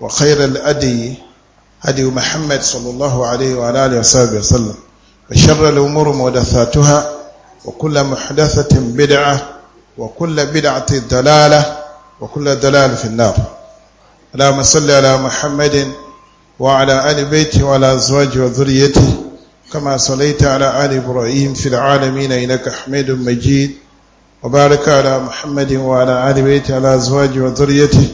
وخير الأدي هدي محمد صلى الله عليه وعلى آله وصحبه وسلم وشر الأمور محدثاتها وكل محدثة بدعة وكل بدعة دلالة وكل دلالة في النار اللهم صل على محمد وعلى آل بيته وعلى أزواجه وذريته كما صليت على آل إبراهيم في العالمين إنك حميد مجيد وبارك على محمد وعلى آل بيته وعلى أزواجه وذريته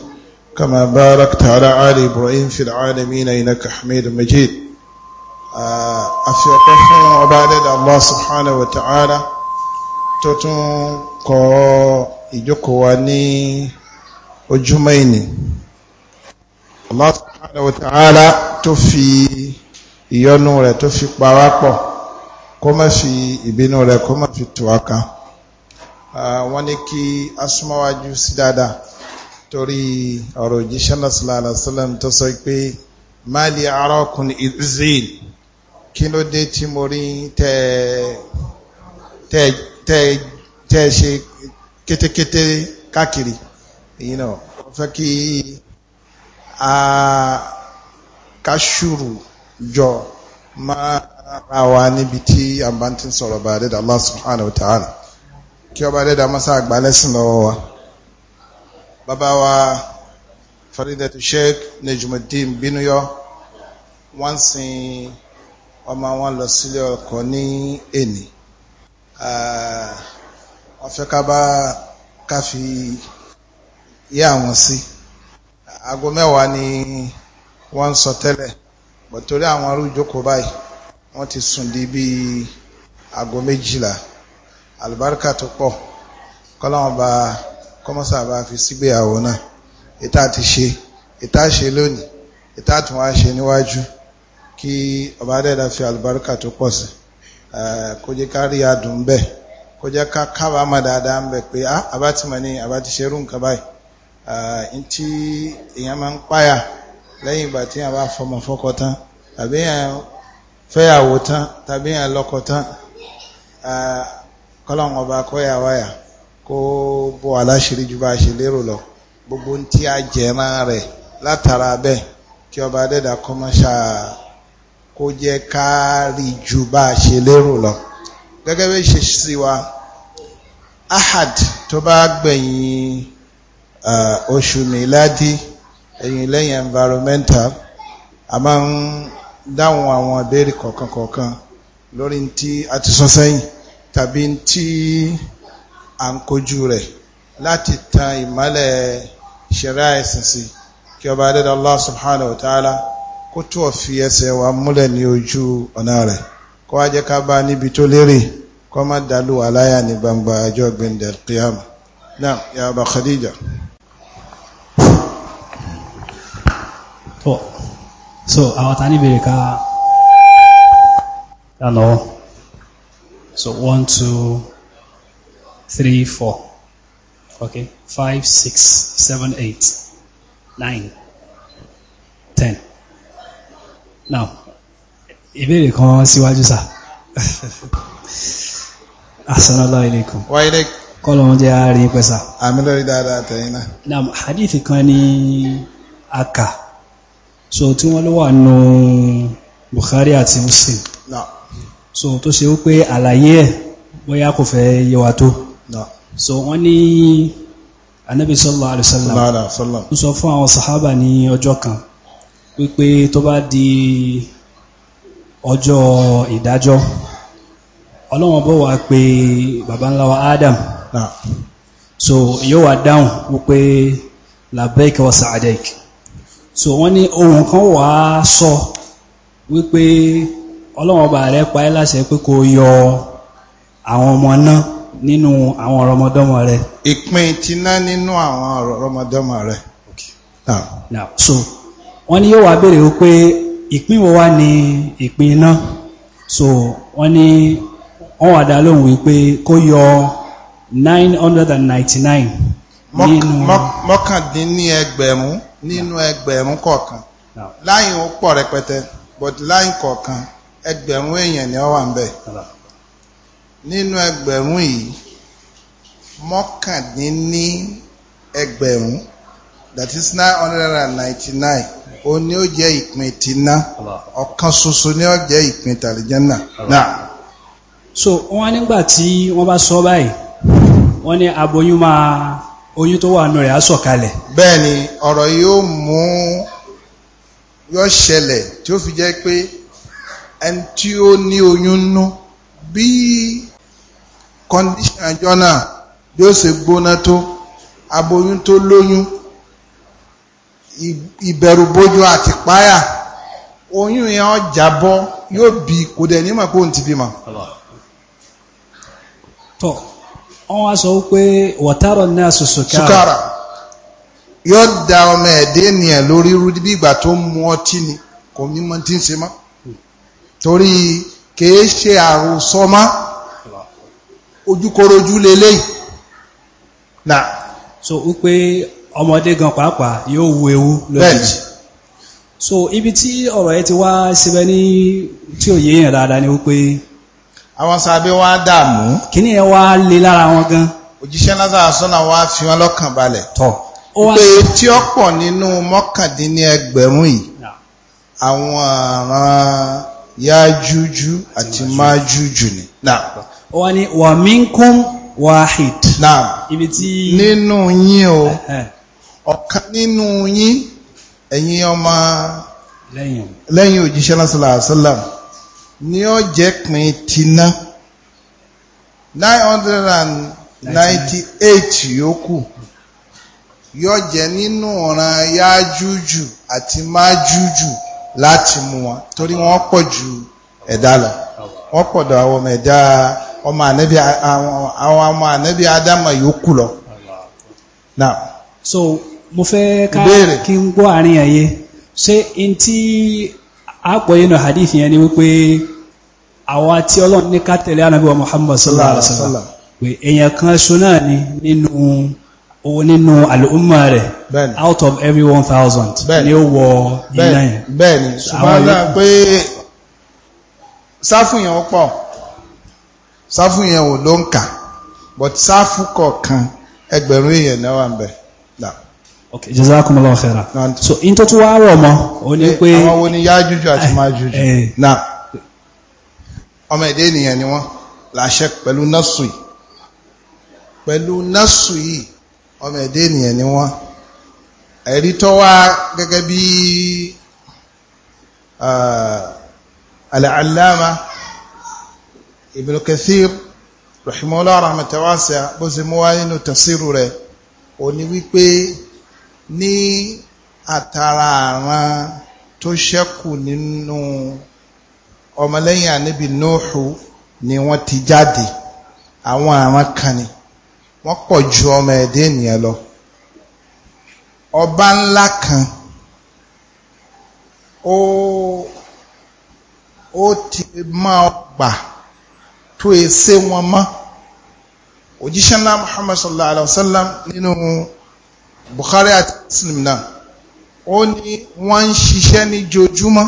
كما باركت على آل إبراهيم في العالمين إنك حميد مجيد أفيقفهم وبعدد الله سبحانه وتعالى tuntun kọ ìjókòó wa ní ojúmọ́ ìní Allah subhanahu wa ta'ala tó fi ìyọ́nú rẹ̀ tó fi pawápọ̀ kó má fi ìbínú rẹ̀ kó má fi tù wá ká wọ́n ní kí asúnmọ́wájú sí dáadáa torí ọ̀rọ̀ òjíṣẹ́ náà sallallahu alaihi wasallam tó sọ pé máàlì arákùn israel kí ló dé tí mo rí tẹ́ ṣe kétékété káàkiri èyí náà wọ́n fẹ́ kí a káṣùrù jọ máa ra wa níbi tí a bá sọ̀rọ̀ bá dẹ́dà Allah subhanahu wa ta'ala kí ọba dẹ́dà mọ́sá àgbálẹ́sìn lọ́wọ́ wa bàbá wa faridatu sheikh Nejumuddin Binuyo wọ́n sin ọmọ wọn lọ sílé ọkọ ní èní wọ́n fẹ́ ká bá ká fi yé àwọn sí aago mẹ́wàá ni wọ́n sọ tẹ́lẹ̀ bọ̀tọ́rí àwọn arúgbókò báyìí wọ́n ti sùn di bíi aago méjìlá àlùbáríkà tó pọ̀ kọ́láwọn bá a kọ́mọ́sà bá fi sígbéyàwó náà ìta ti ṣe ìta ṣe lónìí ìta tún wá ṣe níwájú kí ọba dẹ́dà fi àlùbáríkà tó pọ̀ sí eh, kó jẹ́ ká rí adùn bẹ́ẹ̀ kó jẹ́ ká kábàámọ̀ dáadáa ń bẹ̀ pé àbá ah, ti mọ̀ ní àbá ti ṣerú nǹkan báyìí eh, ntí èèyàn máa ń páyà lẹ́yìn ìgbà tí èèyàn bá fọmọ fọ́kọ tán tàbí èèyàn fẹ́yàwó tán tàbí èèyàn lọ́kọ tán eh, kọ́lọ́n ọba kọ́yà kó bọ́ aláṣírí ju bá ṣe lérò lọ gbogbo ń tí a jẹran rẹ̀ látara bẹ́ẹ̀ kí ọba adẹ́dà kọ́mọ́ṣà kó jẹ́ ká ju bá ṣe lérò lọ gẹ́gẹ́ bí ṣe sí wa ahad tó bá gbẹ̀yìn oṣù miladi ẹ̀yìn lẹ́yìn environmental a máa ń dáhùn àwọn abẹ́rẹ́ kọ̀ọ̀kan kọ̀ọ̀kan lórí ti sọ tàbí tí à ń kojú rẹ̀ láti tan ìmọ́lẹ̀ ṣẹ̀rá ẹ̀sìn sí kí ọba adẹ́dà Allah subhanahu wa ta'ala kó tó fi ẹsẹ̀ wa múlẹ̀ ní ojú ọ̀nà rẹ̀ kó wá jẹ́ ká bá níbi tó lérè kó má dàlú aláyà ní gbangba ọjọ́ so àwọn tani bèrè so one two three, four. Okay, five, six, seven, eight, nine, ten. Now, ìbéèrè kan síwájú sá. Assalamu alaikum. Wa alaikum. Kọ́lọ̀ wọn jẹ́ àárín pẹ́sà. Àmì lórí dáadáa tẹ̀yìn náà. Now, hadith kan ní Aka. So, tí wọ́n ló wà nù Bukhari àti Muslim. No. So, tó ṣe wípé àlàyé ẹ̀ bóyá kò fẹ́ yé wa tó so wọ́n ní anabi sallallahu alaihi wasallam ń sọ fún àwọn sahaba ní ọjọ́ kan wípé tó bá di ọjọ́ ìdájọ́ ọlọ́wọ́n bọ́ wá pé baba wa adam so yóò wá dáhùn wípé labbaik wa sa'adaik so wọ́n ní ohun kan wà á sọ wípé ọlọ́wọ́n bá rẹ̀ pa ẹ́ láṣẹ pé kó yọ àwọn ọmọ náà nínú àwọn ọ̀rọ̀mọdọ́mọ rẹ̀. ìpín tiná nínú àwọn ọ̀rọ̀mọdọ́mọ rẹ̀. now so wọ́n ní yóò wá béèrè pé ìpín wo wá ní ìpín iná so wọ́n ní wọ́n wà dá lóhùn wípé kó yọ nine hundred and ninety nine nínú mọ́kàndínlẹ́gbẹ̀rún nínú ẹgbẹ̀rún kọ̀ọ̀kan láyìn ó pọ̀ rẹpẹtẹ but láyìn kọ̀ọ̀kan ẹgbẹ̀rún èèyàn ni ó wà ń bẹ̀. nínú ẹgbẹ̀rún yìí mọ́kàndínní ẹgbẹ̀rún that is nine hundred and ninety-nine ó ní ó jẹ́ ìpín tìǹà ọ̀kan ṣoṣo ní ó jẹ́ ìpín tàlìjánà náà. so wọ́n nígbà tí wọ́n bá sọ báyìí wọ́n ní aboyún máa oyún tó wà nù rẹ̀ á sọ̀kalẹ̀. bẹ́ẹ̀ ni ọ̀rọ̀ yóò mú yóò ṣẹlẹ̀ tí ó fi jẹ́ pé ẹni tí ó ní oyún nú bí kọ́ndíṣàn ẹjọ́ náà bí ó ṣe gbóná tó aboyún tó lóyún ìbẹ̀rùbojo àti páyà oyún yẹn ọjà bọ́ yóò bí kò dẹ̀ nímọ̀ pé òun ti bímọ. tọ́ wọ́n wá sọ pé wọ́tárọ̀ náà sọ yóò da ọmọ ẹ̀dẹ́ ènìyàn lórí rú bí ìgbà tó mu ọtí ni kò ní mọ tí ń ṣe mọ́ torí kìí ṣe àròsọ mọ́ ojúkorojú lélẹ́yìí na so wípé ọmọdé gan pàápàá yóò wu ewu lójijì so ibi tí ọ̀rọ̀ yẹn ti wá síbẹ̀ ní tí ò yéèyàn dáadáa ni wípé àwọn sàbẹ̀ wá dààmú kíní ẹ wá lé lára wọn gan òjíṣẹ́ lázàrà sọ́nà wá fi wọn lọ́kàn balẹ̀ tọ̀ pé tí ó pọ̀ nínú mọ́kàndínlẹ́gbẹ̀rún yìí àwọn àrán yájújú àti májújú ni. Nah wọ́n ní wà minkum wahid. naam ibi tí. nínú yín o ọ̀kan nínú yín ẹ̀yin ọmọ lẹ́yìn òjíṣẹ́ lásìlá àṣìlá ni ó jẹ́ pin tiná nine hundred and ninety eight yòókù yóò jẹ́ nínú ọ̀ràn yájújù àti májújù láti mú wọn torí wọ́n pọ̀ ju ẹ̀dá lọ wọ́n pọ̀ dọ̀ àwọn ọmọ ẹ̀dá ọmọ ànẹ́bí àwọn ọmọ ànẹ́bí Ádámọ̀ yòókù lọ now so mo fẹ́ ká kí n gbọ́ àárín ẹ̀yẹ ṣé in tí àpọ̀yé náà hadith yẹn ni wípé àwa tí ọlọ́run ní ká tẹ̀lé ànábì wa Muhammad sallallahu alaihi wa sallam pé èèyàn kan ṣo náà ni nínú nínú àlùmọ́ rẹ̀ out of every one thousand ni ó wọ iná yẹn. bẹ́ẹ̀ni ṣùgbọ́n náà pé sáfù yẹn pọ̀. sáfù yẹn ò ló ń kà but sáfù kọ̀ọ̀kan ẹgbẹ̀rún èèyàn náà wà ń bẹ̀. ok jazakumullahu khaira so in tó tún wá rọ̀ mọ́ o ní pé àwọn wo ni àti Májújù eh, náà eh. ọmọ èdè ènìyàn ni làṣẹ pẹ̀lú nọ́ọ̀sù yìí pẹ̀lú nọ́ọ̀sù yìí ọmọ èdè ènìyàn ni wá Ibn Kathir rahimahullah rahmatan wasi'a bó ṣe mú wá nínú tafsiru rẹ̀ ó ní wípé ní àtàrà àrán tó ṣẹ́kù nínú ọmọlẹ́yìn ànábì nóòhù ni wọ́n ti jáde àwọn àrán kan ni wọ́n pọ̀ ju ọmọ ẹ̀dẹ́ ènìyàn lọ ọba ńlá kan ó ó ti máa gbà tó èsè e wọn mọ́ òjíṣẹ́ ńlá muhammad sallallahu alaihi wasallam nínú bukhari àti muslim náà ó ní wọ́n ń ṣiṣẹ́ ní jojúmọ́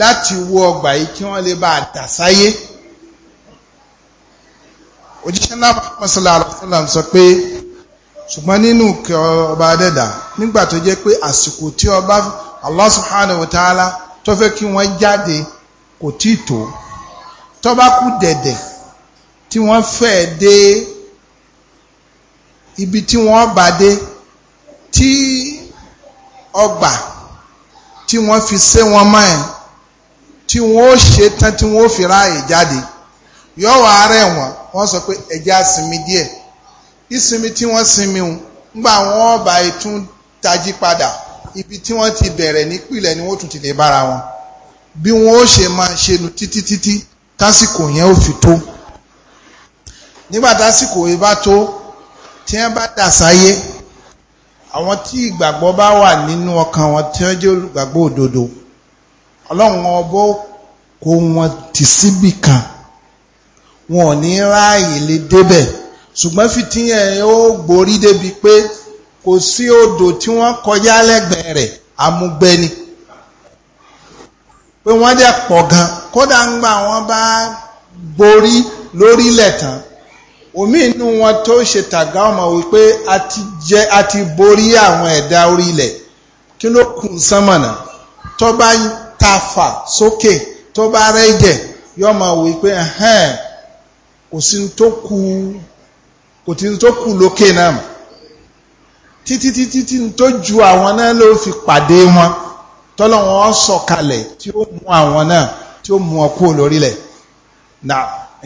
láti wo ọgbà yìí kí wọ́n lè bá a dà sáyé òjíṣẹ́ ńlá muhammad sallallahu alaihi wasallam sọ pé ṣùgbọ́n nínú kí ọba adẹ́dà nígbà tó jẹ́ pé àsìkò tí ọba allah subhanahu wa ta'ala tó fẹ́ kí wọ́n jáde kò tí tó tọ́ba kú dẹ̀dẹ̀ tí wọ́n fẹ́ dé ibi tí wọ́n bá dé tí ọgbà tí wọ́n fi sé wọn mọ́ ẹ̀ tí wọ́n ó ṣe tán tí wọ́n ó fi ráàyè jáde yọ̀wọ̀ ara ẹ̀ wọ́n wọ́n sọ pé ẹ̀jẹ̀ á sinmi díẹ̀ ìsinmi tí wọ́n sinmi ń gbà wọ́n bá ìtún tají padà ibi tí wọ́n ti bẹ̀rẹ̀ nípìlẹ̀ ni wọ́n tún ti lè bára wọn bí wọ́n ó ṣe máa ṣe nu títí títí tásìkò yẹn ò fi tó nígbà tásìkò yẹn bá tó tí wọ́n bá dà sáyé àwọn tí ìgbàgbọ́ bá wà nínú ọkàn wọn tí wọ́n jẹ́ olùgbàgbọ́ òdodo ọlọ́run ọbọ̀ kó wọn tì síbì kan wọn ò ní ráàyè lè débẹ̀ ṣùgbọ́n fìtíyẹ̀ ó gborí débi pé kò sí odò tí wọ́n kọjá lẹ́gbẹ̀ẹ́ rẹ̀ amúgbẹ́ni pé wọ́n dẹ̀ pọ̀ gan kódà ń gbà wọ́n bá borí lórílẹ̀ tán omi inú wọn tó ṣe tàgá ọmọ wípé a ti borí àwọn ẹ̀dá orílẹ̀ kí ló kùn sánmọ̀nà tó bá tafà sókè tó bá rẹ́jẹ̀ yóò máa wípé kò sí tó kù lókè náà títí títí tó ju àwọn náà ló fi pàdé wọn tọ́lọ́wọ́n sọ̀kalẹ̀ tí ó mú àwọn náà tí ó mú ọkú lórílẹ̀ na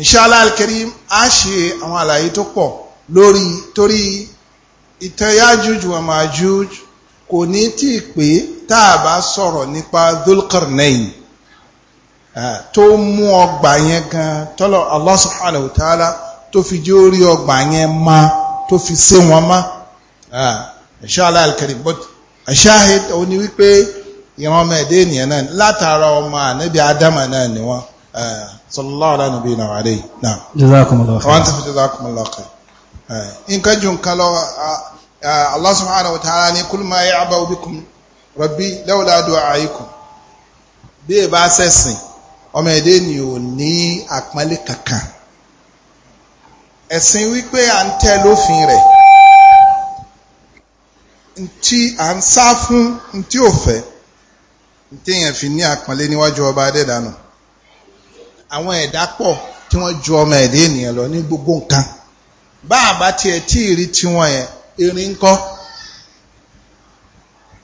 inshallah al-karim a ṣe àwọn àlàyé tó pọ̀ lórí torí ìtẹ́ Yajuj wa Majuj kò ní tí pé tá a bá sọ̀rọ̀ nípa Dhul-Qarnayn tó mú ọgbà yẹn gan tọ́lọ̀ Allah subhanahu but ashahid òní wípé ìran ọmọ ẹ̀dẹ́ ènìyàn náà látara ọmọ ànábì ádámà náà ni wọ́n sallallahu ala nabiyina wa alayhi náà wọ́n ti fi jazakumullahu khair nǹkan jù nǹkan lọ Allah subhanahu wa ta'ala ní kul ma ya'ba'u bikum rabbi lawla du'aikum bí ẹ bá sẹ́sìn ọmọ ẹ̀dẹ́ ni ò ní àpọ́nlé kankan ẹ̀sìn wípé à ń tẹ́ ń sá fún tí ò fẹ́ téèyàn fi ní àpọ́nlé níwájú ọba adẹ́dànù àwọn ẹ̀dá pọ̀ tí wọ́n ju ọmọ ẹ̀dá ènìyàn lọ ní gbogbo nǹkan bá a bá tiẹ̀ tí ì rí tiwọn yẹn erin ńkọ́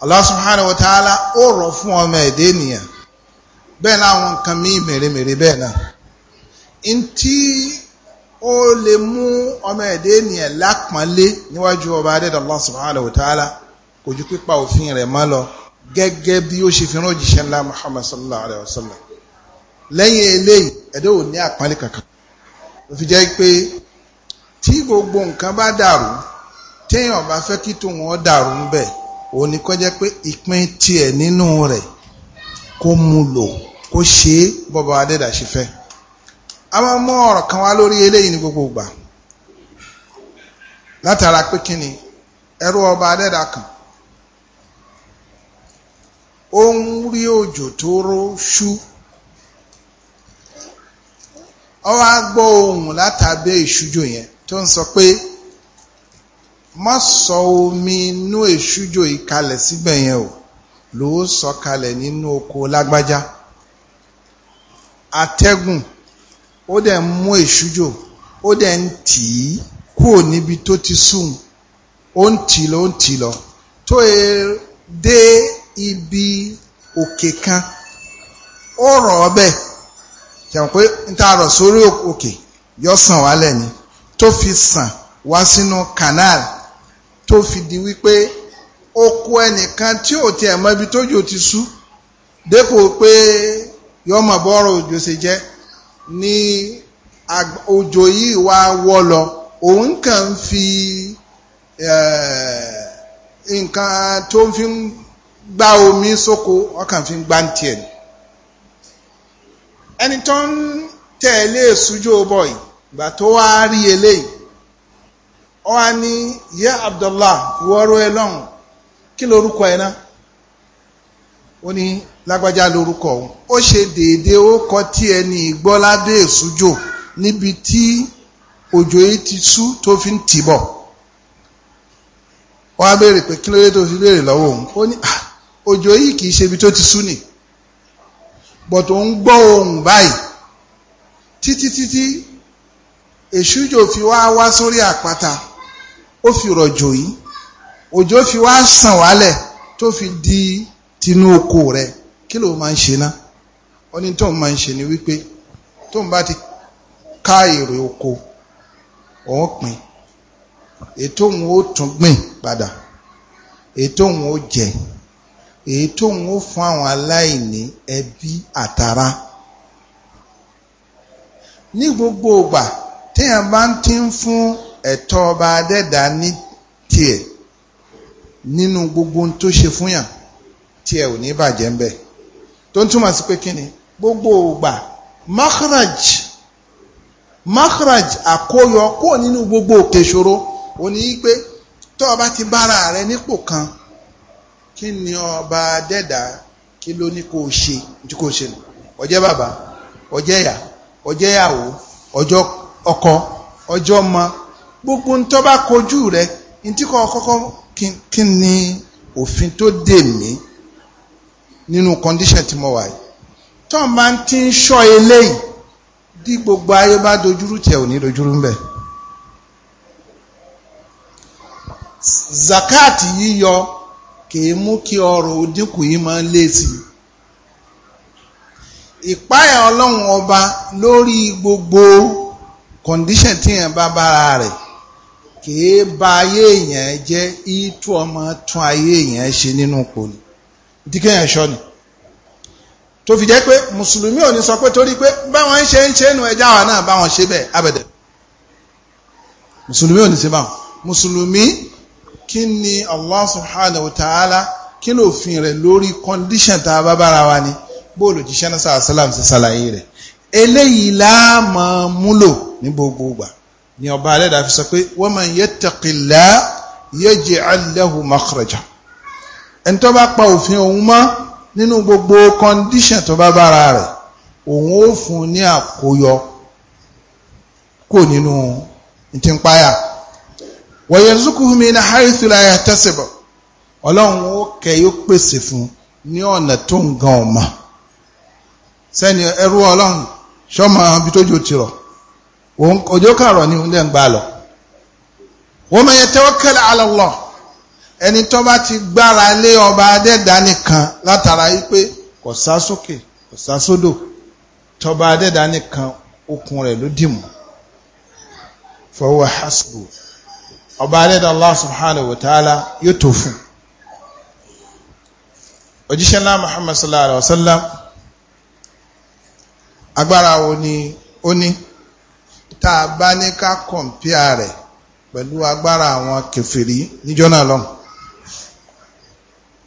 Allah subhanahu wa ta'ala ó rọ̀ fún ọmọ ẹ̀dá ènìyàn bẹ́ẹ̀ láwọn nǹkan míì mèremère bẹ́ẹ̀ náà ntí ó lè mú ọmọ ẹ̀dá ènìyàn lápọ́nlé níwájú ọba adẹ́dànù Allah subhanahu wa ta'ala kò ju pípa òfin rẹ̀ mọ́ lọ gẹ́gẹ́ bí ó ṣe fi rán ńlá Muhammad sallallahu alaihi wasallam. sallam lẹ́yìn eléyìí ẹ̀dọ́ ò ní àpálẹ̀ kankan ló fi jẹ́ pé tí gbogbo nǹkan bá dàrú téèyàn bá fẹ́ kí tòun ó dàrú ń bẹ̀ òun ni kọ́ jẹ́ pé ìpín tiẹ̀ nínú rẹ̀ kó mu lò kó ṣe é bọ́ba adẹ́dà ṣe fẹ́ a máa mú ọ̀rọ̀ kan wá lórí eléyìí ní gbogbo ìgbà látara pé kí ni ẹrú ọba adẹ́dà kan ó ń rí òjò tó ró ṣú ó wá gbọ́ ohùn látàbẹ́ ìṣújò yẹn tó ń sọ pé má sọ omi inú ìṣújò ìkalẹ̀ síbẹ̀ yẹn o ló sọ kalẹ̀ nínú oko lágbájá atẹ́gùn ó dẹ̀ ń mú ìṣújò ó dẹ̀ ń tì í kúrò níbi tó ti sùn ó ń tì lọ ó ń tì lọ tó e dé ibi òkè kan ó rọ̀ ọbẹ̀ jẹun pé n ta rọ̀ sórí òkè yọ sàn wálẹ̀ ni tó fi sàn wá sínú canal tó fi di wípé ó kó ẹnìkan tí ò tiẹ̀ mọ ibi ti sú dépò pé yọmọ bọ́rọ̀ òjò ṣe jẹ́ ní òjò yìí wá wọ́ lọ òun kàn ń fi nǹkan tó fi ń gba omi sóko ọkàn fi ń gbá tiẹ̀ ni ẹni tó ń tẹ̀lé ìsújó bọ̀ yìí ìgbà tó wá rí eléyìí ó wá ní ìyá Abdullah ìwọ́rọ̀ ẹ lọ́hùn kí lorúkọ ẹ náà ó ní lágbájá lorúkọ òun ó ṣe déédéé ó kọ tí ẹni ìgbọ́ládé ìsújó níbi tí òjò yìí ti sú tó fi ń tì bọ̀ wọ́n á béèrè pé kí ló dé tó fi béèrè lọ́wọ́ òun ó ní ah òjò yìí kìí ṣe ibi tó ti súnì but òun gbọ́ ohùn báyìí títí títí èṣújò fi wá wá sórí àpáta ó fi rọ̀jò yìí òjò fi wá sàn wálẹ̀ tó fi di tinú oko rẹ̀ kí ló máa ń ṣe ná ó ní tóun máa ń ṣe ni wípé tóun bá ti ká èrè oko òun pín ètò òun ó tún gbìn padà ètò òun ó jẹ èyí tóun ó fún àwọn aláìní ẹbí àtàrà ní gbogbo ìgbà téèyàn bá ń ti ń fún ẹ̀tọ́ ọba adẹ́dàá ní tiẹ̀ nínú gbogbo ohun tó ṣe fún yàn tiẹ̀ ò ní bàjẹ́ ń bẹ̀ tó ń túmọ̀ sí pé kí ni gbogbo ìgbà makhraj makhraj àkóyọ kúrò nínú gbogbo òkè ìṣòro òní pé tó o ti bára rẹ nípò kan kí ni ọba adẹ́dà kí ló ní kó o ṣe tí kò ṣe nù ọjẹ́ bàbá ọjẹ́ ìyá ọjẹ́ ìyàwó ọjọ́ ọkọ ọjọ́ ọmọ gbogbo ń tó bá kojú rẹ ntí kọ́ kọ́kọ́ kí ni òfin tó dè mí nínú condition tí mo wà yìí tó ń bá ti ń ṣọ́ eléyìí bí gbogbo ayé bá dojúrú tẹ̀ ò ní dojúrú ń bẹ̀. zakati yíyọ kìí mú kí ọrọ̀ òdínkù yìí máa lé sí ìpáyà ọlọ́run ọba lórí gbogbo kọ̀ǹdíṣàn tí èèyàn bá bára rẹ̀ kìí ba ayé èèyàn jẹ́ ìtú ọmọ tún ayé èèyàn ṣe nínú pòlì díkẹ́yàn ṣọ́ ni tó fi jẹ́ pé mùsùlùmí ò ní sọ pé torí pé báwọn ń ṣe ń ṣe nù ẹja wà náà báwọn ṣe bẹ́ẹ̀ abẹ̀dẹ̀ mùsùlùmí ò ní ṣe báwọn mùsùlùmí kí ni Allah subhanahu wa ta'ala kí ló fi rẹ̀ lórí condition ta bá bára wa ni bóòlù jíṣẹ́ náà sàásálàm sí sàlàyé rẹ̀ eléyìí láàmà múlò ní gbogbo ìgbà ni ọba alẹ́dà fi sọ pé wa man yattaqillah yaj'al lahu makhraja ẹni tó bá pa òfin òun mọ́ nínú gbogbo condition tó bá bára rẹ̀ òun ó fún ní àkóyọ kò nínú ìtìpáyà wọ̀yẹ̀rùsùkùhù mi ní haithula yahtasib ọlọ́run ó kẹ́ yóò pèsè fún ní ọ̀nà tó ń gan ọ̀mà sẹ́ni ẹrú ọlọ́run ṣọ́mọ ibi tójú ti rọ̀ òjò kàrọ̀ ní ilé ń gbà lọ. wọ́n mọ̀ yẹn tawakkal ala ẹni tó bá ti gbára lé ọba adẹ́dá nìkan látara yìí kò sá sókè kò sá sódò tọba adẹ́dá nìkan okùn rẹ̀ ló dìmú fahuwa hasbuh ọba alẹ́dà Allah subhanahu wa ta'ala yóò tó fún òjíṣẹ́ ńlá Muhammad sallallahu alaihi wasallam agbára wo ni ó ní tá a bá ní ká kọ̀m̀píà rẹ̀ pẹ̀lú agbára àwọn kèfèrí níjọ́ náà lọ́hùn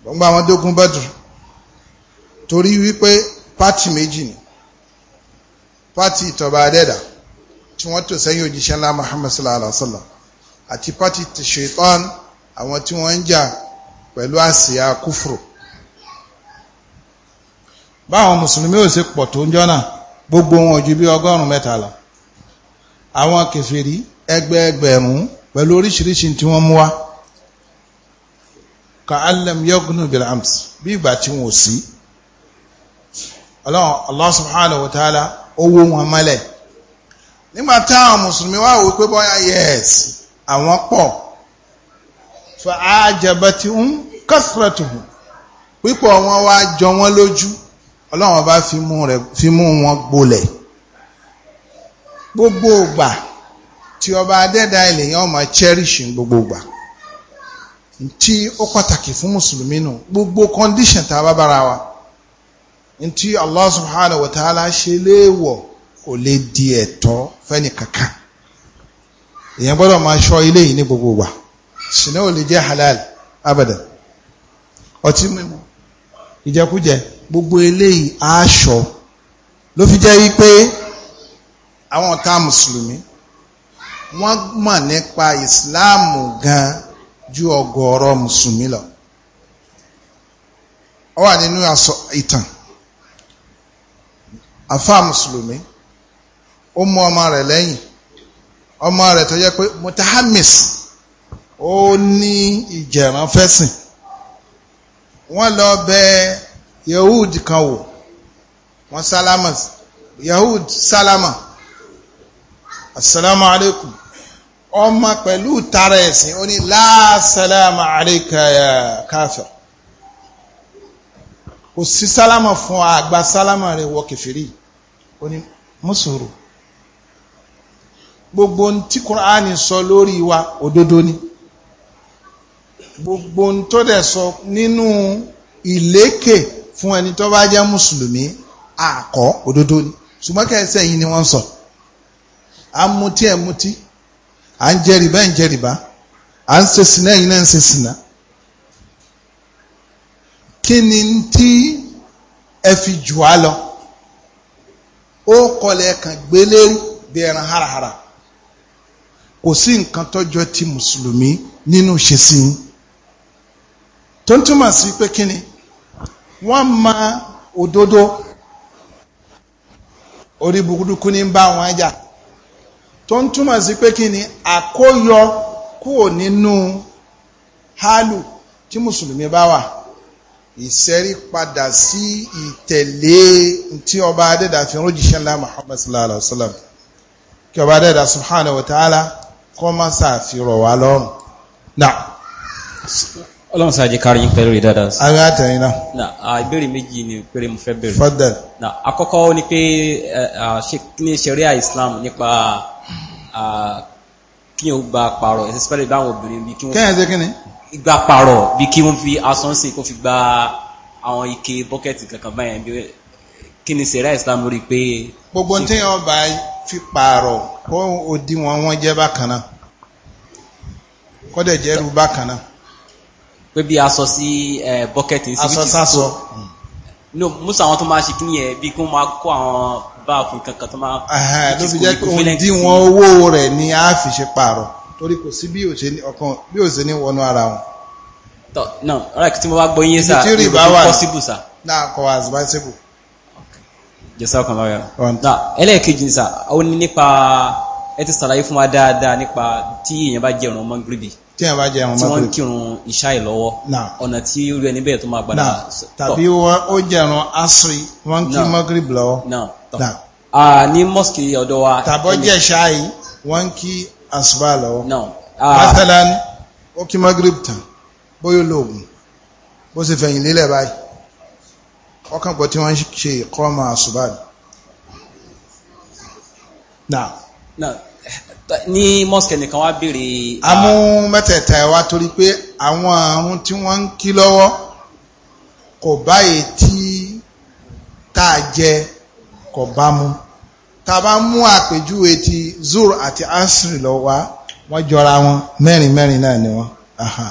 gbọ́ngbà àwọn dógún Badr torí wípé pátì méjì ni pátì ìtọ̀ba adẹ́dà tí wọ́n tò sẹ́yìn òjíṣẹ́ ńlá Muhammad sallallahu alaihi wasallam àti pátì ti ṣetán àwọn tí wọ́n ń jà pẹ̀lú àsíá kúfùrù báwọn mùsùlùmí ò ṣe pọ̀ tó ń jọ́nà gbogbo wọn ju bí ọgọ́rùn-ún mẹ́ta lọ àwọn kèfèrí ẹgbẹẹgbẹ̀rún pẹ̀lú oríṣiríṣi tí wọ́n mú wá ka alam yognu bil bí ìgbà tí wọn ò sí Allah subhanahu wa ta'ala owó wọn mọ́lẹ̀ nígbà táwọn mùsùlùmí wá wípé bọ́yá yes àwọn pọ̀ fa un kasratuhum pípọ̀ wọn wá jọ wọn lójú ọlọ́wọ́n bá fi mú wọn gbolẹ̀ gbogbo ògbà tí ọba adẹ́dá èlèyàn ọmọ cherish gbogbo ògbà tí ó pàtàkì fún mùsùlùmí nù gbogbo condition tá a bá bára wa tí Allah subhanahu wa ta'ala ṣe léèwọ̀ kò lè di ẹ̀tọ́ fẹ́ni kankan èèyàn gbọ́dọ̀ máa ṣọ́ ilé yìí ní gbogbo wa ṣìnà ò lè jẹ́ halal abadan ọtí mímu ìjẹkújẹ gbogbo eléyìí aṣọ ló fi jẹ́ wípé àwọn ọ̀tá mùsùlùmí wọ́n mọ̀ nípa ìsìláàmù gan ju ọ̀gọ̀ọ̀rọ̀ mùsùlùmí lọ ó wà nínú ìtàn àfáà mùsùlùmí ó mú ọmọ rẹ̀ lẹ́yìn ọmọ rẹ̀ tó yẹ pé mutahamis ó ní ìjẹ̀ràn fẹ́sìn wọ́n lọ bẹ yahud kan wò wọ́n sálámà yahud sálámà assalamu alaikum ọmọ pẹ̀lú tara ẹ̀sìn ó ní láàsálámà àríkàyà káfẹ́ kò sí sálámà fún àgbà sálámà rẹ̀ wọ ó ní mùsùlùmí gbogbo ohun tí kùránì sọ lórí wa òdodo ni gbogbo tó dẹ̀ sọ nínú ìlékè fún ẹni tó bá jẹ́ mùsùlùmí àkọ́ òdodo ni ṣùgbọ́n kẹsẹ̀ yìí ni wọ́n sọ à ń mutí ẹ̀ mutí à ń jẹ rìbá ẹ̀ ń jẹ rìbá à ń ṣe sìnà ẹ̀yin náà ń ṣe kí ni tí ẹ fi jù á lọ ó kọlẹ̀ kan gbélé bí ẹran hárahara kò sí nǹkan tọ́jọ́ ti mùsùlùmí nínú ṣe sí i tó ń túmọ̀ sí pé kí ni wọ́n ma òdodo orí burúkú ní bá wọn jà tó ń túmọ̀ sí pé kí ni àkóyọ kúrò nínú hálù tí mùsùlùmí bá wà ìsẹ́rí padà sí ìtẹ̀lé tí ọba adẹ́dà fi ń rójìṣẹ́ ńlá Muhammad sallallahu alaihi wa sallam kí ọba adẹ́dà subhanahu wa ta'ala kọ́másà fi rọ̀ wá lọ́rùn náà ọlọ́run sáàjẹ́ kárí yín pẹ̀lú ìdáadáa sí. ara àtẹ̀yìn náà. na ìbéèrè méjì ni péré mo fẹ́ bẹ̀rẹ̀. fọ́dẹ̀. na àkọ́kọ́ ni pé ní ṣẹ̀ríà Islam nípa kí wọ́n gba pààrọ̀ especially báwọn obìnrin bí kí wọ́n. kẹ́hìn ṣe kí ni. gba pààrọ̀ bí kí wọ́n fi aṣọ ń sìn kó fi gba àwọn ike bọ́kẹ́tì kankan báyẹn bí kí ni ṣẹ̀ríà Islam rí pé. gbogbo tí wọ́n bá fi pààrọ̀ kó òdiwọ̀n wọn jẹ́ bákan náà kọ́dẹ̀ jẹ́rú bákan náà. pé bí aṣọ sí bọ́kẹ́tì ní síbítì sọ no musa àwọn tó máa ṣe kíni yẹn bí kí máa kó àwọn báàfù kankan tó máa. ló fi jẹ́ pé òdiwọ̀n owó rẹ̀ ni a fi ṣe pààrọ̀ torí kò sí bí ò ṣe ní wọnú ara wọn. tọ́ náà ọ̀rẹ́ tí mo bá gbọ́ yín sá ìròyìn possible sá. náà kọ́ as bicycle jẹ́sàkùn lọ́yọ̀. na ẹlẹ́ẹ̀kejì sà ó ní nípa ẹ ti sàlàyé fún wa dáadáa nípa tí èèyàn bá jẹ ìrun mọ́gírìbì tí èèyàn bá jẹ ìrun mọ́gírìbì tí wọ́n kírun ìṣá ìlọ́wọ́ ọ̀nà tí ó rí ẹni bẹ́ẹ̀ tó máa gbàdá. tàbí ó jẹ ìrun asiri wọ́n kí mọ́gírìbì lọ́wọ́. ní mọ́sìkì ọ̀dọ̀ wa. tàbí ó jẹ ṣáì wọ́n kí àsùbá lọ́wọ́. mọ́tàlá ó kí mọ́gírìbì tán bóyá olóògùn bó ṣe fẹ̀yìn lélẹ̀ báyìí ọkàn pọ̀ tí wọ́n ṣe ìkọ́mà àṣùbáà náà ní mosque nìkan wá bèèrè a mú mẹ́tẹ̀ẹ̀ta ẹ̀wá torí pé àwọn àrùn tí wọ́n ń kí lọ́wọ́ kò báyìí tí táà jẹ kò bá mú ta bá mú àpèjúwe ti zur àti asri lọ wá wọ́n jọra wọn mẹ́rin mẹ́rin náà ni wọ́n aha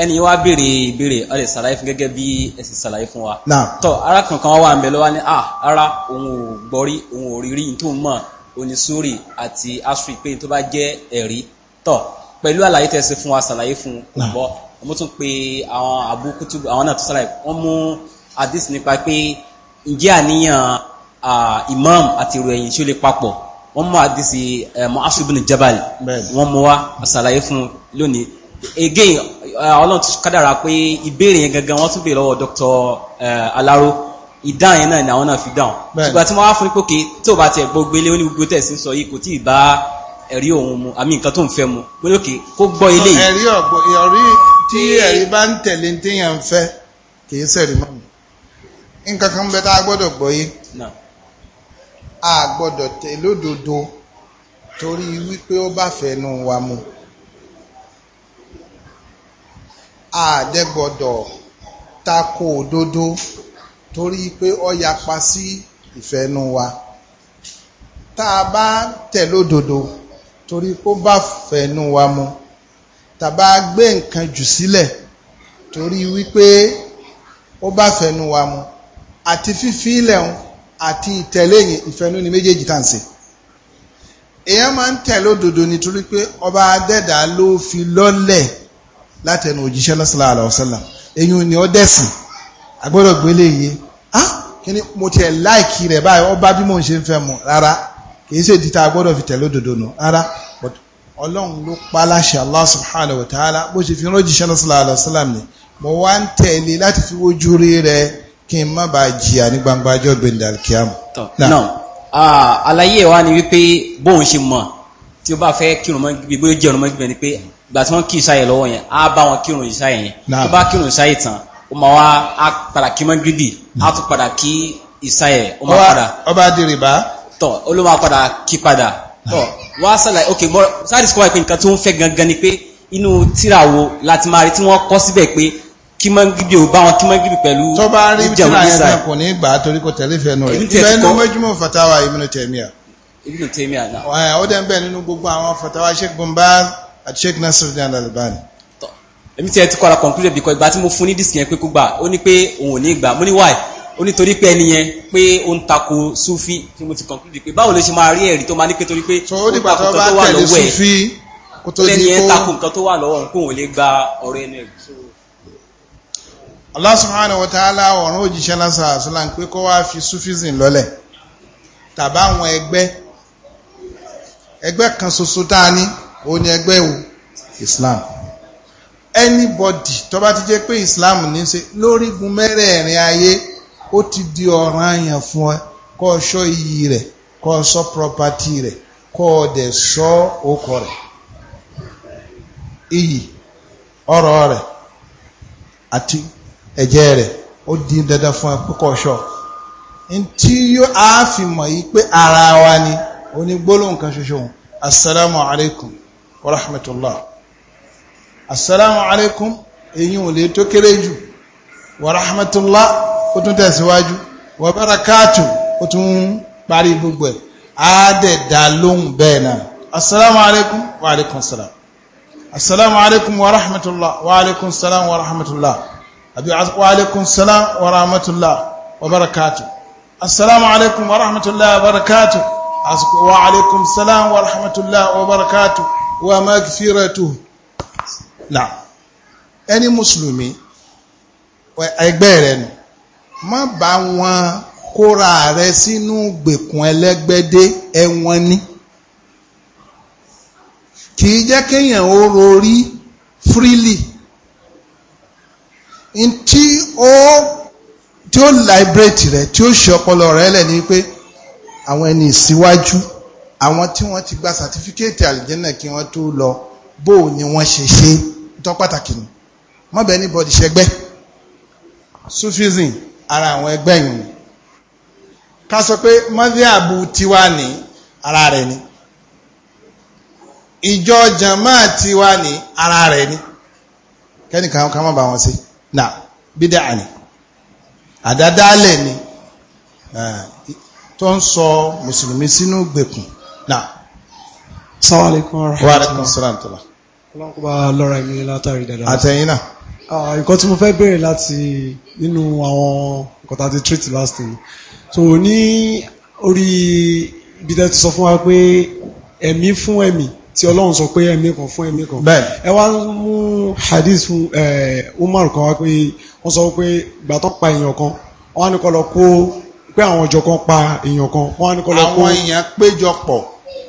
ẹni wá béèrè ìbéèrè ọlẹ̀ sàlàyé fún gẹ́gẹ́ bí ẹ̀sìn sàlàyé fún wa tọ́ ara kankan wà mẹ́lọ wá ní à ara òun ò gbọ́rí òun ò rírí tó mọ̀ onísúrì àti asri pé tó bá jẹ́ ẹ̀rí tọ́ pẹ̀lú àlàyé tẹ̀sí fún wa sàlàyé fún ọ̀bọ ọmọ tún pé àwọn àbúkútù àwọn náà tó sàlàyé wọ́n mú àdìs nípa pé ǹjẹ́ àníyàn imam àti ìrò ẹ̀yìn tí ó lè papọ̀ wọ́n mú àdìs mọ́ asubun jabal wọ́n mú wa sàlàyé fún lónìí again uh, ọlọ́run ti kádàrà pé ìbéèrè yẹn gangan wọ́n tún bèèrè lọ́wọ́ Dr. Uh, Alaro ìdáhùn yẹn náà ni àwọn náà fi dáhùn ṣùgbọ́n tí wọ́n wá fún pòkè tí ò bá tiẹ̀ gbogbo ilé oní gbogbo tẹ̀sí sọ yìí kò tí ì bá ẹ̀rí òun mu àmì nǹkan tó ń fẹ́ mu pé lókè kó gbọ́ ilé yìí. ẹ̀rí tí ẹ̀rí bá ń tẹ̀lé ní téèyàn ń fẹ́ kì í sẹ̀rí mọ́ mi nǹkan kan bẹ tá a gbọ́dọ̀ gbọ́ yé a gbọ́dọ̀ tẹ̀ lódodo torí wípé ó bá fẹ́ nu wa mu. àdẹ́gbọ́dọ̀ tako òdodo torí pé ó yapa sí ìfẹ́nú wa tá a bá tẹ̀lódodo torí pé ó bá fẹ́nú wa mu tàbá gbé nǹkan jù sílẹ̀ torí wípé ó bá fẹ́nú wa mu àti fífi ilẹ̀ hun àti ìtẹ̀lẹ́yìn ìfẹ́nú ni méjèèjì tá à ń ṣe èèyàn máa ń tẹ̀lódodo nítorí pé ọba adẹ́dàá ló fi lọ́lẹ̀ láti ẹnu òjíṣẹ́ lọ́sọ̀lá àlọ́sọ̀lá eyín ni ó dẹ̀sìn agbọ́dọ̀ gbélé yé ah kí ni mo tiẹ̀ láìkì rẹ̀ báyìí ọba bí mò ń ṣe ń fẹ́ mu rárá kì í ṣe ìdí tá a gbọ́dọ̀ fi tẹ̀lé òdodo nù rárá but ọlọ́run ló pa láṣẹ Allah subhanahu wa ta'ala bó ṣe fi rọ́jíṣẹ́ lọ́sọ̀lá àlọ́sọ̀lá mi mo wá ń tẹ̀lé láti fi wojú rí rẹ kí n má bàa jìyà ní gbangba ọjọ́ gbẹ̀ndà kíámù. àlàyé wa ni wípé bóun ṣe mọ̀ tí ó bá fẹ́ kírun mọ́ gbígbé jẹun mọ́ gbígbé ni pé gbà tí wọ́n kí ìsáyẹ̀ lọ́wọ́ yẹn á bá wọn kírun ìsáyẹ̀ yẹn tó bá kírun ìsáyẹ̀ tán ó máa wá á padà kí mọ́gídì á tún padà kí ìsáyẹ̀ ó máa padà. ọba adìrì bá. tọ olóma padà kí padà. tọ wá sàlàyé ok bọ sáré sọ wáyé pé nǹkan tó ń fẹ́ gangan ni pé inú tíra wo láti máa rí tí wọ́n kọ́ síbẹ̀ pé kí máa ń gidi ò bá wọn kí máa ń gidi pẹ̀lú ìjà òun ìsà. tó bá rí bí tíra àti Sheikh Nasiruddin Albani. èmi tiẹ̀ ti kọ́ra conclude because ìgbà tí mo fún ní disc yẹn pé kó gbà ó ní pé òun ò ní gbà mo ní why ó ní torí pé ẹni yẹn pé ó ń tako sufi tí mo ti conclude pé báwo ló ṣe máa rí ẹ̀rí tó máa ní pé torí pé ó ń tako nǹkan tó wà lọ́wọ́ ẹ̀ kó tó di kó ẹni yẹn tako nǹkan tó wà lọ́wọ́ kó òun lè gba ọ̀rọ̀ ẹnu ẹ̀. Allah subhanahu wa ta'ala ọ̀run òjíṣẹ́ lásán àṣọlá ń pé kó wá fi sufism lọ́lẹ̀ tàbá àwọn ẹgbẹ́ ẹgbẹ́ kan ṣoṣo tá a ní ó ẹgbẹ́ islam anybody tó bá ti jẹ́ pé islam ní ṣe lórígun mẹ́rẹ̀ẹ̀rin ayé ó ti di ọ̀ràn àyàn fún ẹ kó o ṣọ́ iyì rẹ̀ kó o ṣọ́ property rẹ̀ kó o dẹ̀ ṣọ́ okọ̀ rẹ̀ iyì ọ̀rọ̀ àti ẹ̀jẹ̀ ó di dandan fún ẹ pé kó o ṣọ́ ntí ara wa ni onígbólóhùn kan ṣoṣo wa rahmatullah assalamu alaikum èyí ò lè tó kéré jù wa rahmatullah ó tún tẹ̀síwájú wa barakatu ó tún parí gbogbo ẹ̀ àádẹ́dà lóhùn bẹ́ẹ̀ náà assalamu alaikum wa alaikum salam assalamu alaikum wa rahmatullah wa alaikum salam wa rahmatullah àbí wa alaikum salam wa rahmatullah wa assalamu alaikum wa rahmatullah wa barakatu salam wa rahmatullah wa magfiratu là ẹni mùsùlùmí ẹgbẹ́ rẹ̀ nù má bá wọn kóra rẹ sínú gbèkùn ẹlẹ́gbẹ́dé ẹ̀wọ̀n ni kì í jẹ́ kéèyàn ó rorí freely ntí ó tí ó liberate rẹ tí ó ṣe ọpọlọ rẹ lẹ ni pé àwọn ẹni ìsíwájú. Si àwọn tí wọ́n ti gba sàtífíkẹ́ẹ̀tì àlìjẹ́nà kí wọ́n tó lọ bó ni wọ́n ṣe ṣe tọ́ pàtàkì nù mọ́bẹ̀ ní bọ́dì ṣẹgbẹ́ sufism ara àwọn ẹgbẹ́ yìí ká sọ pé mọ́díàbù tiwa ní ara rẹ̀ ni ìjọ jàmáà tiwa ní ara rẹ̀ ni kẹ́nìkan ká má bá wọn sí nà bídà ni àdádálẹ̀ ni tó ń sọ mùsùlùmí sínú gbèkùn náà. Assalamu alaikum warahmatullahi. Wa alaikum assalam. Ọlọ́run kò bá lọ́ra ìmí látàrí dáadáa. Àtẹ̀yìn náà. Nǹkan tí mo fẹ́ bèèrè láti nínú àwọn nǹkan tá a ti treat last time. So ní orí ibi tẹ́ ti sọ fún wa pé ẹ̀mí fún ẹ̀mí tí ọlọ́run sọ pé ẹ̀mí kan fún ẹ̀mí kan. Bẹ́ẹ̀. Ẹ wá mú hadith fún Umar kan wá pé wọ́n sọ pé ìgbà tó pa èèyàn kan, wọ́n á ní kó lọ kó pé àwọn ọjọ́ kan pa èèyàn kan, wọ́n á ní kó lọ kó. Àwọn èèyàn péjọ pọ̀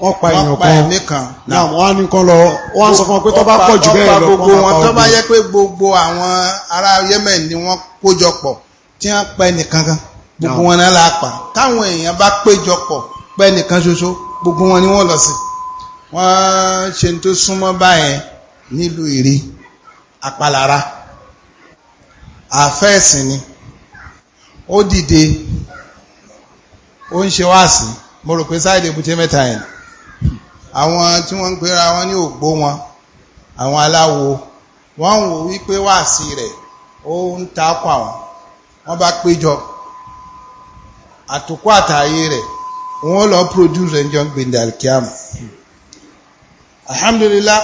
wọ́n pa èèyàn kan náà wọ́n á ní kán lọ wọ́n á sọ fún ọ pé tó bá pọ̀ jù bẹ́ẹ̀ lọ gbogbo wọn tó bá yẹ pé gbogbo àwọn ará Yemen ni wọ́n kójọ pọ̀ tí wọ́n pa ẹnìkan kan gbogbo wọn náà la pa táwọn èèyàn bá péjọ pọ̀ pẹ́ nìkan ṣoṣo gbogbo wọn ni wọ́n lọ sí wọ́n ṣe tó súnmọ́ báyẹn nílùú ìrí apalára àfẹ́ẹ̀sìn ni ó dìde ó ń ṣe wáàsí mo rò pé sáìdì èbúté mẹ́ta yẹn àwọn tí wọ́n ń pera wọn ní ògbó wọn àwọn aláwo wọ́n wò wípé wáàsí rẹ̀ ó ń takọ àwọn wọ́n bá péjọ àtòkọ́ àtàyè rẹ̀ wọ́n lọ produce ẹjọ́ gbìndàlkiam alhamdulillah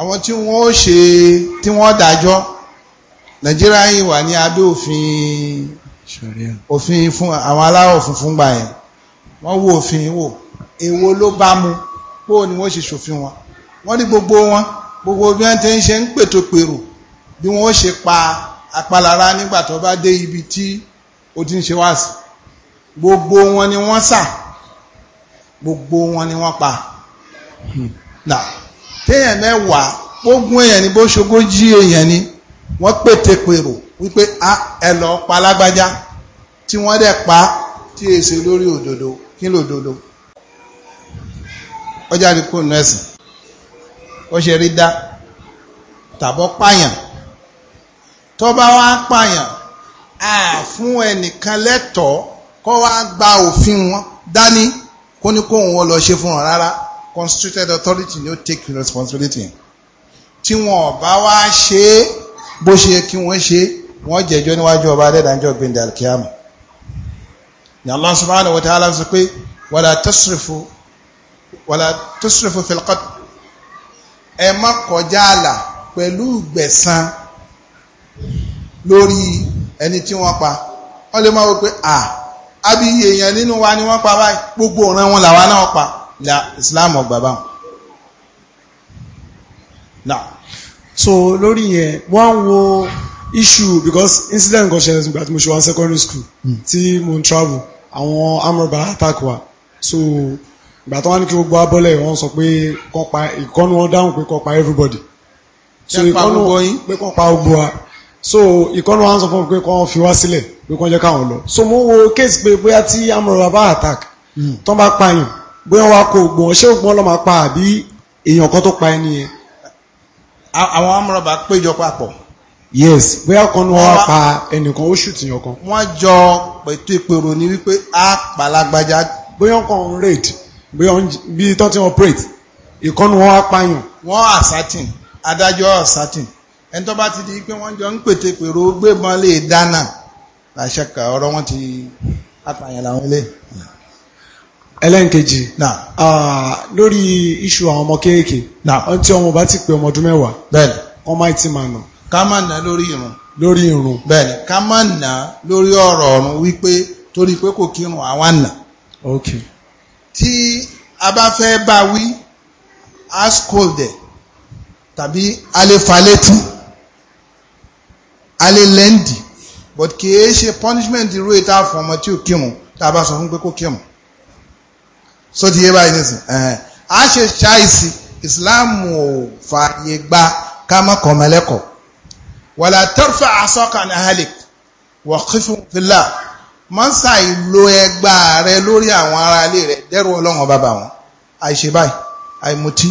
àwọn tí wọ́n ó ṣe tí wọ́n dájọ́ Nàìjíríà yìí wà ní abẹ́ òfin òfin fún àwọn aláwọ̀ funfun gbà yẹn wọ́n wo òfin wò èwo ló bá mu bóò ni wọ́n ṣe ṣòfin wọn wọ́n ní gbogbo wọn gbogbo bí wọ́n ti ń ṣe ń pètò pèrò bí wọ́n ṣe pa àpalára nígbà bá dé ibi tí ó ti ń ṣe wáàsí gbogbo wọn ni wọ́n sà gbogbo wọn ni wọ́n pa nà téèyàn mẹ́wàá gbógun èèyàn ni bó ṣogójì èèyàn ni wọ́n pètè pèrò wípé ẹ lọ pa lágbájá tí wọ́n dẹ̀ pa tí èsè lórí òdodo kí lòdodo ó jáde kúrò nínú ẹ̀sìn ó ṣe rí dá tàbọ́ pààyàn tó bá wá pààyàn a fún ẹnìkan lẹ́tọ̀ọ́ kó wá gba òfin wọn dání kó ní kóun wọ́n lọ ṣe fún wọn rárá constituted authority ni ó take responsibility tí wọn ọba wá ṣe é bó ṣe kí wọ́n ṣe wọ́n jẹjọ́ níwájú ọba adẹ́dàjọ́ gbẹ̀ndẹ̀ ni Allah subhanahu wa ta'ala sọ pé wala tasrifu wàlá tusrifu fil qatl ẹ má kọjá àlà pẹ̀lú gbẹ̀san lórí ẹni tí wọ́n pa wọ́n lè máa wọ pé à àbí èèyàn nínú wa ni wọ́n pa báyìí gbogbo ọ̀ràn wọn làwa náà pa la Islam ọgbà báwọn. Now, so lórí yẹn wọ́n wo issue because incident kan ṣẹlẹ̀ nígbà tí mo ṣe wá secondary school hmm. tí mo travel àwọn amọ̀ba attack wa so ìgbà tó wọ́n ní kí gbogbo abọ́lẹ̀ wọ́n sọ pé kọ́pa ìkọ́nù wọn dáhùn pé kọ́pa everybody so ìkọ́nù pé kọ́pa gbogbo wa so ìkọ́nù wọn sọ fún pé kọ́ fi wá sílẹ̀ pé kọ́ jẹ́ káwọn lọ so mo wo case pé bóyá tí amọ̀rọ̀ bàbá attack hmm. tó bá pààyàn bóyá wàá kó gbọ́n ṣé ògbọ́n lọ́ máa pa àbí èèyàn kan tó pa ẹni yẹn. àwọn amọ̀rọ̀ bá péjọ papọ̀. yes bóyá kan ni wọ́n pa ẹnìkan ó ṣùtì yàn kan. wọ́n jọ pẹ̀tù ìpèrò ni wípé a pàlágbájá. bóyá kan raid bí tán tí wọ́n operate ìkọ́nu wọn apáyàn wọ́n àsátìn adájọ́ àsátìn ẹni tó bá ti di pé wọ́n jọ ń pètè pèrò gbébọn lè dáná àṣẹkà ọ̀rọ̀ wọn ti apàyàn làwọn ilé ẹlẹ́nkejì lórí iṣu àwọn ọmọ kéèké tí ọmọ bá ti pé ọmọ ọdún mẹ́wàá Bẹ́ẹ̀. wọ́n máa ti máa nà ká máa nà lórí irun lórí irun bẹ́ẹ̀ni ká máa nà lórí ọ̀rọ̀ ọ̀run wípé torí pé kò kírun àwọn àna okay tí a bá fẹ́ bá wí a scold ẹ̀ tàbí a lè fa létí a lè lẹ́ǹdì but kìí ṣe punishment irú ètò àfọ̀mọ́ tí ò kírun tá a bá sọ fún pé kó kírun so ti yé báyìí nísìn a ṣe ṣáìsì Islam ò fààyè gba ká má kọ́ mẹ́lẹ́kọ̀ọ́ wàlá tarfa asọ́kàn ahalik wà kífún fìlà mọ́sà ìlò ẹgbà rẹ lórí àwọn ará ilé rẹ dẹ́rù ọlọ́run bàbá wọn àìṣe báyìí àìmutí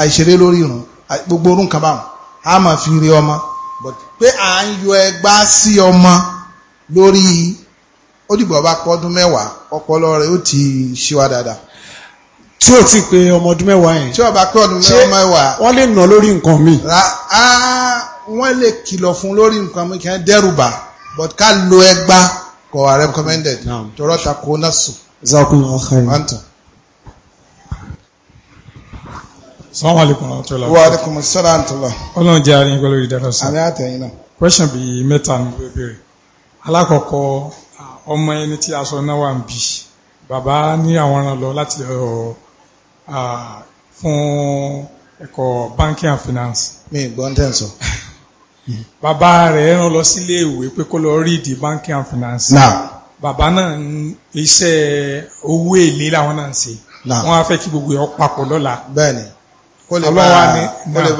àìṣeré lórí irun gbogbo orun kan báwọn a máa fi rí ọmọ pé à ń yọ ẹgbà sí ọmọ lórí ó dìbò bá pọ́dún mẹ́wàá ọpọlọ rẹ ó ti ṣíwá dáadáa. tí o ti pé ọmọ ọdún mẹ́wàá yẹn. tí o bá pé ọdún mẹ́wàá. wọ́n lè nà lórí nǹkan mi. wọ́n lè kìlọ̀ fún lórí nǹkan mi kí wọ́n dẹ́rù bà but ká lo ẹgbàá kò wà recommended tọrọ ta kó náà sùn. zakunlọ khair. manta. salamu alaykum wa rahmatulah. wa alaykum salaam tula. ọlọ́run jẹ́ àárín pẹ̀lú ìdára sọ. àmì àtẹ̀yìn náà. question bíi mẹ́ta ni wọ́n béèrè alákọ̀ọ́kọ́ ọmọ ẹni tí aṣọ náà wà ń bì bàbá ní àwọn ọ̀ràn lọ láti ọ̀rọ̀ fún ẹ̀kọ́ banking and finance. mi gbọ́n tẹ̀ sọ. bàbá rẹ̀ rán lọ sílé ìwé pé kó lọ read banking and finance. now bàbá náà iṣẹ́ owó èlé làwọn náà ń ṣe. now wọ́n á fẹ́ kí gbogbo ẹ̀ papọ̀ lọ́la. bẹ́ẹ̀ni kó lè bá kó lè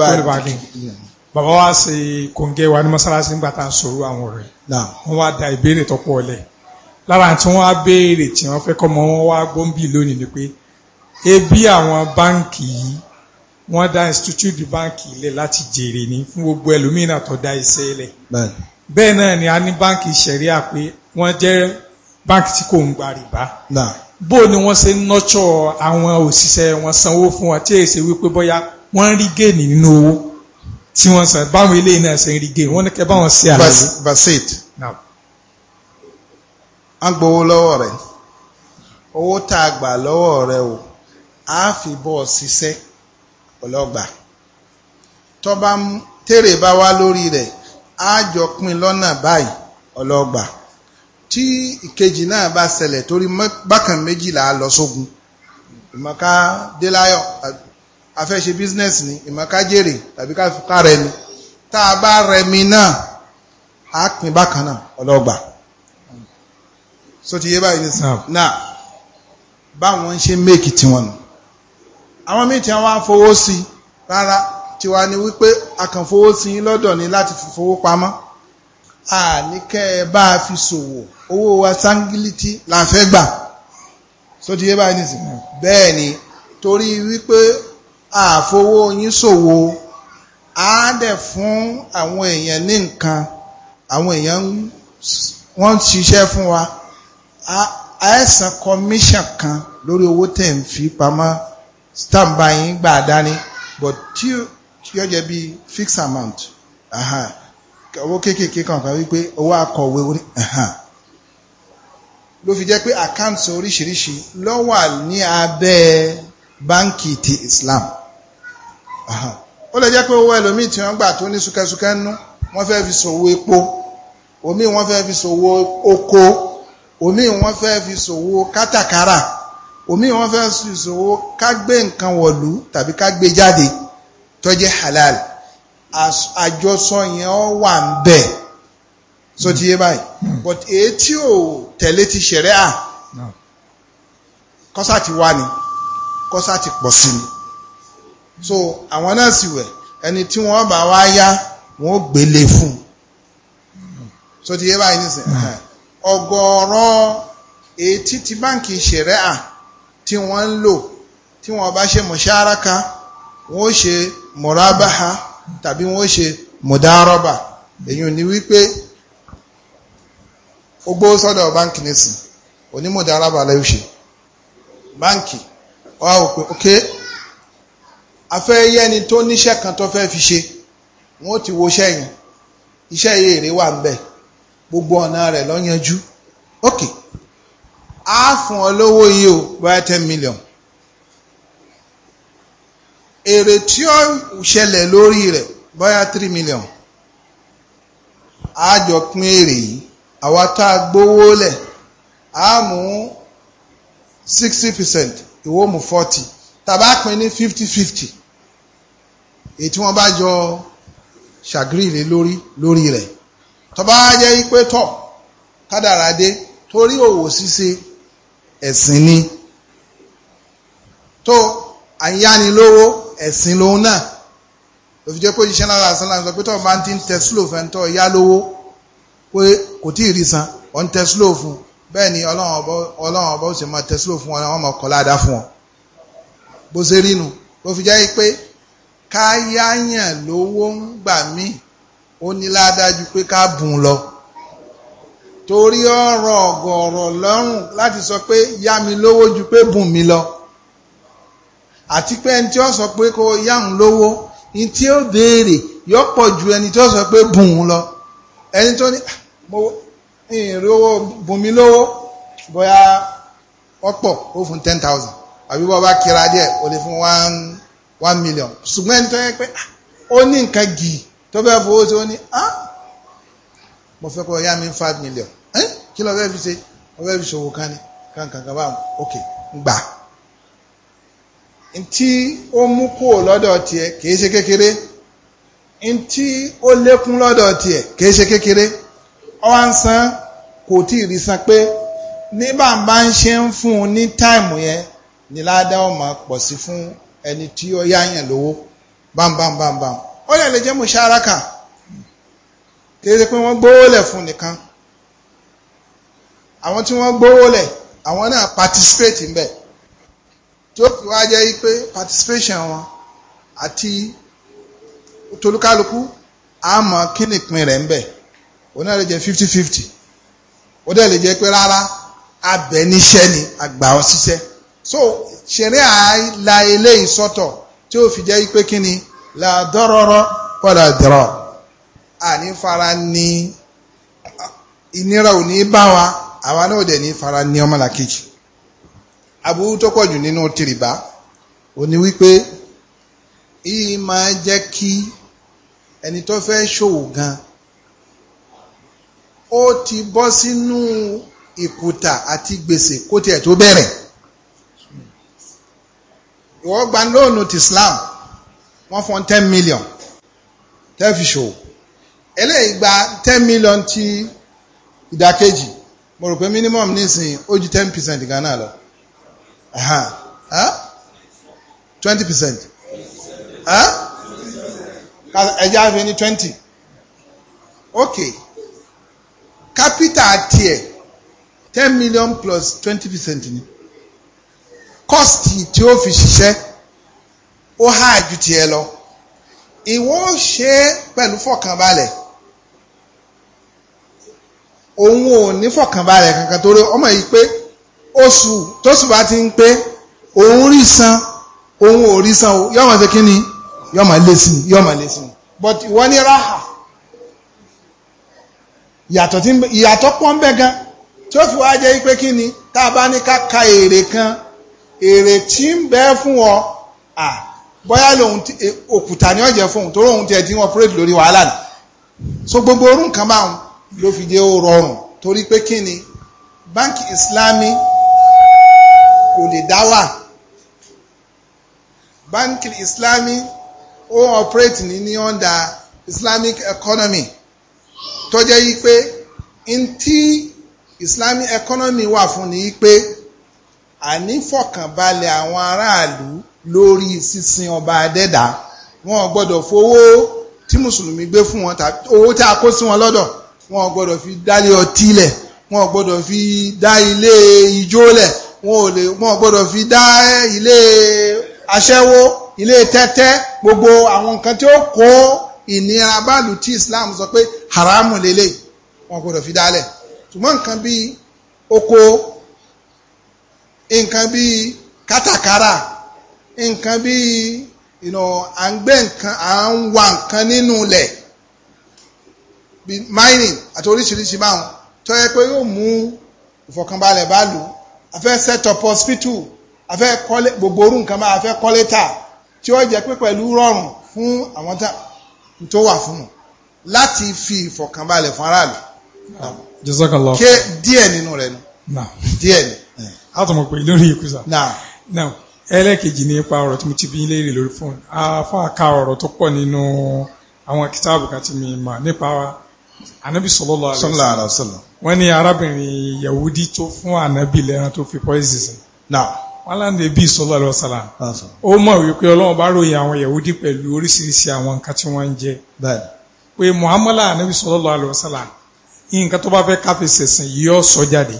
bàbá wa ṣe kòǹgẹ́ wa ní mọ́sálásí nígbà tá a sọ̀rọ̀ àwọn ọ̀rẹ́ wọ́n wá da ìbéèrè tó pọ̀ lẹ̀ lára tí wọ́n á béèrè tí wọ́n fẹ́ kọ́ mọ́ wọn wá gbọ́nbì lónìí ni pé ebi àwọn báǹkì yìí wọ́n dá institute báńkì ilẹ̀ láti jèrè ní fún gbogbo ẹlòmínà tó dá iṣẹ́ ilẹ̀ bẹ́ẹ̀ náà ni a ní báńkì ṣẹ̀ríà pé wọ́n jẹ́ báńkì tí kò ń gba rìbá bó ni wọ́n ṣe ń nọ́tsọ̀ àwọn òṣìṣẹ́ wọn sanwó fún wọn tí èsè wípé bóyá wọ́n ń rí géènì nínú owó tí wọ́n san báwọn eléyìí náà ṣe ń rí géènì wọ́n ní kẹ́ báwọn ṣe àlàyé. basit a gbowó lọ́wọ́ rẹ̀ owó tá a gbà lọ́wọ́ rẹ̀ o a fi bọ́ ọ ṣiṣẹ́ ọlọ́gbà tọ́ba tèrè bá wá lórí rẹ̀ á jọ pín lọ́nà báyìí ọlọ́gbà tí ìkejì náà bá ṣẹlẹ̀ torí bákan méjìlá lọ sógun ìmọ̀ká déláyọ̀ afẹ́ṣe bísínẹ́sì ni ìmọ̀ká jèrè tàbí ká rẹ ni tá a bá rẹmi náà á pín bákan náà ọlọ́gbà so ti yé báyìí nísìnyí náà báwọn ṣe méèkì tiwọn nù àwọn míì tí wọ́n á fowó sí rárá tiwa ni wípé àkànfowó sí lọ́dọ̀ ni láti fi fowó pamọ́ àníkẹ́ ẹ bá a fi ṣòwò owó wa sángílítì là gbà só ti yé báyìí nìsín mm. bẹ́ẹ̀ ni torí wípé àfowó yín ṣòwò á dẹ̀ fún àwọn èèyàn ní nǹkan àwọn èèyàn wọ́n ń ṣiṣẹ́ fún wa àìsàn commission kan lórí owó tẹ̀ ń fi pamọ́ stamp bá yín gbà dání but tí yóò jẹ́ bí fixed amount owó kéékèèké kankan wípé owó akọ̀wé orí ló fi jẹ́ pé accounts oríṣiríṣi ló wà ní abẹ́ báńkì ti Islam ó lè jẹ́ pé owó ẹlòmíì tí wọ́n gbà tó ní súkẹ́súkẹ́ nú wọ́n fẹ́ fi ṣòwò epo omi wọ́n fẹ́ fi ṣòwò oko omi wọ́n fẹ́ fi ṣòwò kátàkárà omi wọn fẹ́ ṣòwò ká gbé nǹkan wọ̀lú tàbí ká jáde tó jẹ́ halal àjọsọ yẹn ọ wà ń bẹ̀ so ti yé báyìí but èyí tí ò tẹ̀lé ti ṣẹ̀rẹ́ à kọ́sà ti wá ni kọ́sà ti pọ̀ sí ni so àwọn náà sì wẹ̀ ẹni tí wọ́n bá wá yá wọ́n gbélé fún so ti yé báyìí nísìnyí hmm. ọgọ́rọ̀ èyí tí ti báǹkì ṣẹ̀rẹ́ à tí wọ́n ń lò tí wọ́n bá ṣe mọ̀ṣáraka wọ́n ṣe mọ̀rábáha tàbí wọ́n ṣe mọ̀dárọ́bà èyí ni wípé ó gbówó sọ́dọ̀ báńkì nìsín onímọ̀dárọ́bà lẹ́yìn ṣe báńkì wá òpin ok afẹ́ yẹni tó níṣẹ́ kan tó fẹ́ fi ṣe wọ́n ti wo iṣẹ́ iṣẹ́ yìí èrè wà ń bẹ̀ gbogbo ọ̀nà rẹ̀ lọ́yanjú ok á fún ọ lówó yìí o bóyá ten million èrè tí ó ṣẹlẹ̀ lórí rẹ̀ bóyá three million á jọ pín èrè yìí àwa tá a gbowó lẹ̀ á mú sixty percent ìwọ mú forty tàbá pín ní fifty fifty èyí tí wọ́n bá jọ ṣàgírìlẹ̀ lórí lórí rẹ̀ tọ́ba jẹ́ pé tọ̀ kádàrá dé torí òwò ṣíṣe ẹ̀sìn ni tó àyánilówó ẹ̀sìn lòun náà ló fi jẹ́ pé iṣẹ́ lára àṣà láti sọ pé tó bá ti ń tẹ slow fẹ́ ń tọ́ ìyá lówó pé kò tí ì rí san ọ̀ ń tẹ fún bẹ́ẹ̀ ni ọlọ́run ọba ó sì máa tẹ fún ọ wọn máa kọ́ ládàá fún ọ bó ṣe rí nu ló fi jẹ́ pé ká yáyàn lówó ń gbà míì ó ní ládájú pé ká bùn lọ torí ọ̀rọ̀ ọ̀gọ̀ọ̀rọ̀ lọ́rùn láti sọ pé yá mi lówó ju pé bùn mi lọ àti pé ẹni tí ó sọ pé kó yáhùn lówó ní tí ó béèrè yọ pọ̀ ju ẹni tí ó sọ pé bùn lọ ẹni tó ní ìrówó ah, bùn mi lówó bóyá ọ̀pọ̀ ó fún ten thousand àbí bọ́ bá kíra díẹ̀ ó lè fún one one million ṣùgbọ́n ẹni tó yẹ pé ah, ó ní nǹkan gì tó bẹ́ẹ̀ fowó tí ó ní ah, mo fẹ́ kó yá mi five million ẹ́ eh? kí lọ́ọ́ fẹ́ fi ṣe ọ̀fẹ́ fi ṣòwò kan ni kankan kan báwọn ok gbà ntí ó mú kúrò lọ́dọ̀ tiẹ̀ kìí ṣe kékeré ntí ó lékún lọ́dọ̀ tiẹ̀ kìí ṣe kékeré ọwọ́ ń san kò tí ì rí san pé ní bàbá ń ṣe ń fún un ní táìmù yẹn ni ládá ọmọ pọ̀ sí fún ẹni tí ó yáyàn lówó bámbámbámbám ó lè lè jẹ́ mùsáraka kìí ṣe pé wọ́n gbówó lẹ̀ fún nìkan àwọn tí wọ́n gbówó lẹ̀ àwọn náà participate ń bẹ̀ tí ó fi wá jẹ́ pé participation wọn àti tolúkálukú àmọ́ kí ni ìpín rẹ̀ ń bẹ̀ òun náà lè jẹ́ fifty fifty ó dẹ̀ lè jẹ́ pé rárá abẹ níṣẹ́ ni àgbà ọ ṣiṣẹ́ so ṣeré àìla eléyìí sọ́tọ̀ tí ó fi jẹ́ pé kí ni làdọ́rọ́rọ́ padà dọ̀rọ̀ àní fara ni ìnira ò ní bá wa àwa náà dẹ̀ ní fara ní ọmọlàkejì aburú tó pọ̀jù nínú tìrìbá ò ní wípé yìí máa jẹ́ kí ẹni tó fẹ́ ṣòwò gan ó ti bọ́ sínú ìkùtà àti gbèsè kó tiẹ̀ tó bẹ̀rẹ̀ ìwọ gba lóònù ti Islam wọ́n fún ten million tẹ́ fi ṣòwò eléyìí gba ten million ti ìdàkejì mo rò pé minimum nísìn ó ju ten percent Ghana lọ twenty percent ẹja fi ní 20, ok capital tiẹ̀ 10 million plus twenty percent ni cost tí ó fi ṣiṣẹ́ ó há ju tiẹ̀ lọ ìwọ ṣe pẹ̀lú fọkànbalẹ̀ òun ò ní fọ̀kànbalẹ̀ kankan torí ọmọ yìí pé oṣù su bá ti ń pé òun rí san òun ò rí san yóò máa kí ni yóò máa lé sí yóò máa lé sí but ìwọ ní ráhà ìyàtọ̀ tí ìyàtọ̀ pọ́n bẹ́ gan tí ó fi wá jẹ́ pé kí ni a bá ní ká ka èrè kan èrè tí ń bẹ fún ọ à bóyá lòun ni ó fún òun torí òun tiẹ̀ ń operate lórí wàhálà so gbogbo orun kan máa ló fi jẹ́ ó rọrùn torí pé kí ni báńkì ìsìláàmì kò lè dá wà báńkì ìsìláàmì ó operate ní ní under islamic economy tó jẹ́ yí pé n tí islamic economy wà fún ni yí pé ànífọ̀kànbalẹ̀ àwọn aráàlú lórí sísin ọba adẹ́dà wọn ò gbọ́dọ̀ fowó tí mùsùlùmí gbé fún wọn tàbí owó tí a kó sí wọn lọ́dọ̀ wọn ò gbọ́dọ̀ fi dálé ọtí lẹ̀ wọn ò gbọ́dọ̀ fi dá ilé ijó lẹ̀ wọn ò gbọ́dọ̀ fi dá ilé aṣẹ́wó ilé tẹ́tẹ́ gbogbo àwọn nǹkan tí ó kó ìnira báàlù tí Islam sọ pé haramu lélẹ̀ wọn ò gbọ́dọ̀ fi dálẹ̀ ṣùgbọ́n nǹkan bíi oko nǹkan bíi kátàkárà nǹkan bíi you know, à ń gbé nǹkan à ń wa nǹkan nínú ilẹ̀ mining àti oríṣiríṣi ma tó yẹ pé yóò mú ìfọ̀kànbalẹ̀ bá afẹ set hospital kọ́lé gbogbo orú nǹkan máa fẹ́ kọ́lé tí ó jẹ́ rọrùn fún àwọn tó wà fún un láti fi ìfọ̀kànbalẹ̀ fún aráàlú. Jazakallah. díẹ̀ nínú rẹ̀ nù. díẹ̀ ni. a tún anabi sallallahu alaihi wasallam wọ́n ní arábìnrin yahudi tó fún anabi lẹ́ran tó fi pọ́ìsì sí wọ́n láǹdẹ̀ bí sallallahu alaihi wasallam ó mọ̀ wípé ọlọ́run bá ròyìn àwọn yahudi pẹ̀lú oríṣiríṣi àwọn nǹkan tí wọ́n ń jẹ pé muhammadu anabi sallallahu alaihi wasallam nǹkan tó bá fẹ́ káfí sẹ̀sìn yóò sọ jáde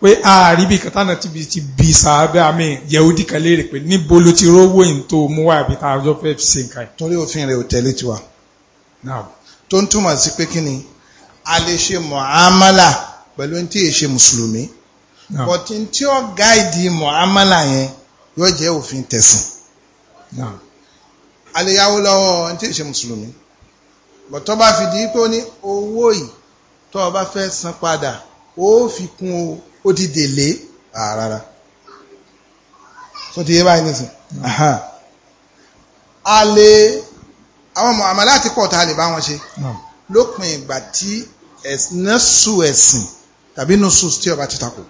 pé ààrí bí katana ti bi ti bi sàábẹ́ àmì yahudi kan léèrè pé níbo ló ti rówó ìntò mú wá àbí tá a fẹ́ fi ṣe nǹkan yìí. torí òfin rẹ̀ ò tẹ̀lé tiwa tó ń túmọ̀ sí pé kí ni a lè ṣe mọ̀ámálà pẹ̀lú tí è ṣe mùsùlùmí but tí ó gáìdì mọ̀ámálà yẹn yóò jẹ́ òfin tẹ̀sìn a lè yáwó lọ́wọ́ tí è ṣe mùsùlùmí but tó bá fi di pé ó ní owó yìí tó o bá fẹ́ san padà ó fi kún o ó ti dèlé rárá tó ti yé báyìí nísìn a lè àwọn muamala àti pọ̀ tá a lè bá wọn ṣe lópin ìgbà tí nẹ́sù ẹ̀sìn tàbí nùsù tí ọba ti takò.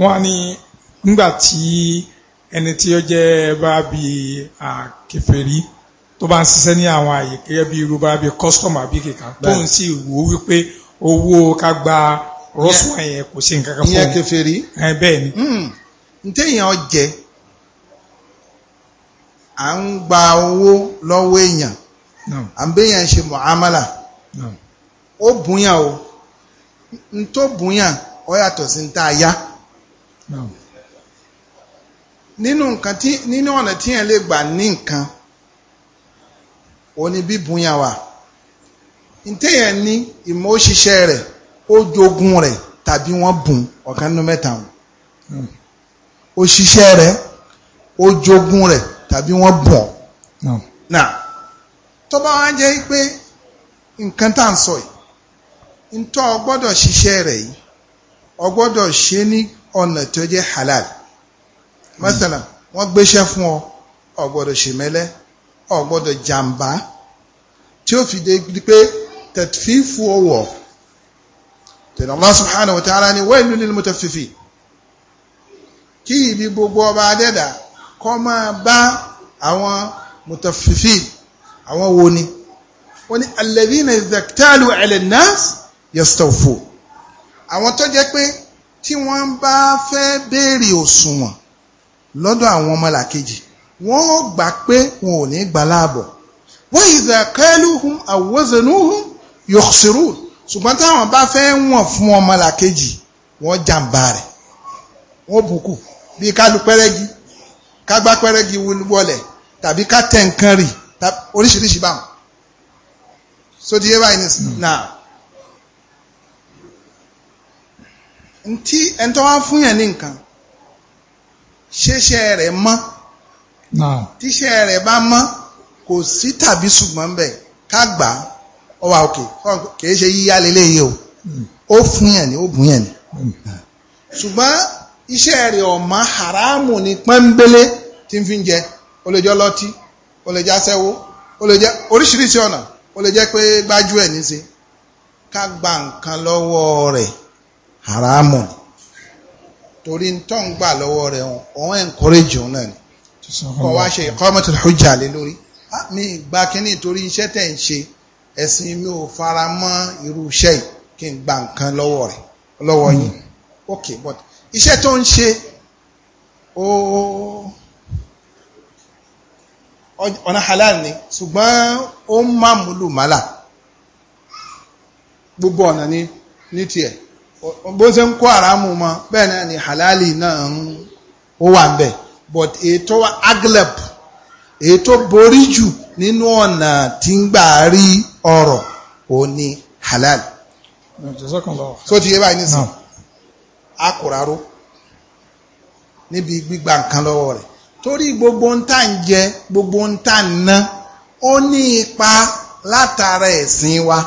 wọ́n ní nígbà tí ẹni tí ó jẹ́ bá bí kèfèrí tó bá ń ṣiṣẹ́ ní àwọn àyè gẹ́gẹ́ bí irú bá bí kọ́sítọ̀mù àbí kíkà tó ń sì wò ó wípé owó ká gba rọ́ṣùn ẹ̀yẹ kò sí nǹkan kan fún un. ìyẹn kèfèrí. bẹ́ẹ̀ ni. ntẹ̀yìn hmm. ọjẹ́ à ń gba owó lọ́wọ́ èèyàn àbẹ́yàn ṣe mọ̀hámálà ó bùnyàn o n tó bùnyàn ó yàtọ̀ sí ń tá a yá nínú nǹkan tí nínú ọ̀nà tí yẹn lè gbà ní nǹkan òní bí bùnyàn wà ntẹ́yẹn ní ìmọ̀ òṣìṣẹ́ rẹ̀ ó jogún rẹ̀ tàbí wọ́n bùn ọ̀kan nínú mẹ́ta wọn òṣìṣẹ́ rẹ̀ ó jogún rẹ̀ tàbí wọ́n bùn ọ́ tó bá wá jẹ́ pé nǹkan tá à ń sọ yìí ntọ́ ọ gbọ́dọ̀ ṣiṣẹ́ rẹ̀ yìí ọ gbọ́dọ̀ ṣe ní ọ̀nà tó jẹ́ halal mọ́sálà wọ́n gbéṣẹ́ fún ọ ọ gbọ́dọ̀ ṣèmẹ́lẹ́ ọ gbọ́dọ̀ jàǹbá tí ó fi di pé tẹ̀fífù ọwọ́ tẹ̀lé Allah subhanahu wa ta'ala ni wẹ́ẹ̀lú lil mutaffifin kí ibi gbogbo ọba adẹ́dà kọ́ máa bá àwọn mutaffifin àwọn wo ni wọ́n ní alladhina izaktalu ala an-nas yastawfu àwọn tó jẹ́ pé tí wọ́n bá fẹ́ béèrè òṣùwọ̀n lọ́dọ̀ àwọn ọmọlàkejì wọ́n gbà pé wọn ò ní gbà láàbọ̀ wa iza kaluhum aw wazanuhum yukhsirun ṣùgbọ́n táwọn bá fẹ́ wọ̀n fún ọmọlàkejì wọ́n jàǹbá rẹ̀ wọ́n bùkù bí ká lu pẹ́rẹ́gì ká gbá pẹ́rẹ́gì wọlẹ̀ tàbí ká tẹ̀ nǹkan rì oríṣiríṣi báwọn so di eba inis na ntí ẹntọ́ wá fún yẹn ní nǹkan ṣeṣe rẹ̀ mọ́ tíṣe rẹ̀ bá mọ́ kò sí tàbí ṣùgbọ́n bẹ́ẹ̀ ká gbà á ọwà òkè kìí ṣe yíyá leléyìí o hmm. ó fún yẹn ni ó bùn yẹn ni hmm. ṣùgbọ́n iṣẹ́ rẹ̀ ọ̀mọ́ haramu ni pẹ́ńbélé tí ń fi jẹ olójọ́ lọ́tí ó lè jẹ́ aṣẹ́wó ó lè jẹ́ oríṣiríṣi ọ̀nà ó lè jẹ́ pé gbájú ẹ̀ ní ṣe ká gba nǹkan lọ́wọ́ rẹ̀ haramu torí tó ń gbà lọ́wọ́ rẹ̀ òun encourage òun náà ni kọ́ wá ṣe iqamatul hujja lé lórí ah, mi gba kínní torí iṣẹ́ tẹ̀ ń ṣe ẹ̀sìn mi ò fara mọ́ irú iṣẹ́ yìí kí n gba nǹkan lọ́wọ́ rẹ̀ lọ́wọ́ yìí hmm. ok but iṣẹ́ tó ń ṣe ó. Oh, ọ̀nà halal ni ṣùgbọ́n ó má múlù málà gbogbo ọ̀nà ni ní tiẹ̀ bó ṣe ń kó àrámù mọ́ bẹ́ẹ̀ náà ni halali náà ń ó wà ń bẹ̀ but ètò aglep ètò borí jù nínú ọ̀nà tí ń gbà rí ọ̀rọ̀ ò ní halal so ti yé báyìí nísìnyí akùràró níbi gbígba nǹkan lọ́wọ́ rẹ̀ torí gbogbo ń tà ń jẹ gbogbo ń tà ń ná ó ní ipa látara ẹ̀sìn wa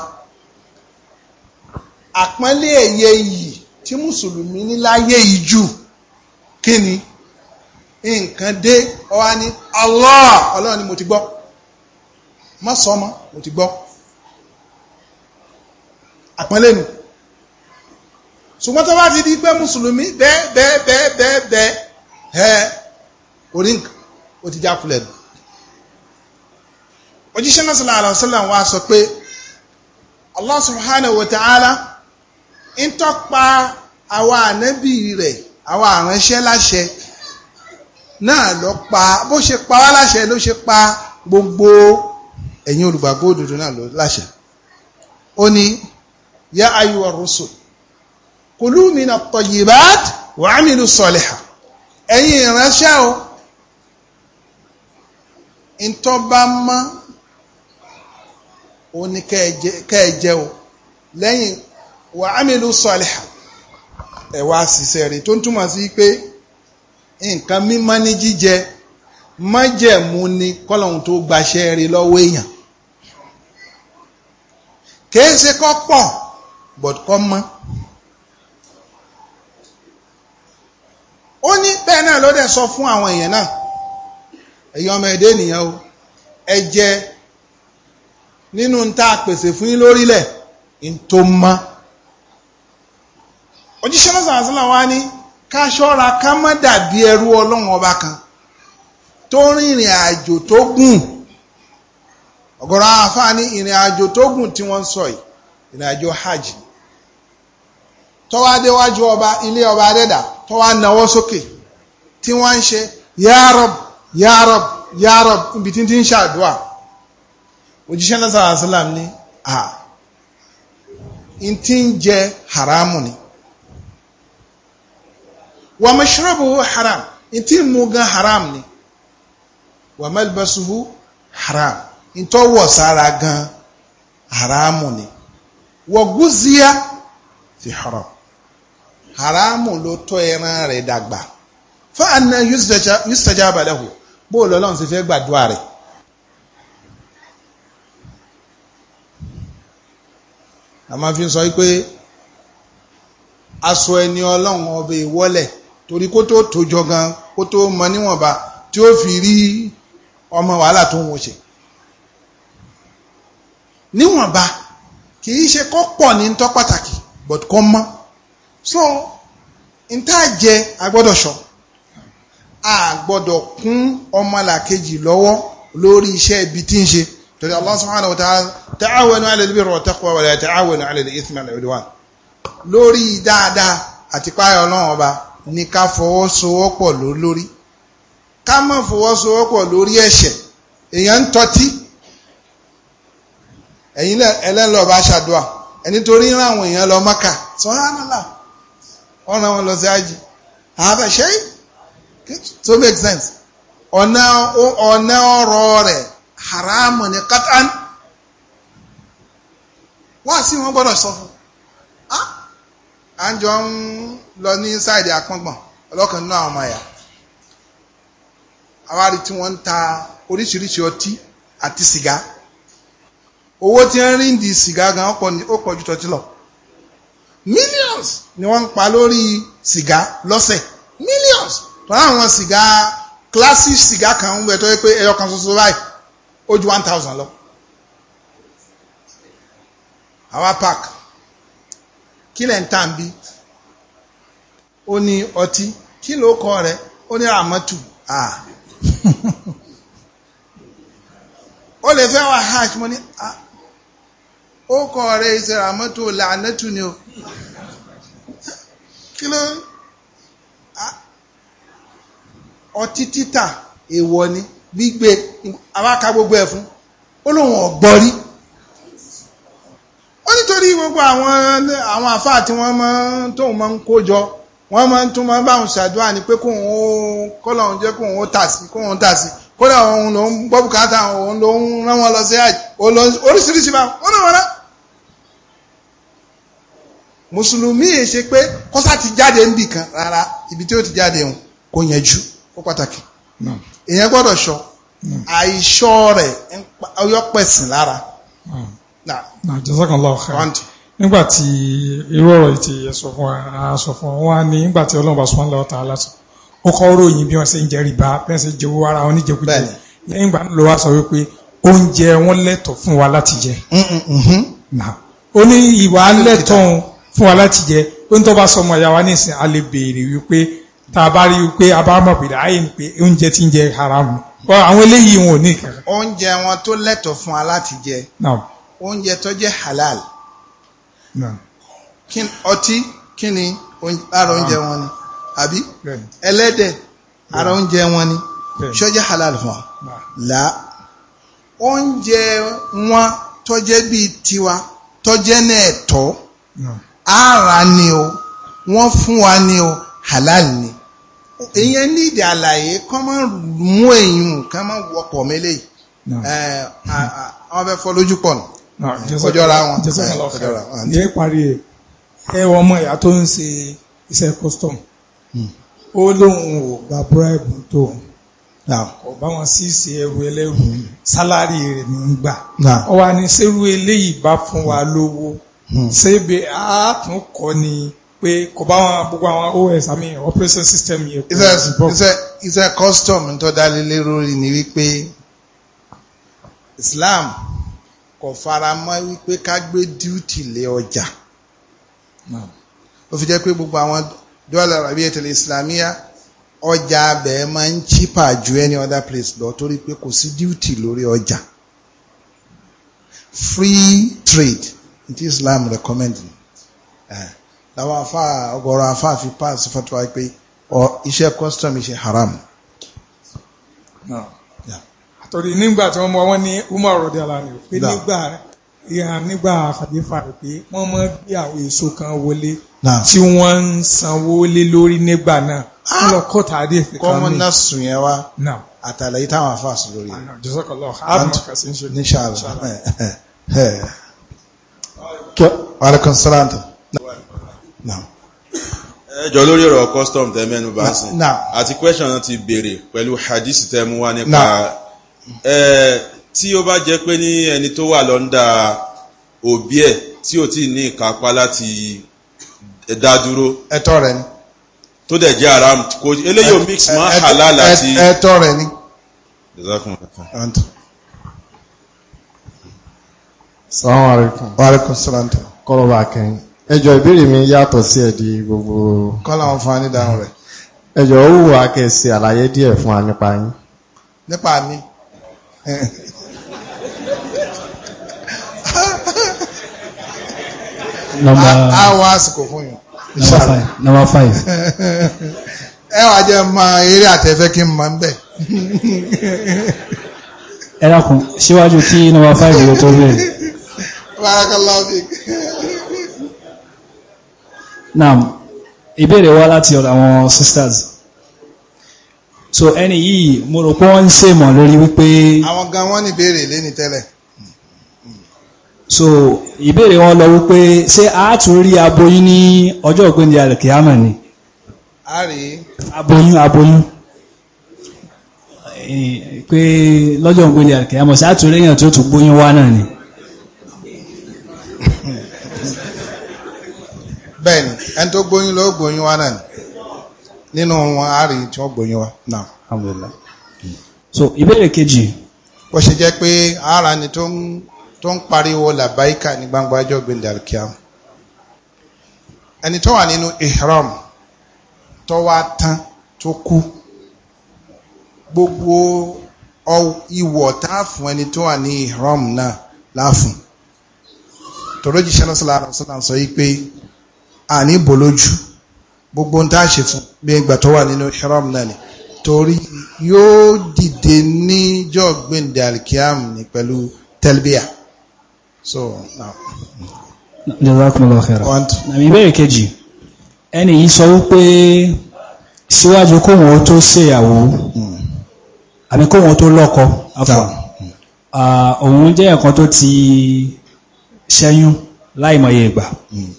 àpọ́nlé èyẹ yìí tí mùsùlùmí ní láyé yìí kí ni nǹkan dé ọwá ní Allah Allah ni mo ti gbọ́ má sọ mọ́ mo ti gbọ́ àpọ́nlé nu ṣùgbọ́n tó bá ti di pé mùsùlùmí bẹ́ẹ̀ bẹ́ẹ̀ bẹ́ẹ̀ bẹ́ẹ̀ bẹ́ẹ̀ orí nǹkan ó ti já kulẹ̀ nù. òjíṣẹ́ náà sallallahu alaihi wasallam wa sọ pé Allah subhanahu wa ta'ala ń tọ́pa àwa ànábì rẹ̀ àwa àránṣẹ́ láṣẹ náà lọ pa bó ṣe pa wá láṣẹ ló ṣe pa gbogbo ẹ̀yin olùgbàgbọ́ òdodo náà lọ láṣẹ. ó ní yá ayuwa rusul kulu mina tayyibat wa amilu saliha ẹ̀yin ìránṣẹ́ o ntọ́ bá mọ́ òun ni kẹ́ẹ̀jẹ́ o lẹ́yìn wà ámìlú sọ̀lẹ̀hà ẹ̀wà àṣìṣẹ́ rẹ̀ tó ń túmọ̀ sí pé nǹkan mímọ́ ní jíjẹ májẹ̀mú ni kọ́lọ̀hún tó gbaṣẹ́ rẹ̀ lọ́wọ́ èèyàn kìí ṣe kọ́ pọ̀ but kọ́ mọ́ ó ní bẹ́ẹ̀ náà ló dẹ̀ sọ fún àwọn èèyàn náà ẹ̀yin ọmọ ẹ̀dẹ́ ènìyàn o ẹ nínú tá a pèsè fún yín lórílẹ̀ ń tó mọ́ òjíṣẹ́ náà sàásìlà ní ká ṣọ́ra ká má dàbí ẹrú ọlọ́run ọba kan tó rìnrìn àjò tó gùn ọ̀gọ̀rọ̀ àfáà ní ìrìn àjò tó gùn tí wọ́n ń sọ yìí ìrìn àjò hajj tọ́wá déwájú ọba ilé ọba adẹ́dà tọ́wá nawọ́ sókè tí wọ́n ń ṣe ya ya Rab ya Rab ibi tí tí ń ṣàdúwà òjíṣẹ́ lọ́sà àṣìlám ní à in tí ń jẹ haramu ni wà mashrabuhu haram in tí mú gan haram ni wà malbasuhu haram in tó wọ̀ sára gan haramu ni wà gúzíyà fi haram haramu ló tọ́ ẹran rẹ̀ dàgbà fa anna yustajaba lahu bóòlù ọlọ́run sì fẹ́ gbàdúrà rẹ̀ a máa fi sọ pé aṣọ ẹni ọlọ́run ọbẹ̀ ìwọ́lẹ̀ torí kó tó tójọ gan kó tó mọ níwọ̀nba tí ó fi rí ọmọ wàhálà tó ń wo ṣe níwọ̀nba kì í ṣe kọ́ pọ̀ ní tọ́ pàtàkì but kọ́ mọ́ so n tá jẹ agbọ́dọ̀ ṣọ́ a gbọ́dọ̀ kún ọmọlàkejì lọ́wọ́ lórí iṣẹ́ ibi tí ń ṣe torí Allah subhanahu wa ta'ala ta'awanu 'ala al-birri wa taqwa wa la ta'awanu 'ala al-ithmi wal-'udwan lórí dáadáa àti páyà ọlọ́run ọba ni ká fọwọ́sowọ́pọ̀ lórí ká má fọwọ́sowọ́pọ̀ lórí ẹ̀ṣẹ̀ èèyàn ń tọ́tí ẹ̀yin ẹlẹ́lọ́ bá ṣàdúà ẹni torí ń ráwọn èèyàn lọ Mákà subhanallah ọ̀ràn wọn lọ sí àjì àbẹ̀ṣẹ́yìn so make sense ọ̀nà ọ̀nà ọ̀rọ̀ rẹ̀ haramu ni katan wá sí wọn gbọ́dọ̀ sọ fún à ń jọ ń lọ ní sáìdì àpọ́ngbọ̀n ọlọ́kan náà àwọn ọmọ ẹ̀yà àwárí tí wọ́n ń ta oríṣiríṣi ọtí àti sìgá owó tí ń rí di sìgá gan ó pọ̀ ju tọ́tí lọ millions ni wọ́n ń pa lórí sìgá lọ́sẹ̀ millions tọ́lá àwọn sìgá classic sìgá kan ń bẹ tó yẹ pé ẹyọ kan ṣoṣo báyìí ó ju one thousand lọ àwa park kí lẹ̀ ń tà ń bí ó ní ọtí kí ló kọ rẹ̀ ó ní àmọ́tù à ó lè fẹ́ wá hash mo ní ó kọ rẹ̀ ìṣẹ̀rẹ̀ àmọ́tù làánẹ́tù ni o kí ló ń ọtí títà èèwọ̀ ni gbígbé àwáka gbogbo ẹ̀ fún ó lóun ọ̀gbọ́n rí ó nítorí gbogbo àwọn àwọn àfáà tí wọ́n máa ń tóun máa ń kó jọ wọ́n máa ń tún máa ń báwọn ṣàdúrà ní pé kóun ó kọ́lọ́hún jẹ́ kóun ó tà sí kóun ó tà kódà òun ló ń gbọ́ bùkátà òun ló ń rán wọn lọ sí àjì oríṣiríṣi bá wọn náà wọn náà mùsùlùmí èṣe pé kọ́sà ti jáde níbì kan rárá ibi tí ó ti jáde òun kò yẹn jù ó pàtàkì èèyàn gbọ́dọ̀ ṣọ́ àìṣọ́ rẹ̀ ọyọ́ pẹ̀sìn lára. jazakallahu khairan nígbàtí irú ọ̀rọ̀ ìtì ẹ̀sọ̀ fún àṣọ fún wọn ní nígbàtí ọlọ́run bá sọ́nà lọ́ta aláṣọ ó kọ́ ròyìn bí wọ́n ṣe ń jẹ rìbá bí wọ́n ṣe jẹ owó ara wọn níjẹkújẹ lẹ́yìn ìgbà náà ló wá sọ wípé oúnjẹ wọn lẹ́tọ̀ọ́ fún wa láti jẹ ó ní ìwà lẹ́tọ̀ọ́ fún wa láti jẹ ó ń tọ́ bá sọmọ ìyá wa ní ìsìn a lè béèrè wípé tá a bá rí pé a bá mọ̀ pèlè ayé pé oúnjẹ tí ń jẹ haramu àwọn eléyìí wọn ò ní ìkàrà. oúnjẹ wọn tó lẹ́tọ̀ọ́ fún wa jẹ oúnjẹ tó jẹ́ halal ọtí kí ni ara oúnjẹ wọn ni àbí ẹlẹ́dẹ̀ ara oúnjẹ wọn ni ṣó halal fún wa là oúnjẹ wọn tó jẹ́ bíi tiwa tó jẹ́ náà tọ́ ara ni o wọ́n fún wa ni o halal ni èyàn ní ìdí àlàyé kán máa mú ẹ̀yìn kán máa wọpọ̀ mẹ́lẹ̀ wọ́n fẹ́ fọ́ lójú pọ̀ nù ọjọ́ra wọn ọjọ́ra wọn. ìyẹn parí ẹ e. ẹ ọmọ ìyá tó ń ṣe iṣẹ́ custom hmm. ó lóun ò gba búráìbù tó kò bá wọn sí ṣe ẹrù ẹlẹ́rù hmm. sálárì rẹ̀ ní í gbà ọ wá ní sẹ́rù eléyìí bá fún wa lówó hmm. ṣé bí a tún kọ́ ni. Hmm pé kò bá wọn gbogbo àwọn os àmì operation system yẹn. iṣẹ́ custom tó dálélé lórí ni wípé Islam kò faramọ́ wípé ká gbé duty lé ọjà ó fi jẹ́ pé gbogbo àwọn dọ́là rabi ètò islamia ọjà abẹ máa ń chípà ju any other place lọ torí pé kò sí duty lórí ọjà free trade it is Islam recommending. Uh, làwọn afa ọ̀gọ̀rọ̀ afa fi paasi fatuwa pé ọ iṣẹ́ custom iṣẹ́ haram. àtọ̀rí nígbà tí wọ́n mọ wọ́n ní umar rọ̀dẹ́lá ni pé nígbà ìhà nígbà àfàdífà rẹ̀ pé wọ́n mọ bí àwọn èso kan wọlé tí wọ́n ń sanwó lé lórí nígbà náà ah! wọ́n lọ kọ́ tàdé ìfẹ́ kan mi. kọ́mọ náà sùn yẹn wá àtàlàyé táwọn ẹjọ́ lórí ọ̀rọ̀ custom tẹ́mẹ́nu bá sí àti question náà ti béèrè pẹ̀lú hadith tẹ́mú wá nípa tí ó bá jẹ́ pé ní ẹni tó wà lọ òbí ẹ̀ tí ò tí ní ìkápá láti dá dúró ẹ̀tọ́ rẹ̀ ni tó dẹ̀ jẹ́ haram kò eléyò mix mọ́ halal àti ẹ̀tọ́ rẹ̀ ni salaam alaikum salaam kọ́rọ̀ bá kẹ́yìn ẹjọ́ ìbéèrè mi yàtọ̀ sí ẹ̀dí gbogbo kọ́lá wọn fún wa ní dáhùn rẹ̀ ẹjọ́ ó wù wá àlàyé díẹ̀ fún wa yín nípa mi àwọn àsìkò fún yín number five ẹ wà jẹ́ mọ eré àtẹ̀fẹ́ kí n mọ̀ ń bẹ̀ ẹ dákun síwájú kí number five yóò tó bẹ̀rẹ̀. barakallahu fik. Now, ìbéèrè wá láti ọ̀dọ̀ àwọn sisters. So ẹni yìí mo rò pé wọ́n ń sèmọ̀ lórí wípé. Àwọn gan wọ́n ní ìbéèrè léni tẹ́lẹ̀. So ìbéèrè wọn lọ wípé ṣé a tún rí aboyún ní ọjọ́ ògbéǹde àlùkìyámà ni. A rí. Aboyún aboyún pé lọ́jọ́ ògbéǹde àlùkìyámà ṣé a tún rí èèyàn tó tún gbóyún wá náà ni. bẹ́ẹ̀ni ẹni tó gbóyún ló gbóyún wa náà nínú wọn àárí tí wọ́n gbóyún wa náà alhamdulillah so ìbéèrè kejì ó ṣe jẹ́ pé ara ni tó ń pariwo làbáíkà ní gbangba ọjọ́ gbẹ̀ndẹ̀ alkiam ẹni tó wà nínú ihram tó wá tán tó kú gbogbo ìwọ̀ tá fún ẹni tó wà ní ihram náà láàfún tòrójì sẹ́lọ́sọ́lá àrùsọ́lá sọ yí pé àní bòlójú gbogbo ń tá a ṣe fún bí ìgbà tó wà nínú ihram náà ni torí yóò dìde níjọ́ gbẹ̀ǹdẹ̀ alikiam ni pẹ̀lú tẹlbíà so now. jazakumullahu khairan nàbí ìbéèrè kejì ẹni yìí sọ wípé síwájú kóhun ó tó ṣèyàwó hmm. àbí kóhun ó tó lọ́kọ afọ òun jẹ́ ẹ̀kan tó ti ṣẹ́yún láìmọye ìgbà. Mm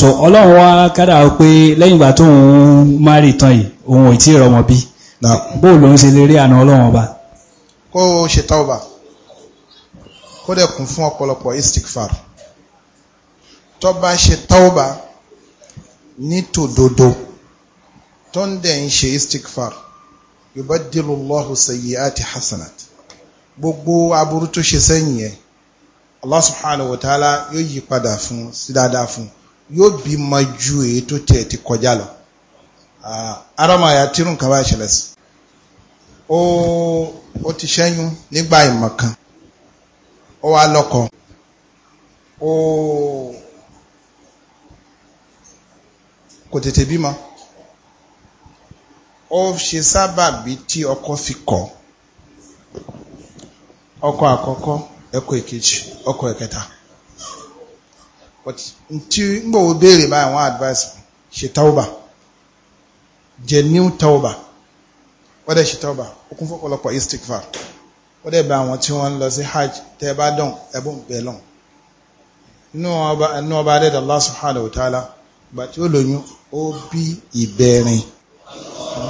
so ọlọ́run wa kádà pé lẹ́yìn ìgbà tó òun márì tán yìí òun ò tí rọmọ bí bó ló ń ṣe lè rí àna ọlọ́run ọba. kó o ṣe tọ́ọ̀bà kó dẹ̀ kún fún ọ̀pọ̀lọpọ̀ istikfar tó bá ṣe tọ́ọ̀bà ní tòdodo tó ń dẹ̀ ń ṣe istikfar yubaddilu Allahu sayyi'ati hasanat gbogbo aburú tó ṣe sẹ́yìn yẹn Allah subhanahu wa ta'ala yóò yí padà fún sí dáadáa fún un yóò bi ju èyí tó tiẹ̀ ti kọjá lọ aramaya ya tirun bá ṣẹlẹ̀ sí ó ti ṣẹ́yún nígbà ìmọ̀ ó wá lọ́kọ ó kò tètè bímọ ó ṣe tí ọkọ fi ọkọ àkọ́kọ́ ọkọ but tí ń bò ó béèrè báyìí wọ́n advice ṣe tauba jẹ new tauba wọ́n dẹ̀ ṣe tauba ó kún fọ́pọ̀lọpọ̀ istikfar wọ́n dẹ̀ bá àwọn tí wọ́n ń lọ sí hajj tẹ́ bá dán ẹ̀bùn bẹ́ẹ̀ lọ́n inú ọba adẹ́dà Allah subhanahu wa ta'ala ó lóyún ó bí ìbẹ̀rin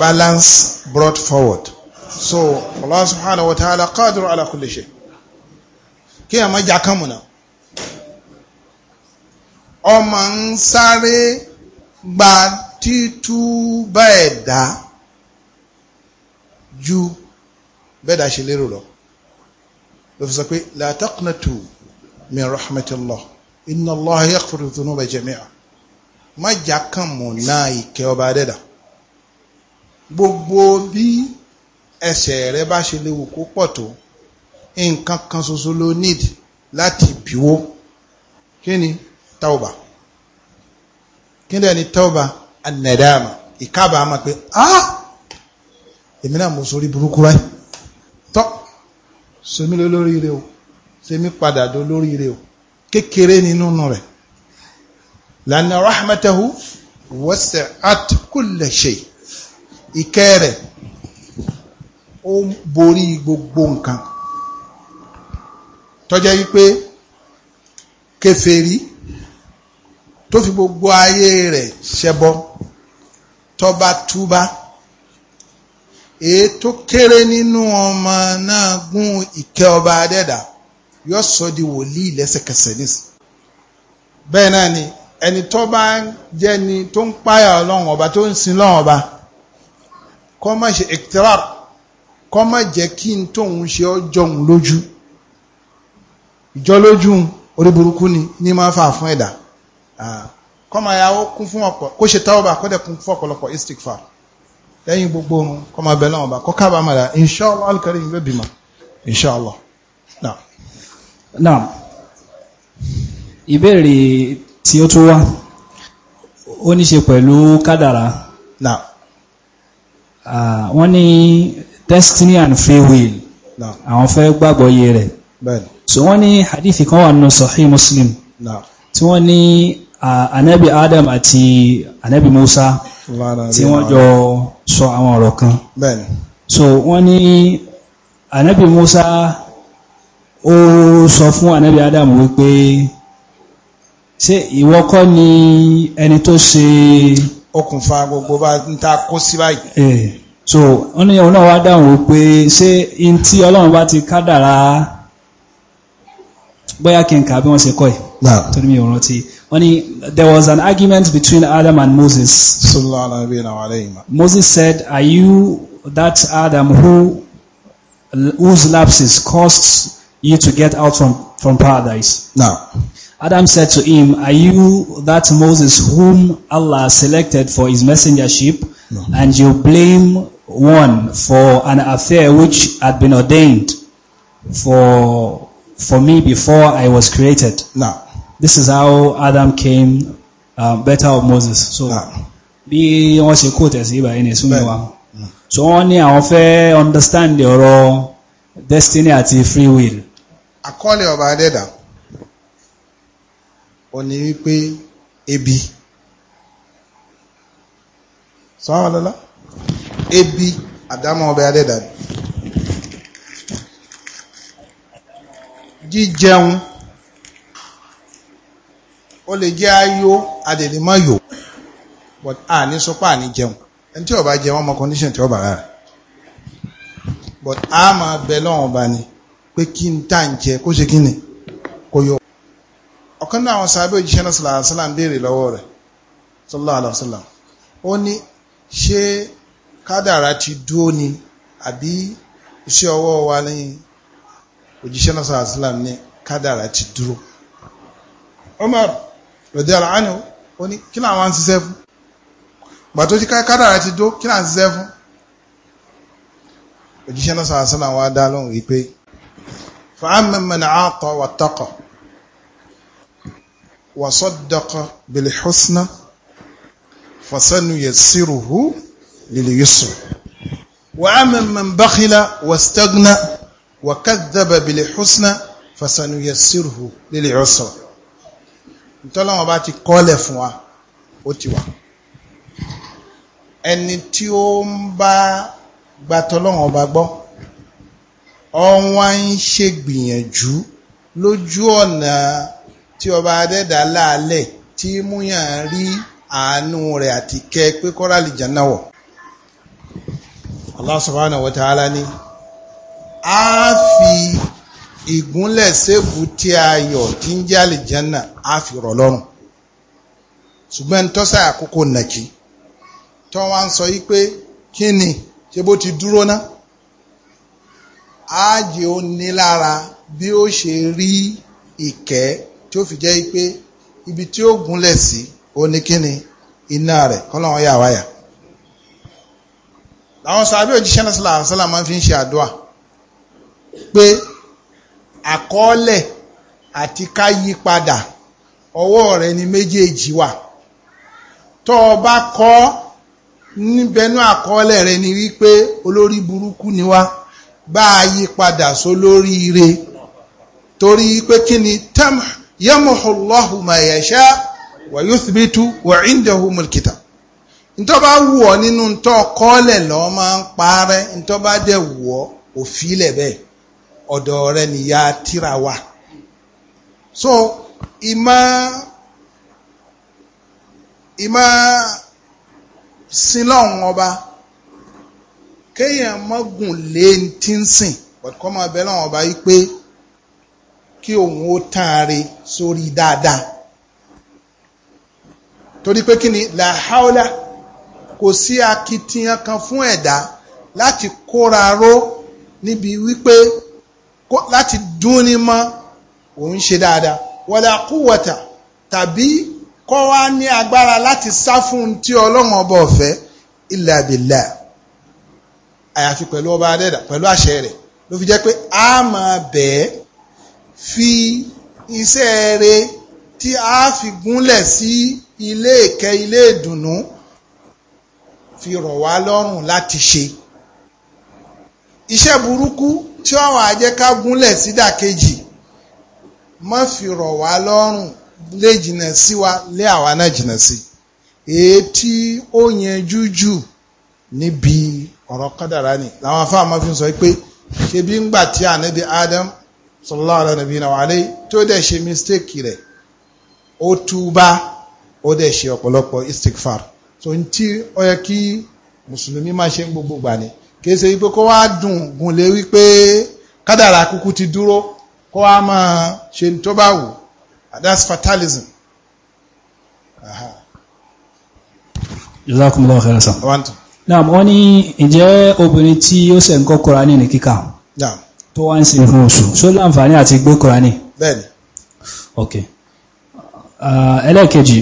balance brought forward so Allah subhanahu wa ta'ala qadiru ala kulli shay kí ẹ̀ mọ́ jà kánmù náà ọmọ ń sáré gba títú bẹ́ẹ̀ dá ju bẹ́ẹ̀ dá ṣe lérò lọ ló fi sọ pé la taqnatu min rahmatillah inna Allah yaghfiru dhunuba jami'a má jà kàn mọ̀ náà ìkẹ́ ọba adẹ́dà gbogbo bí ẹsẹ̀ rẹ bá ṣe léwu kó pọ̀ tó nǹkan kan ṣoṣo ló need láti bíwó kí ni tauba kí ni ẹni tauba anadama ìkábàá máa pé ah èmi náà mo sori burúkú ráì tọ́ sèmi lórí rẹ o sèmi padà dó lórí rẹ o kékeré nínú rẹ̀ lànà rahmatahu wasi'at kulla shay ìkẹ́ rẹ̀ ó borí gbogbo nǹkan tọ́jẹ́ wípé kèfèrí tó fi gbogbo ayé rẹ̀ ṣẹbọ tó bá túbá èyí tó kéré nínú ọmọ náà gún ìkẹ́ ọba adẹ́dà yóò sọ di wòlíì lẹ́sẹ̀kẹsẹ̀ nísìn bẹ́ẹ̀ náà ni ẹni tó bá jẹ́ ni tó ń páyà ọlọ́run ọba tó ń sin lọ́run ọba kọ́ má ṣe ektirar kọ́ má jẹ́ kí n tóun ṣe ọjọ́ òun lójú ìjọ lójú orí burúkú ni ní máa fà fún ẹ̀dá. E Ah, kọ́mọ ayáwó kún fún ọ̀pọ̀ kó ṣe tawba kó dẹ̀ kún fún ọ̀pọ̀lọpọ̀ istighfar lẹ́yìn gbogbo ohun kọ́mọ abẹ́ lọ́wọ́ bá kọ́ kábà mọ̀lá inshallah al-karim yóò inshallah náà. náà ìbéèrè tí ó tún wá ó ní ṣe pẹ̀lú kádàrá náà ah, wọ́n ní destiny and free will àwọn fẹ́ gbàgbọ́ iye rẹ̀ so wọ́n ní hadith kan wà nínú sahih muslim tí wọ́n ní anabi adam àti anabi musa tí wọ́n jọ sọ àwọn ọ̀rọ̀ kan so wọ́n ní anabi musa ó sọ fún anabi adam wípé ṣé ìwọ kọ́ ni ẹni tó ṣe okùnfà gbogbo bá ń ta kó sí báyìí so wọ́n ní ọ̀nà wa dáhùn wípé ṣé in tí ọlọ́run bá ti kádàrá bóyá kí n kà bí wọ́n ṣe kọ́ ẹ̀ torí mi ò rántí wọ́n ní there was an argument between Adam and Moses Moses said are you that Adam who whose lapses caused you to get out from from paradise No. Adam said to him are you that Moses whom Allah selected for his messengership no. and you blame one for an affair which had been ordained for for me before I was created. Now, this is how Adam came uh, better of Moses. So, bí wọ́n ṣe kó tẹ̀sí ìbàyẹ̀ ní ìsúnmí wa. Mm. So wọ́n ní àwọn fẹ́ understand the ọ̀rọ̀ destiny àti free will. Àkọọ́lẹ̀ ọba Adẹ́dà, ó ní wípé ebi. Sọ́wọ́n lọ́lá, ebi àdámọ́ ọba Adẹ́dà ni. jíjẹun ó lè jẹ́ ayó adèlémọ́ yò but a ní sọpá àní jẹun ẹni tí ó bá jẹun ọmọ condition tí ó rárá but a máa bẹ lọ́wọ́n bá ní pé kí n tà ń jẹ kó ṣe kí ni kó yọ. ọ̀kan náà àwọn sábẹ́ òjíṣẹ́ náà sallallahu alaihi wasallam ń béèrè lọ́wọ́ rẹ̀ sallallahu alaihi wasallam ó ní ṣé kádàrá ti dúó ni àbí iṣẹ́ ọwọ́ wa ni òjíṣẹ́ náà sọ̀rọ̀ islam ní kádàrà ti dúró Umar rẹ̀dẹ̀ ara ánì ó ní kí náà wọ́n ń ṣiṣẹ́ fún gbà tó ti kádàrà ti dúró kí náà ń ṣiṣẹ́ fún òjíṣẹ́ náà sọ̀rọ̀ islam wá dá lóhùn wípé fa'amman man aata wa taqa wa saddaqa bil husna fasanu yassiruhu lil yusr wa amman man bakhila wastaghna wàkàdàbà bìlẹ̀ húsnà fàṣànúyẹ sírùhù lílẹ̀ ọ̀sọ̀ ntọ́lọ́wọ́n bá ti kọ́lẹ̀ fún wa ó ti wà ẹni tí ó ń bá gbàtọ́lọ́wọ́n bá gbọ́ ọwọ́ ń ṣe gbìyànjú lójú ọ̀nà tí ọba adẹ́dà láàlẹ̀ tí múyàn rí àánú rẹ̀ àti kẹ́ pé kọ́rálì jẹ́ náà wọ̀ Allah subhanahu wa ta'ala ni a fi ìgúnlẹ̀ sébù tí a yọ̀ tí ń jẹ́ àlìjánà a fi rọ̀ lọ́rùn ṣùgbọ́n tọ́sà àkókò nàkí tọ́ wá ń sọ yí pé kí ni ṣe bó ti dúró ná ààjì ó ní lára bí ó ṣe rí ìkẹ́ tí ó fi jẹ́ yí pé ibi tí ó gúnlẹ̀ sí ó ní kí ni iná rẹ̀ kọ́lọ́wọ́n yà wáyà làwọn sàbí òjíṣẹ́ náà sọ́là àṣálà máa fi ń ṣe àdúrà pé àkọọ́lẹ̀ àti ká yí padà ọwọ́ rẹ ni méjèèjì wà tó o bá kọ́ níbẹ̀nú àkọọ́lẹ̀ rẹ ni wípé olórí burúkú ni wá bá a yí padà só lórí ire torí pé kí ni tam yamuhu Allahu ma yasha wa yuthbitu wa indahu mulkitab ntọ́ bá wù ọ́ nínú ntọ́ kọ́ọ́lẹ̀ lọ́ọ́ máa ń parẹ́ ntọ́ bá dẹ̀ wù ọ́ òfin lẹ̀ bẹ́ẹ̀. ọ̀dọ̀ rẹ nìyá tíra wà so ìmọ̀ ìmọ̀ sílọ̀hún ọba kéèyàn mọ́gùn lé tí ń sìn pọ̀tukọ́ máa bẹ lọ́wọ́n ọba wípé kí òun ó tààrí sórí dáadáa torí pé kí ni làháólà kò sí akitiyan kan fún ẹ̀dá láti kóra ró níbi wípé láti dún ní mọ́ òun ṣe dáadáa wala quwwata tàbí kọ́ wá ní agbára láti sá fún tí ọlọ́run ọba ọ̀fẹ́ illa billah àyàfi pẹ̀lú ọba adẹ́dà pẹ̀lú àṣẹ rẹ̀ ló fi jẹ́ pé a máa bẹ̀ẹ́ fi iṣẹ́ rẹ̀ tí a fi gúnlẹ̀ sí ilé ìkẹ́ ilé ìdùnnú fi rọ̀ wá lọ́rùn láti ṣe iṣẹ́ burúkú tí àwọn àjẹ́ ká gúnlẹ̀ sídàkejì má fi rọ̀ wá lọ́rùn lè jìnà sí wa lé àwa náà jìnà sí èyí ó yẹn jújù níbi ọ̀rọ̀ kádàrá ni làwọn afáà máa fi sọ pé ṣebí ńgbà tí ànábi Adam sallallahu alaihi wa sallam tó dẹ̀ ṣe mistake rẹ̀ ó túbá ó dẹ̀ ṣe ọ̀pọ̀lọpọ̀ istighfar so n tí ó yẹ kí mùsùlùmí máa ṣe ń gbogbo gbà ni kìí ṣe wípé kó wá dùn gùnlé wípé kádàrà kúkú ti dúró kó wá máa ṣe tó bá wù that's fatalism. jazakumullahu khairan sa. naam wọ́n ní ìjẹ́ obìnrin tí ó ṣe nǹkan Kùránì ní kíkà tó wá ń ṣe fún oṣù ṣó láǹfààní àti gbé Kùránì. Uh, ẹlẹ́ẹ̀kejì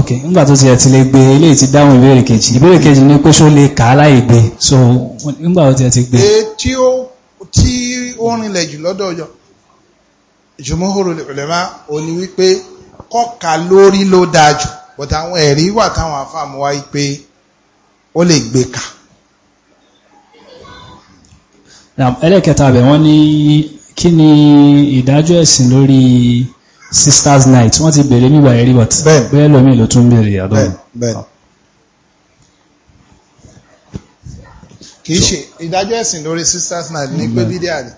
ok nígbà tó ti ẹ̀ ti lè gbé ilé ti dáhùn ìbéèrè kejì ìbéèrè kejì ni pé ṣó lè kà á láì gbé so nígbà tó ti ẹ̀ ti gbé. tí ó tí ó rinlẹ̀ jù lọ́dọ̀ ọjọ́ jùmọ̀hóró lẹ́mà ò ní wípé kọ́ka lórí ló dáa jù but àwọn ẹ̀rí wà táwọn afáàmù wáyé pé ó lè gbé kà. ẹlẹ́kẹta àbẹ̀ ní kí ni ìdájọ́ ẹ̀sìn lórí sisters night wọ́n ti bẹ̀rẹ̀ nígbà ẹ̀rí but bẹ́ẹ̀ lómi ló tún bẹ̀rẹ̀ àdọ́mù. kìí ṣe ìdájọ́ ẹ̀sìn lórí sisters night ní pé bídíà ni.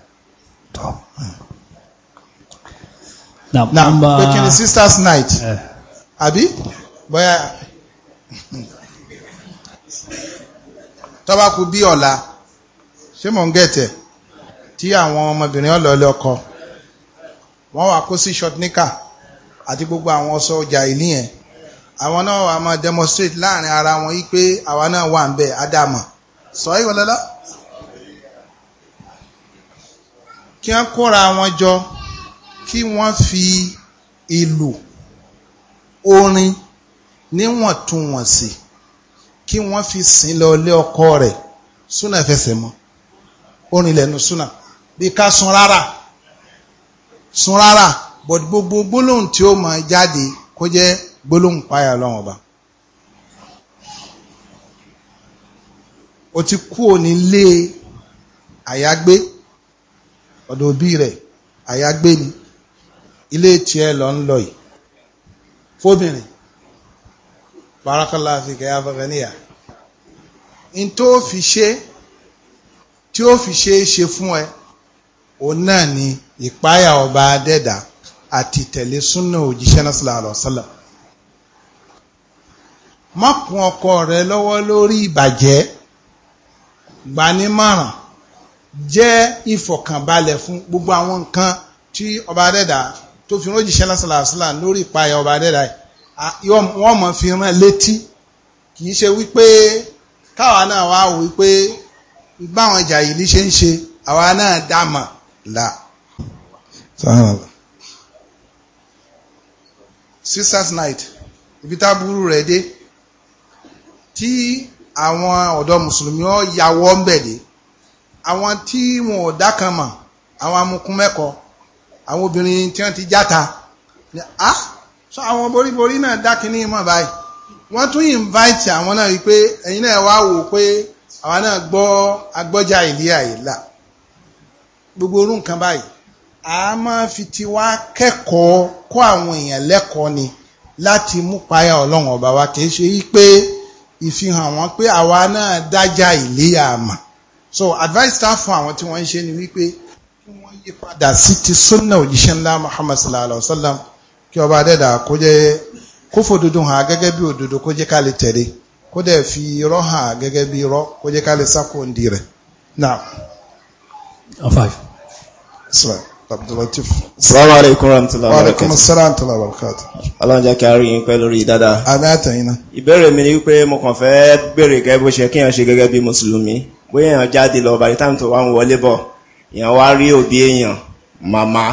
na pé kí ni sisters night eh. àbí bóyá tọ́ba kú bí ọ̀la ṣé mò ń gẹ̀tẹ̀ tí àwọn ọmọbìnrin ọlọ́ọ̀lẹ́ ọkọ wọ́n wà kó sí short knicker àti gbogbo àwọn ọ̀ṣọ́ ọjà ìlú yẹn àwọn náà wà máa demonstrate láàrin ara wọn yí pé àwa náà wà ń bẹ ádámà sọ yìí wọlé lọ. kí wọ́n kóra wọn jọ kí wọ́n fi ìlú orin níwọ̀ntúnwọ̀nsì kí wọ́n fi sìn lọ ilé ọkọ rẹ̀ súnà fẹsẹ̀ mọ́ orin lẹ́nu súnà bí ká sun rárá sun rárá but gbogbo gbólóhùn tí ó máa jáde kó jẹ́ gbólóhùn páyà ọlọ́run ọba. o ti kú òní lé àyágbé ọ̀dọ̀ òbí rẹ̀ àyágbé ni ilé tiẹ̀ lọ ń lọ yìí fóbìnrin barakallahu fika ya faganiya n tó fi ṣe tí ó fi ṣe é ṣe fún ẹ òun náà ni ìpáyà ọba adẹ́dà àti tẹ̀lé súnà òjíṣẹ́ náà sallallahu alaihi wasallam má kún ọkọ rẹ lọ́wọ́ lórí ìbàjẹ́ gbanímọ̀ràn jẹ́ ìfọ̀kànbalẹ̀ fún gbogbo àwọn nǹkan tí ọba adẹ́dà tó fi rán òjíṣẹ́ náà sallallahu alaihi wasallam lórí ìpáyà ọba adẹ́dà wọ́n mọ̀ fi rán létí kì í ṣe wípé káwa náà wá wípé báwọn jàyìlí ṣe ń ṣe àwa náà dá mọ̀ La. Sisters night ibi tá burú rẹ̀ dé tí àwọn ọ̀dọ́ mùsùlùmí ọ̀ yàwọ́ ń bẹ̀ dé àwọn tí wọn ò dá kan mọ̀ àwọn amukun mẹ́kọ̀ọ́ àwọn obìnrin tí wọ́n ti játa a ah, sọ àwọn boríborí náà dákínní mọ̀ báyìí wọ́n tún invite àwọn náà wípé ẹ̀yin náà wá wò pé àwọn náà gbọ́ agbọ́jà ìlíà yìí là gbogbo orú nǹkan báyìí a máa fi ti wá kẹ́kọ̀ọ́ kọ́ àwọn èèyàn lẹ́kọ̀ọ́ ni láti mú páyà ọlọ́run ọba wa kì í ṣe pé ìfihàn wọn pé àwa náà dájà ìléyà àmà so advice tá fún àwọn tí wọ́n ń ṣe ni wípé kí wọ́n yí padà sí ti sunna òjíṣẹ́ ńlá muhammad sallallahu alaihi wa sallam kí ọba adẹ́dà kó jẹ́ kó fòdodo hàn gẹ́gẹ́ bí òdodo kó jẹ́ ká lè tẹ̀lé kó dẹ̀ fi irọ́ hàn gẹ́gẹ́ bí irọ́ kó jẹ́ ká lè sákòó rẹ̀ now. Oh, five islam abdulatif. salamu aleykum rahmatulah wa aleykum salaam tala wa barakatu. ọlọ́run jẹ́ kí a rí yín pẹ́ lórí dáadáa. àmì àtẹ̀yìn ìbéèrè mi ni wípé mo kàn fẹ́ béèrè gẹ́gẹ́ bó ṣe kéèyàn ṣe gẹ́gẹ́ bí mùsùlùmí bóyá èèyàn jáde lọ bàtí táwọn tó wá ń wọlé bọ̀ èèyàn wá rí òbí èèyàn màmá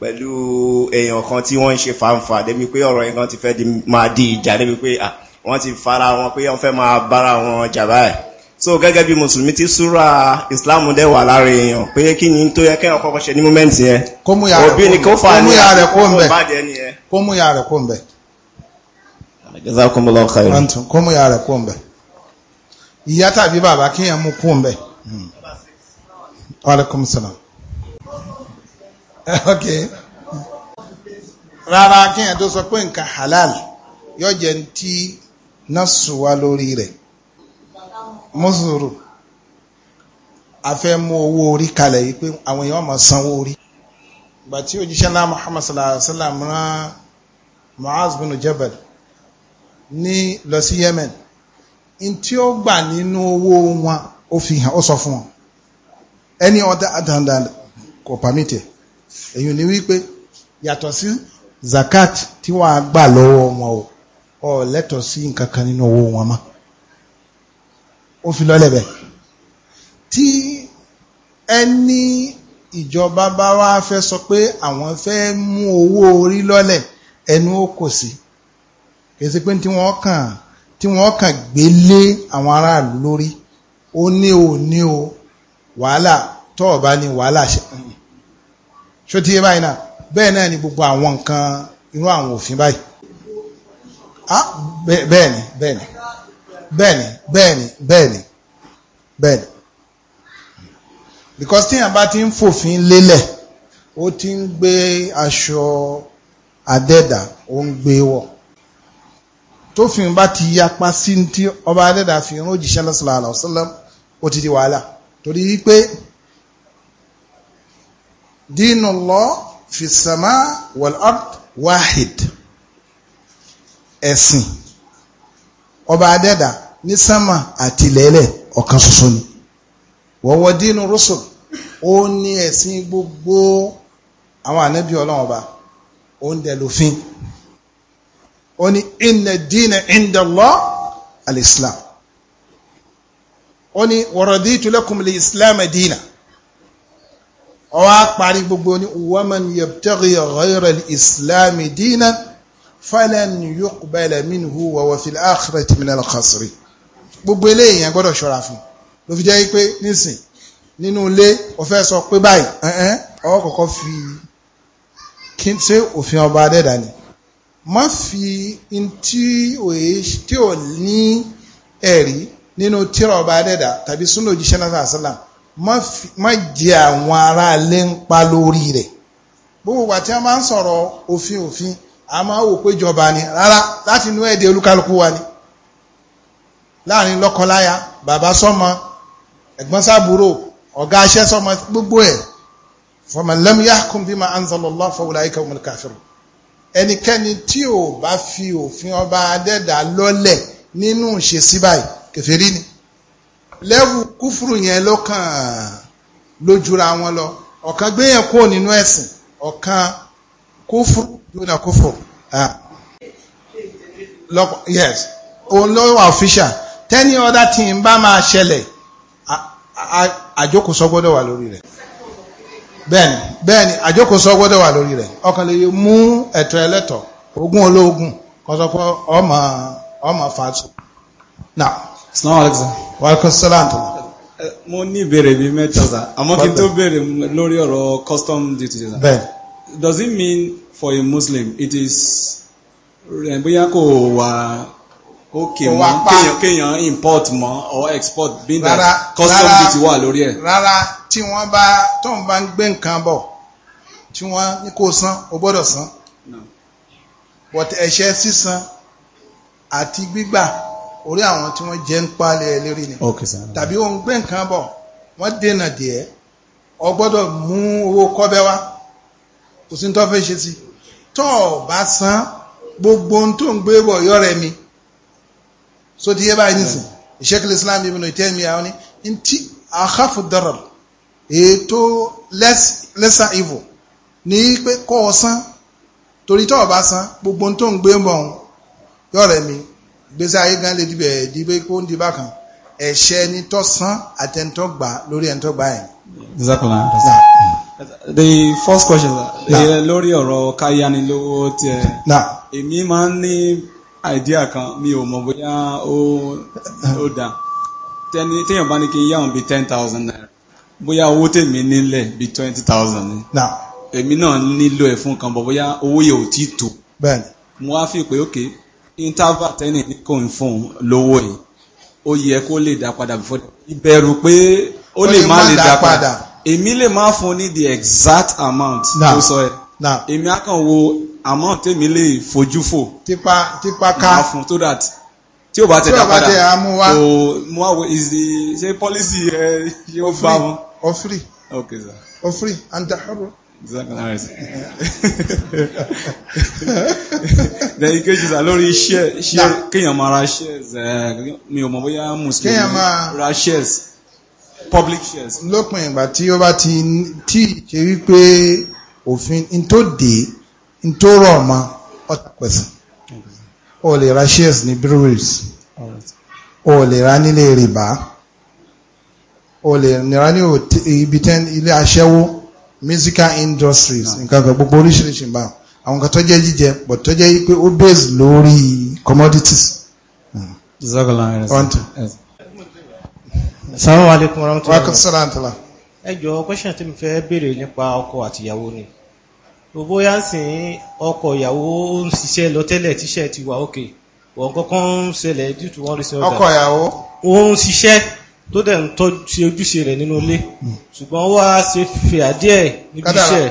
pẹ̀lú èèyàn kan tí wọ́n ń ṣe fàǹfà débi pé ọ̀rọ̀ yẹn kan ti fẹ́ máa di ìjà débi pé wọ́n ti fara wọn pé wọ́n fẹ́ máa bára wọn jà báyìí so gẹ́gẹ́ bí mùsùlùmí ti súra ìsìláàmù dẹ̀ wà lára èèyàn pé kí ni tó yẹ kẹ́yàn kọ́kọ́ ṣe ní mọ́mẹ́ǹtì yẹn kó mú ya rẹ̀ kó mbẹ̀ kó mú ya rẹ̀ kó mbẹ̀ jazakumullahu khairan kó mú ya rẹ̀ kó mbẹ̀ ìyá tàbí bàbá kíyàn mú kó mbẹ̀ hmm. alaikum salam ok rárá kíyàn tó sọ pé nǹkan halal yóò jẹ́ ti náà sùn lórí rẹ̀ mọ́sùrù a fẹ́ mú owó orí kalẹ̀ yìí pé àwọn èèyàn máa sanwó orí ìgbà tí òjíṣẹ́ náà Muhammad sallallahu alaihi wasallam rán Mu'az bin Jabal ní lọ sí Yemen in tí ó gbà nínú owó wọn ó fi hàn ó sọ fún wọn any other attendant kò permit èyí ni wípé yàtọ̀ sí zakat tí wọ́n á gbà lọ́wọ́ wọn o ọ̀ lẹ́tọ̀ sí nǹkan kan nínú owó wọn mọ́ ó fi lọ́lẹ̀ bẹ̀ tí ẹni ìjọba bá wá fẹ́ sọ pé àwọn fẹ́ mú owó orí lọ́lẹ̀ ẹnu ó kò sí kèsí pé tí wọ́n kàn tí wọ́n kàn gbé lé àwọn aráàlú lórí ó ní o ní o wàhálà tọ́ọ̀bá ni wàhálà ṣe ṣó tí yé báyìí náà bẹ́ẹ̀ náà ni gbogbo àwọn nǹkan irú àwọn òfin báyìí ah bẹ́ẹ̀ ni bẹ́ẹ̀ ni bẹ́ẹ̀ni bẹ́ẹ̀ni bẹ́ẹ̀ni bẹ́ẹ̀ni because tíyàn bá ti ń fòfin lélẹ̀ ó ti ń gbé aṣọ àdẹ́dà ó ń gbé wọ̀ tófin bá ti yapa sí tí ọba àdẹ́dà fi ń rojìṣẹ́ lọ́sọ̀lá àlọ́sọ́lá ó ti di wàhálà torí wípé dínú lọ fi sàmá wal ard wahid ẹ̀sìn ọba adẹ́dà ní sánmà àti lẹ́lẹ̀ ọ̀kan ṣoṣo ni wọ́wọ́ dínú rúṣùl ó ní ẹ̀sìn gbogbo àwọn ànábì ọlọ́run ọba ó ń dẹ̀lófin ó ní inna dina inda Allah al-Islam ó ní waraditu lakum al-Islam dina parí gbogbo ní waman yabtaghi ghayra al-Islam dina falan yuqbala minhu wa huwa fil akhirati minal khasirin gbogbo eléyìí yẹn gbọ́dọ̀ ṣọ́ra fún ló fi jẹ́ pé nísìn nínú ilé ó fẹ́ sọ pé báyìí ẹ̀ẹ́n ó kọ́kọ́ fi kí ṣe òfin ọba adẹ́dà ni má fi tí ò ní ẹ̀rí nínú tírà ọba adẹ́dà tàbí súnà òjíṣẹ́ náà sàásìlà má jẹ àwọn ará ilé ń a máa wò pé jọba ni rárá láti inú ẹ̀dẹ̀ olúkálukú wa ni láàrin lọ́kọláya bàbá sọ́mọ ẹ̀gbọ́n sábúrò ọ̀gá aṣẹ́ sọ́mọ gbogbo ẹ̀ faman lam yahkum bima anzalallahu fa ulaika humul kafirun ẹnikẹ́ni tí ò bá fi òfin ọba adẹ́dà lọ́lẹ̀ nínú ìṣesí báyìí kèfèrí ni lẹ́wù kúfùrù yẹn ló lójúra wọn lọ ọ̀kan gbéyàn kúrò nínú ẹ̀sìn ọ̀kan kúfùrù dúnà kúfù ah. yes òun yes wà official tẹ́ni ọ̀dà tí ń bá máa ṣẹlẹ̀ àjókòsọ gbọ́dọ̀ wà lórí rẹ̀ bẹ́ẹ̀ni bẹ́ẹ̀ni àjókòsọ gbọ́dọ̀ wà lórí rẹ̀ ọkàn lè mú ẹ̀tọ́ ẹlẹ́tọ̀ ogún ológun kọ́sọ́kọ́ ọmọ ọmọ fàtó. now salaam aleykum. Eh, wa tó mo ní ìbéèrè bíi mẹ́ta sá àmọ́ kí n tó béèrè lórí ọ̀rọ̀ custom duty sá. bẹ́ẹ̀. does it mean for a Muslim it is eh, bóyá kò wà ókè mọ́ kéèyàn import mọ́ or export being that custom duty wà lórí ẹ̀. rárá tí wọ́n bá tó bá ń gbé nǹkan bọ̀ tí wọ́n ní kó san o gbọ́dọ̀ san but ẹ̀ṣẹ̀ sísan àti gbígbà orí àwọn tí wọ́n jẹ́ ń palẹ̀ lérí ni tàbí ó ń gbé nǹkan bọ̀ wọ́n dènà díẹ̀ o gbọ́dọ̀ mú owó kọ́bẹ́ wá kò sí ní tó fẹ́ ṣe sí tọ́ ọ bá san gbogbo ohun tó ń gbé bọ̀ yọ rẹ̀ mi so ti yé báyìí nísìn ìṣẹ́kìlì Islam ibn Taymiyyah àwọn ní ntí àkàfù darar ètò lesser evil ní pé kọ́ ọ san torí tọ́ ọ bá san gbogbo ohun tó ń gbé bọ̀ yọ rẹ̀ mi gbèsè ayé gan lè dibẹ̀ di pé kó ń di bákan ẹ̀ṣẹ̀ ni tọ́ san àtẹ̀ntọ́ gbà lórí ẹ̀ntọ́ gbà yẹn the first question lórí ọ̀rọ̀ káyánilówó tí ẹ èmi máa ń ní àìdíà kan mi ò mọ̀ bóyá ó dà téèyàn bá ní kí n yáwọn bíi ten thousand naira bóyá owó tèmi nílẹ̀ bíi twenty thousand ni èmi náà nílò ẹ̀ fún kan bọ̀ bóyá owó yẹn ò tí tó mo wá fi pé ókè interval tẹ́nì ní kò ń fún lówó yìí ó yẹ kó lè dá padà before ìbẹ̀rù pé ó lè má lè dá padà èmi lè má fún ní the exact amount tó sọ ẹ èmi á kàn wo amount tèmi lè fojú fò tipa tipa ká máa fún so that tí o bá tẹ̀ dá padà kò mú wa is the ṣe policy ẹ ṣe ó bá wọn. o free ok sir. o free and dahoro. lẹ́yìn kejì sá lórí share share kéèyàn máa ra shares eh, mi ò mọ̀ bóyá muslim ra shares public shares. lópin ìgbà tí ó bá ti tí ṣe wípé òfin n tó dé n tó rọ̀ mọ́ ọ̀tá pẹ̀sẹ̀ o lè ra shares ní breweries o lè ra nílé rìbá o lè ra ní ibi tẹ́ ilé aṣẹ́wó musical industries ah. nǹkan kan gbogbo oríṣiríṣi ń bá àwọn kan tó jẹ́ jíjẹ but tó jẹ́ pé ó base lórí commodities. zagolan ẹ̀rọ sí Assalamu alaikum warahmatullahi wabarakatuh. ẹ jọ question tí mo fẹ́ béèrè nípa ọkọ àtìyàwó ni bóyá ń sìn ọkọ ìyàwó ń ṣiṣẹ́ lọ tẹ́lẹ̀ tíṣẹ́ ti wà òkè wọ́n kọ́kọ́ ń ṣẹlẹ̀ due to one reason ọkọ ìyàwó ó ń ṣiṣẹ́ tó dẹ̀ ń tọ́jú ojúṣe rẹ̀ nínú ilé hmm. ṣùgbọ́n wá ṣe fẹ́ àdíẹ̀ níbi iṣẹ́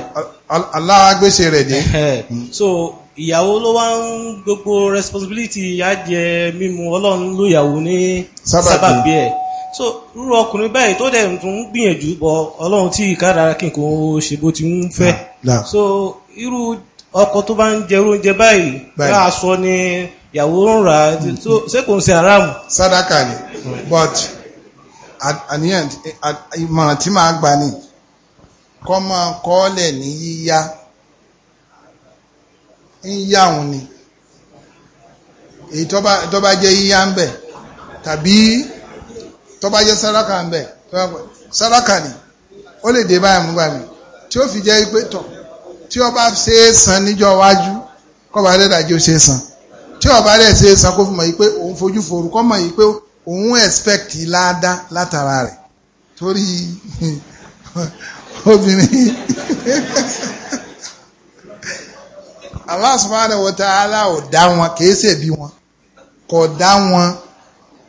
alágbèsè rẹ̀ dé hmm. so ìyàwó ló wá ń gbogbo responsibility adìẹ mímu ọlọ́run ló yàwó ní sábàbí ẹ̀ so rúrú ọkùnrin báyìí tó dẹ̀ tún ń gbìyànjú bọ ọlọ́run tí ìkádàrá kí nǹkan ṣe bó ti ń fẹ́ so irú ọkọ tó bá ń jẹ oúnjẹ báyìí bá aṣọ ni ìyàwó ń rà mm-hmm. ṣé kò ń ṣe aráàmù. sádàkà ni but at the end ìmọ̀ràn tí màá gbà ni kọ́ máa kọ́ọ́lẹ̀ ní yíyá ń yá òun ni èyí tó bá jẹ́ yíyá ń bẹ̀ tàbí tó bá jẹ́ sáràkà ń bẹ̀ sáràkà ni ó lè dé báyìí mú báyìí tí ó fi jẹ́ pé tọ̀ tí ó bá ṣe é san níjọ́ iwájú kọ́ba adédàjẹ́ ó ṣe é san tí ó bá dẹ̀ ṣe é san kó fi mọ̀ yìí òun fojú foru kọ́ mọ̀ yìí pé òun expect láàdá látara rẹ̀ torí obìnrin Allah subhanahu wa ta'ala ò dá wọn kìí ṣèbí wọn kò dá wọn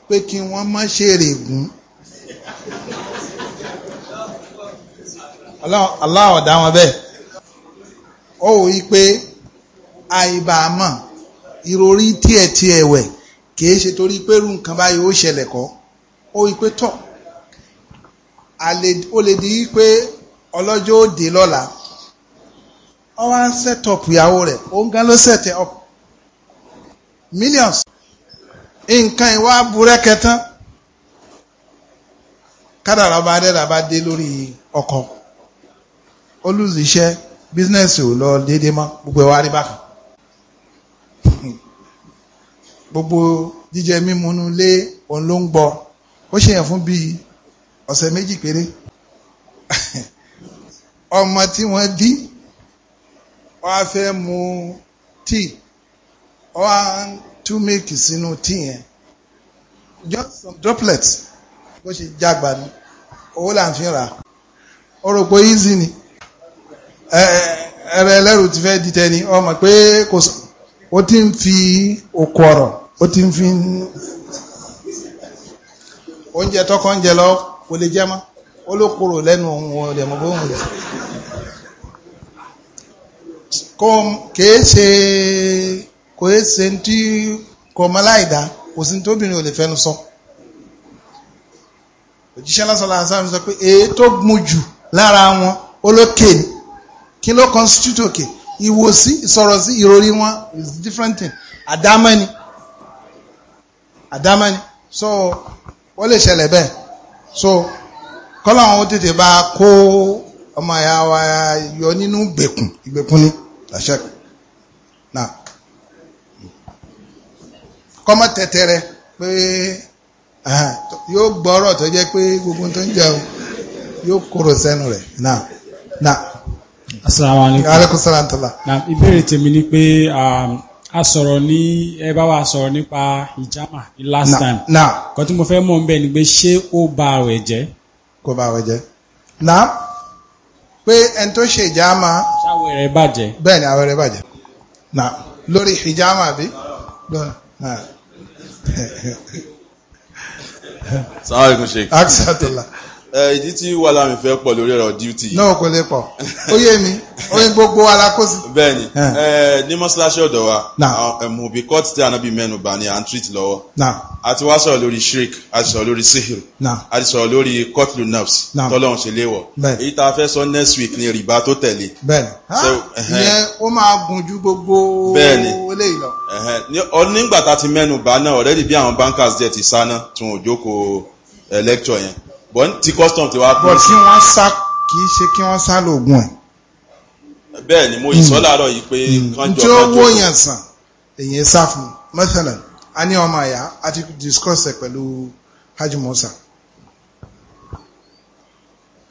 pé kí wọ́n má ṣèrè gùn. Allah wọn bẹ́ẹ̀. Ó wò yí pé àìbàámọ̀ ìròrí tiẹ̀ tiẹ̀ wẹ̀ kìí ṣe torí pé irú nǹkan báyìí ó ṣẹlẹ̀ kọ́. Ó yí pé tọ̀. Ó lè di pé ọlọ́jọ́ ó dé lọ́la. Ó wá ń set up ìyàwó rẹ̀. Òun gan ló set up. Millions. nǹkan ìwà burẹ́kẹ tán kádàrà bá dẹ́dà bá dé lórí ọkọ̀ ó lùzì iṣẹ́ bísínẹ́sì ò lọ déédéé mọ́ gbogbo ẹ̀wà rí bákan gbogbo jíjẹ mímunú lé òun ló ń gbọ́ ó ṣe yẹn fún bíi ọ̀sẹ̀ méjì péré ọmọ tí wọ́n dí wọ́n á fẹ́ mu tíì wọ́n á two milk sínú tea yẹn just some droplets bó ṣe jágbà ni owó là ń fi rà ó rò pé easy ni ẹrẹ ẹlẹ́rù ti fẹ́ di tẹni ọmọ pé kò sọ ó ti ń fi okò ọ̀rọ̀ ó ti ń fi oúnjẹ tọkọ ń lọ kò lè jẹ mọ́ ó ló kúrò lẹ́nu ohun ọ̀rẹ́ mọ́ bóhùn rẹ̀ kìí ṣe kò é ṣe tí kò mọ láìdá kò sí tóbìnrin ò lè fẹnu sọ òjíṣẹ́ lásán lásán sọ pé èyí tó gun jù lára wọn olókè kí ló constitute òkè ìwò sí ìsọ̀rọ̀ sí ìròrí wọn is different thing àdámẹ́ni àdámẹ́ni so ó lè ṣẹlẹ̀ bẹ́ẹ̀ so kọ́lá àwọn tètè bá kó ọmọ ìyá wa yọ nínú ìgbèkùn ìgbèkùn ni làṣẹ náà kọ́mọ tẹ̀tẹ̀rẹ̀ pé yóò gbọ́rọ̀ tó jẹ́ pé gbogbo tó ń jẹun yóò kúrò sẹ́nu rẹ̀ náà náà. asalaamu alaykum aleykum salaam tala. na ìbéèrè tèmi ni pé a sọ̀rọ̀ ní ẹ bá wa sọ̀rọ̀ nípa hijama ní last time. na kò tí mo fẹ́ mọ̀ nbẹ ni pé ṣé ó ba àwẹ̀ jẹ́. kò ba àwẹ̀ jẹ́ na pé ẹni tó ṣe hijama. ṣáwẹ̀ rẹ̀ bàjẹ́. bẹ́ẹ̀ ni àwẹ̀ rẹ̀ bàjẹ́ na lórí hijama bí. السلام عليكم شيخ عكس الله ìdí tí wà láàrin fẹ́ pọ̀ lórí ọ̀rọ̀ duty yìí. náà kò lè pọ̀ ó yé mi ó yẹ gbogbo alákòsí. bẹ́ẹ̀ni ní mọ́ṣáláṣí ọ̀dọ̀ wa mùbí court tí anábì mẹ́nu bá ní à ń treat lọ́wọ́ a ti wá sọ̀rọ̀ lórí shirk a ti sọ̀rọ̀ lórí sihir a ti sọ̀rọ̀ lórí cutlu nerves tọ́lọ́run ṣe léwọ̀ èyí tá a fẹ́ sọ next week ni rìbá tó tẹ̀lé. bẹ́ẹ̀ni ah, ìyẹn ó máa gùn ju gbogbo eléyìí lọ. nígbà tá a ti mẹ́nu already bí àwọn bankers jẹ́ ti sáná tún òjókòó lecture bọ́n ti custom ti wá pín. bọ́ kí wọ́n sá kì í ṣe kí wọ́n sá lóògùn ẹ̀. bẹ́ẹ̀ ni mo ìsọ́ hmm. láàárọ̀ yìí pé kánjọ kánjọ. njó wó yàn sàn èyàn sá fún un mẹ́tẹ̀lẹ̀ a ní ọmọ àyà a ti discuss ẹ̀ pẹ̀lú hajj musa.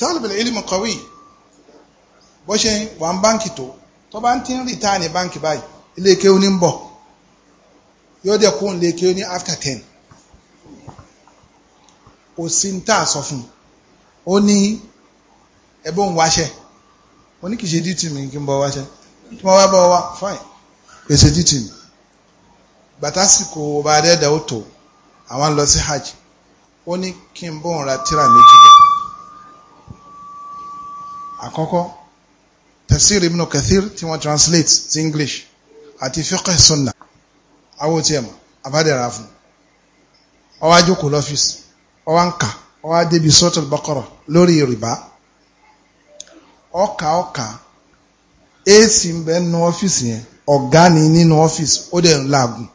tọ́lùbẹ̀lẹ̀ ilmu kọ̀wé bó ṣe wà ń báǹkì tó tó bá ń tí ń rìtáà ní báǹkì báyìí ilé ike ó ní ń bọ̀ yóò dẹ̀ ilé ike ó ní after ten kò sí ń tà sọ fún ó ní ẹbọ ń wáṣẹ́ ó ní kìí ṣe dìtì mi kí n bọ wáṣẹ́ tí wọ́n wá bọ́ wá fine pèsè dìtì mi gbàtásìkò ọba adẹ́dà ó tó àwọn lọ sí hajj ó ní kí n bóun ra tíra méjì bẹ̀ àkọ́kọ́ tafsir ibn kathir tí wọ́n translate sí english àti fiqh sunna awo tí ẹ̀ mọ̀ abádẹ́ra fún ọwájú kò lọ́fíìsì ọwá ń kà ọwá débi sọ́tọ̀ bọ́kọ̀rọ̀ lórí rìbá ọkà ọkà ac ń bẹ nínú ọ́fíìsì yẹn ọ̀gá ni nínú ọ́fíìsì ó dẹ̀ ń làágùn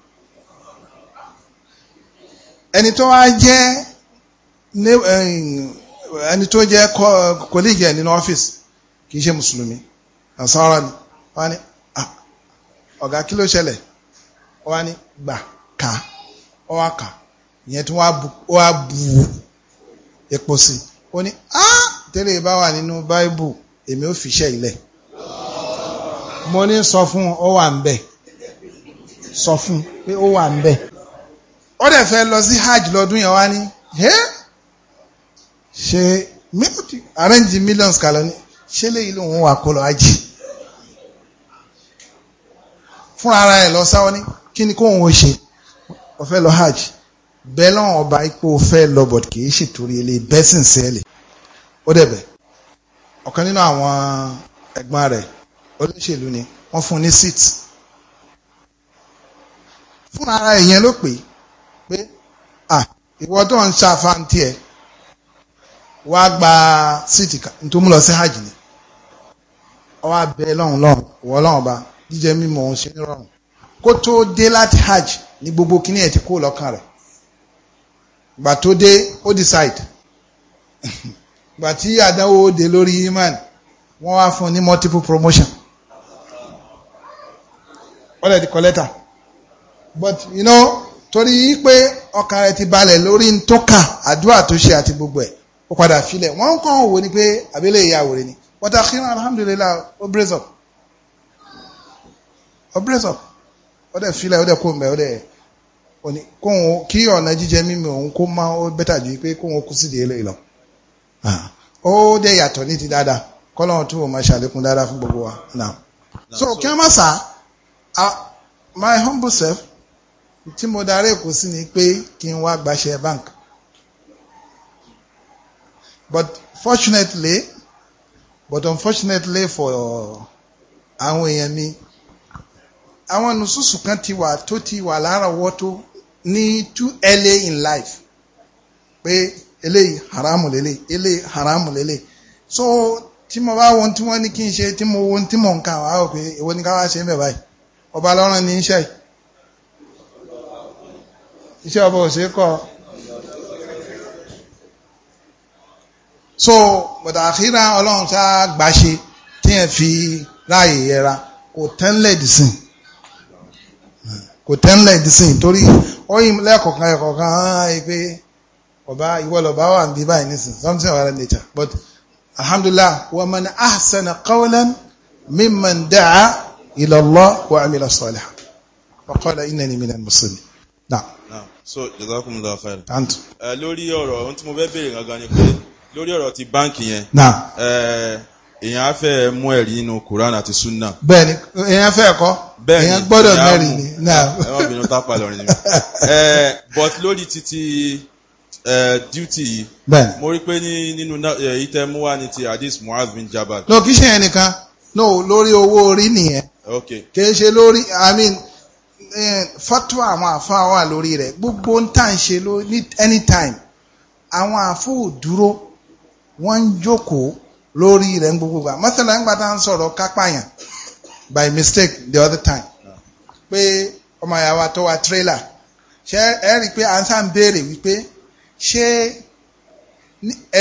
ẹni tó wá jẹ́ eh, ẹni tó jẹ́ kọ́líìgì ẹ̀ nínú ọ́fíìsì kì í ṣe mùsùlùmí àsárá ni wọ́n á ní ọ̀gá kí ló ṣẹlẹ̀ wọ́n á ní gbà ká wọ́n á kà ìyẹn tí wọ́n á bu epo sí ó ní á tẹ́lẹ̀ bá wà nínú báíbù èmi ò fiṣẹ́ ilẹ̀ mo ní sọ fún ó wà ń bẹ̀ sọ fún pé ó wà ń bẹ̀ ó dẹ̀ fẹ́ lọ sí hajj lọ́dún yẹn wá ní ṣe arrange millions kalẹ̀ ní ṣé léyìí lòun wà kó lọ hajj fúnra ara ẹ̀ lọ sáwọ́ ní kí ni kóun ó ṣe ó fẹ́ lọ hajj bẹ́ẹ̀ lọ́wọ́ ọba ipò fẹ́ lọ bọ̀dì kì í ṣe torí ilé bẹ́sìn sẹ́ẹ̀lì ó dẹ̀bẹ̀ ọ̀kan nínú àwọn ẹ̀gbọ́n rẹ̀ olóṣèlú ni wọn fún ní sit fún ara ìyẹn ló pè pé à ìwọ tó ń ṣàfàǹtì ẹ̀ wá gba síìtì tó mú lọ sí hajj ni ọwọ́ abẹ́ lọ́hùn lọ́hùn ìwọ lọ́hùn ọba jíjẹ mímọ́ òun ṣe nírọ̀rùn kó tó dé láti hajj ní gbogbo kíní ẹ̀ ti kó lọ́kàn rẹ̀ gbà tó dé ó decide gbà tí àdánwò ó dé lórí iman wọ́n wá fún ní multiple promotion ó lè di collector but you know torí pé ọkàn rẹ̀ ti balẹ̀ lórí ń tó kà àdúrà tó ṣe àti gbogbo ẹ̀ ó padà filẹ̀ wọ́n kàn wò ni pé abẹ́lẹ̀ ìyá àwòrán ni but akínú alhamdulilayi ó brace up ó brace up ó dẹ̀ filẹ̀ ó dẹ̀ kó mbẹ́ ó dẹ̀ kí ọ̀nà jíjẹ mímu òun kó máa ó bẹ́tà ju pé kóun kú sídìí eléyìí lọ ah, ó dẹ̀ yàtọ̀ ní ti dáadáa kọ́lọ́run túbọ̀ máa ṣàlékún dáadáa fún gbogbo wa now so kí wọ́n má sá my humble self tí mo darí èkó sí ni pé kí n wá gbaṣẹ́ bank but fortunately but unfortunately for àwọn èèyàn mi àwọn nùsùsù kan ti wà tó ti wà lárọ̀ọ́wọ́tó ní too early in life pé eléyìí haramu lélẹ̀ eléyìí haramu lélẹ̀ so tí mo bá wọn tí wọ́n ní kí n ṣe tí mo wọn tí mo ń kàn wá pé èwo ni ká wá ṣe ń bẹ̀ báyìí ọba lọ́rùn ní iṣẹ́ iṣẹ́ ọba ò ṣe kọ́ so bọ̀dà àkírà ọlọ́run tá a gbà ṣe tí yẹn fi ráàyè yẹra kò tẹ́ńlẹ̀ dìsìn kò tẹ́ńlẹ̀ dìsìn torí ó yìn lẹ́ẹ̀kọ̀kan ẹ̀kọ̀kan hàn ah, án pé ọba ìwọ lọba wà níbi báyìí nísìn something of that nature but alhamdulillah wa man ahsana qawlan mimman da'a ila wa amila salihan wa qala innani minal muslimin náà. so jazakumullahu khairan. Eh, lórí ọ̀rọ̀ ohun tí mo fẹ́ béèrè gangan ni pé lórí ọ̀rọ̀ ti báǹkì yẹn èèyàn á fẹ́ mú ẹ̀rí nínú Quran àti sunna. bẹ́ẹ̀ni èèyàn fẹ́ kọ́ èèyàn gbọ́dọ̀ mẹ́rin ni. ẹ má bínú tá a palẹ̀ ọ̀rìn but lórí títí duty yìí mo rí pé nínú ìtẹ́múwá ni ti hadith Muaz bin Jabal. no kì í ṣe ẹnìkan no lórí owó orí nìyẹn. ok kì í ṣe lórí i mean fatwa àwọn àfa wà lórí rẹ̀ gbogbo ń tà ń ṣe ní anytime àwọn àfọ òdúró wọ́n jókòó lórí rẹ̀ ń gbogbo gbà mọ́sálà ńgbà tá à ń sọ̀rọ̀ kápáyàn by mistake the other time pé ọmọ ìyá tó wa trailer ṣe ẹ rí i pé à ń sá ń béèrè wípé ṣé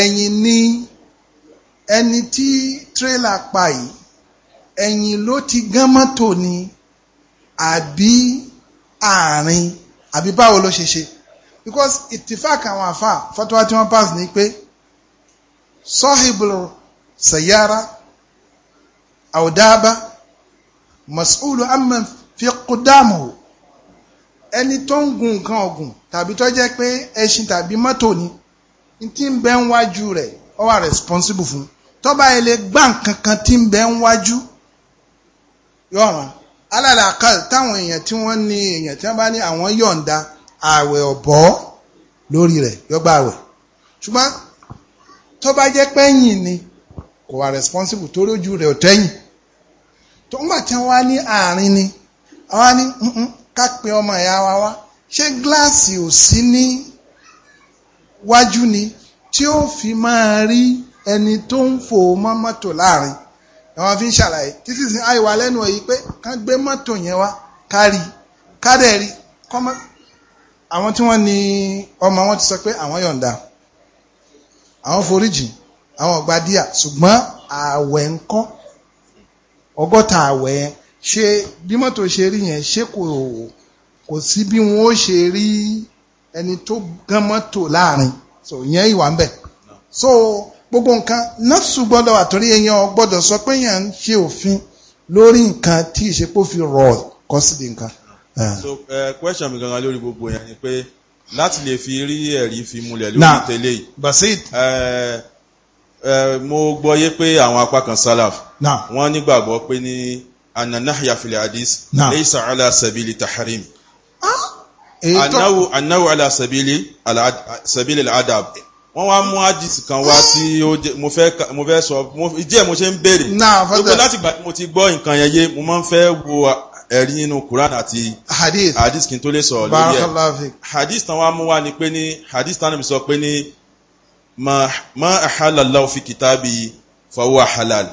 ẹ̀yin ní ẹni tí trailer pa yìí ẹ̀yin ló ti gán mọ́tò ni àbí àárín àbí báwo ló ṣe ṣe because ìtìfáàkì àwọn àfà fọ́tíwá tí wọ́n pass ní pé sọ́hìbùrù. سيارة أو دابة مسؤول عمن في قدامه ẹni tó ń gun nǹkan ọ̀gùn tàbí tó jẹ́ pé ẹṣin tàbí mọ́tò ni tí ń bẹ ń wájú rẹ̀ ó wà responsible fún tó bá ilé gbá nǹkan kan tí ń bẹ ń wájú yọ̀ràn alálàáká táwọn èèyàn tí wọ́n ní èèyàn tí wọ́n bá ní àwọn yọ̀ǹda ààwẹ̀ ọ̀bọ lórí rẹ̀ yọgbà ààwẹ̀ ṣùgbọ́n tó jẹ́ pẹ́yìn ni kò wà responsible torí ojú rẹ̀ ò tẹ́yìn tó ń gbà wá ní àárín ni wọ́n á ní ká pe ọmọ ìyá wa wá ṣé gíláàsì ò sí ní wájú ni tí ó fi máa rí ẹni tó ń fò mọ́ mọ́tò láàrin àwọn fi ń ṣàlàyé títí sí àìwá lẹ́nu èyí pé kán gbé mọ́tò yẹn wá kárí kádẹ́rí kọ́mọ́ àwọn tí wọ́n ní ọmọ wọn ti sọ pé àwọn yọ̀ǹda àwọn foríjì àwọn ọ̀gbà díà ṣùgbọ́n ààwẹ̀ ń kọ́ ọgọ́ta ààwẹ̀ yẹn ṣe bí mọ́tò ṣe rí yẹn ṣé kò kò sí bí wọ́n ṣe rí ẹni tó gán mọ́tò láàrin so yẹn ìwà ń bẹ̀ so gbogbo nǹkan nọ́ọ̀sù gbọ́dọ̀ àtọ́rí èèyàn gbọ́dọ̀ sọ pé yẹn ń ṣe òfin lórí nǹkan tí ìṣepò fi rọ̀ kọ́ sí di nǹkan. so eh. Eh, question mi gangan lórí gbogbo yẹn ni pé láti lè fi rí ẹ̀rí fi múlẹ̀ lórí tẹ́lẹ̀ yìí. na basit. Uh, mo gbọ́ yé pé àwọn apá kan salaf wọ́n nígbàgbọ́ pé ní ananahya fil hadis laysa ala sabili tahrim anáwó ala sabili al-adab wọ́n wá mú àdìsí kan wá tí mo fẹ́ sọ díẹ̀ mo ṣe ń béèrè gbogbo láti gbà mo ti gbọ́ nǹkan yẹn yé mo máa ń fẹ́ wo ẹ̀rí nínú Quran àti hadith kí n tó lè sọ lórí ẹ̀ hadith tán wá mú wá ni pé ní hadith tán mi sọ pé ní ma ahalallahu fi kitabi fahuwa halal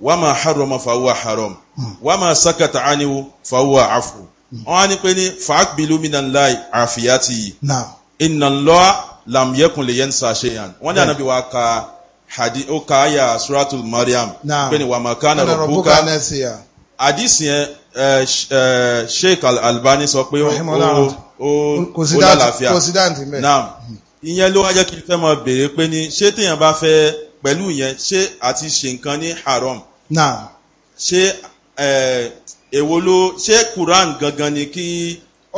wa ma harrama fahuwa haram hmm. wa ma sakata anihu fahuwa afu hmm. wọ́n á ní pé ní fàákbìlú minallahi àfiyàtì inna Allah lam yakun li yansa shay'an wọ́n ní ànábì wa ka hadi ó ka ayà suratul mariam pé ní wa ma kana rabbuka àdìsí yẹn sheikh albani sọ pé ó lálàáfíà ìyẹn ló wá jẹ́ kí n fẹ́ mọ béèrè pé ní ṣé téèyàn bá fẹ́ pẹ̀lú ìyẹn ṣé àti ṣe nǹkan ní haram náà ṣé èwo ló ṣé Quran gangan ni kí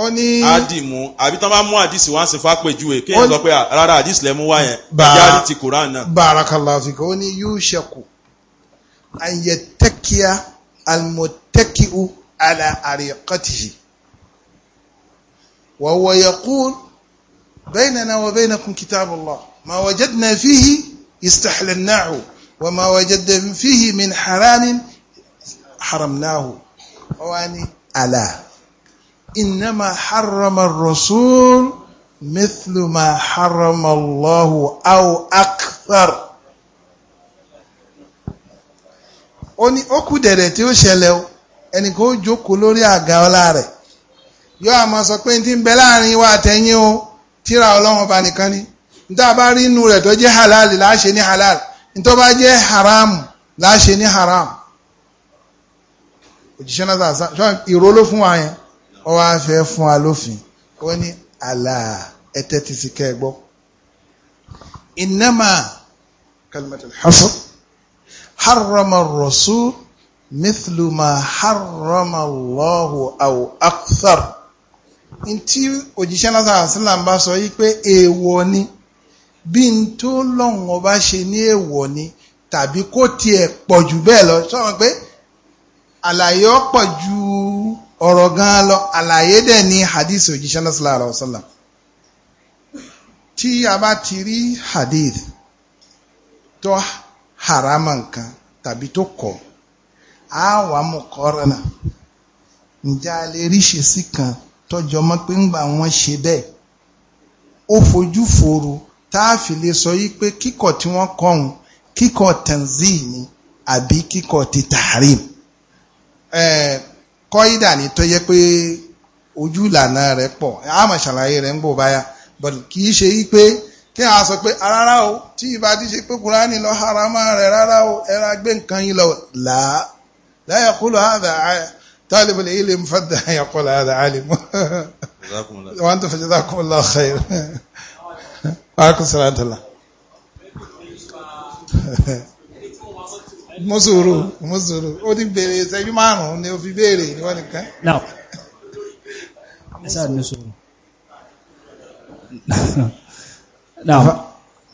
ó ní àdìmú àbí tán bá mú àdìsí wá sí fápèjúwe kí èèyàn sọ pé rárá àdìsí lẹ mú wá yẹn ìjárí ti Quran náà. barakallahu fika ó ní yushaku an yattakiya almuttaki'u ala ariqatihi wa huwa yaqul. بيننا وبينكم كتاب الله ما وجدنا فيه استحللناه وما وجدنا فيه من حرام حرمناه واني ألا إنما حرم الرسول مثل ما حرم الله أو أكثر ó ní ó kù dẹ̀dẹ̀ tí ó ṣẹlẹ̀ o ẹnì kan ó jókòó lórí àga ọlá rẹ̀ yóò àmọ́ sọ pé ní ti ń bẹ láàrin wa àtẹ̀yìn o tíra ọlọ́run ọba nìkan ni níta bá rí inú rẹ̀ tó jẹ́ halal láṣe ní halal níta bá jẹ́ haram láṣe ní haram òjíṣẹ́ náà sàn sọ ìró ló fún wa yẹn ó wá fẹ́ fún wa lófin ó ní àlà ẹ̀tẹ́ ti sì kẹ́ ẹ gbọ́ innama kalimatul hasr harrama rasul mithlu ma harrama allahu aw akthar. in tí òjíṣẹ́ lásán àsìlà ń bá sọ yí pé èèwọ̀ ni bí n tó ṣe ní ni tàbí kó tiẹ̀ pọ̀ jù bẹ́ẹ̀ lọ sọ̀rọ̀ pé àlàyé ọ̀pọ̀ ju ọ̀rọ̀ gan-an lọ àlàyé dẹ̀ ní hadith òjíṣẹ́ lásán àrà ọ̀sọ́là tí a bá ti rí hadith tó harama nǹkan tàbí tó kọ̀ á wà mú kọ́rọ̀nà ǹjẹ́ a lè ríṣe sí kan tọ́jọ mọ́ pé ńgbà wọ́n ṣe bẹ́ẹ̀ ó fojú fòrò tá a fi lè sọ yí pé kíkọ̀ tí wọ́n kọ̀hún kíkọ̀ tẹ̀nzí ni àbí kíkọ̀ ti tààrim kọ́ídà ni tó yẹ pé ojú ìlànà rẹ̀ pọ̀ a máa ṣàlàyé rẹ̀ ń bò báyà but kì í ṣe yí pé kí a sọ pé ah, rárá o tí ìbá ti ṣe pé kúránì lọ haramá rẹ̀ rárá o ẹ̀rọ agbé nǹkan yín lọ làá láyà kúlò طالب العلم فد يقول هذا عالم وانتم فجزاكم الله خير وعليكم السلام الله mo sòrò mo sòrò ó ti béèrè ìṣẹ́jú márùn-ún ni ó fi béèrè ìwọ nìkan. now ẹ̀sán ni sòrò now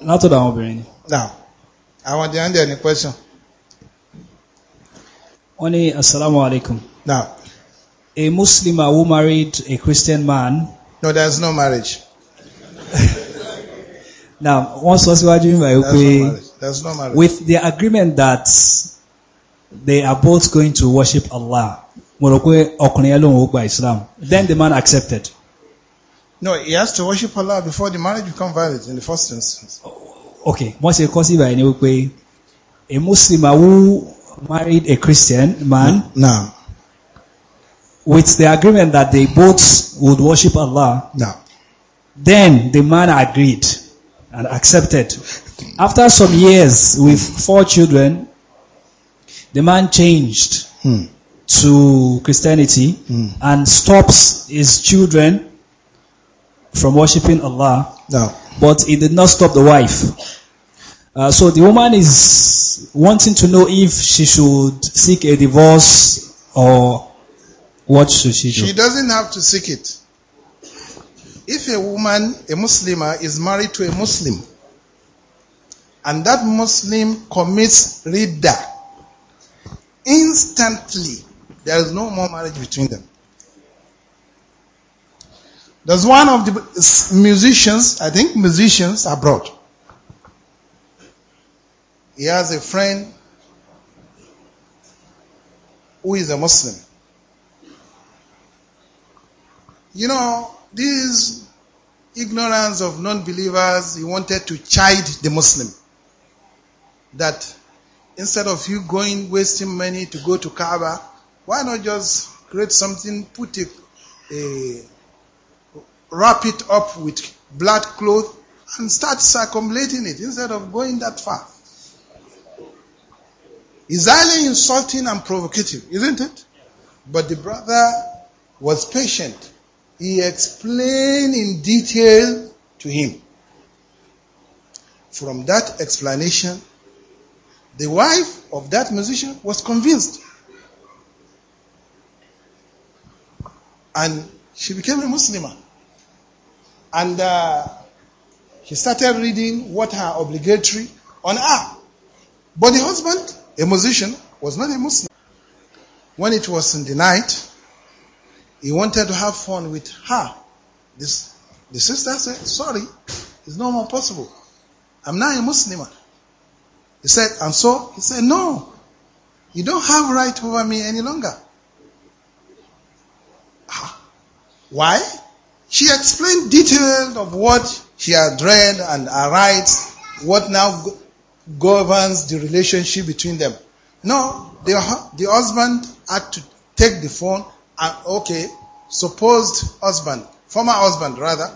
látọ̀dọ̀ àwọn obìnrin ni. now àwọn jẹ́ ń jẹ́ ní question. wọ́n ní asalaamualeykum. Now, a Muslim who married a Christian man. No, there's no marriage. now, wọ́n sọ síwájú nígbà yìí pé there's no marriage. with the agreement that they are both going to worship Allah mo rò pé Islam then the man accepted. No, he has to worship Allah before the marriage becomes valid in the first instance. Okay, Once you consider sí ìbàyẹn ni a Muslim who married a Christian man. Naam. No. with the agreement that they both would worship Allah. Now, then the man agreed and accepted. After some years with four children, the man changed hmm. to Christianity hmm. and stops his children from worshiping Allah. No. But he did not stop the wife. Uh, so the woman is wanting to know if she should seek a divorce or what should she do? She doesn't have to seek it. If a woman, a Muslimah, uh, is married to a Muslim, and that Muslim commits rida, instantly there is no more marriage between them. There's one of the musicians, I think musicians abroad. He has a friend who is a Muslim. You know, this ignorance of non believers, he wanted to chide the Muslim. That instead of you going wasting money to go to Kaaba, why not just create something, put it, a, eh, wrap it up with blood cloth and start circumlating it instead of going that far. It's highly insulting and provocative, isn't it? But the brother was patient he explained in detail to him. From that explanation, the wife of that musician was convinced. And she became a Muslim. And uh, he started reading what are obligatory on her. But the husband, a musician, was not a Muslim. When it was in the night, he wanted to have fun with her. This, the sister said, sorry, it's no more possible. I'm not a Muslim. He said, and so he said, no, you don't have right over me any longer. Ah. Why? She explained details of what she had read and her rights, what now governs the relationship between them. No, the, the husband had to take the phone uh, okay, supposed husband, former husband rather,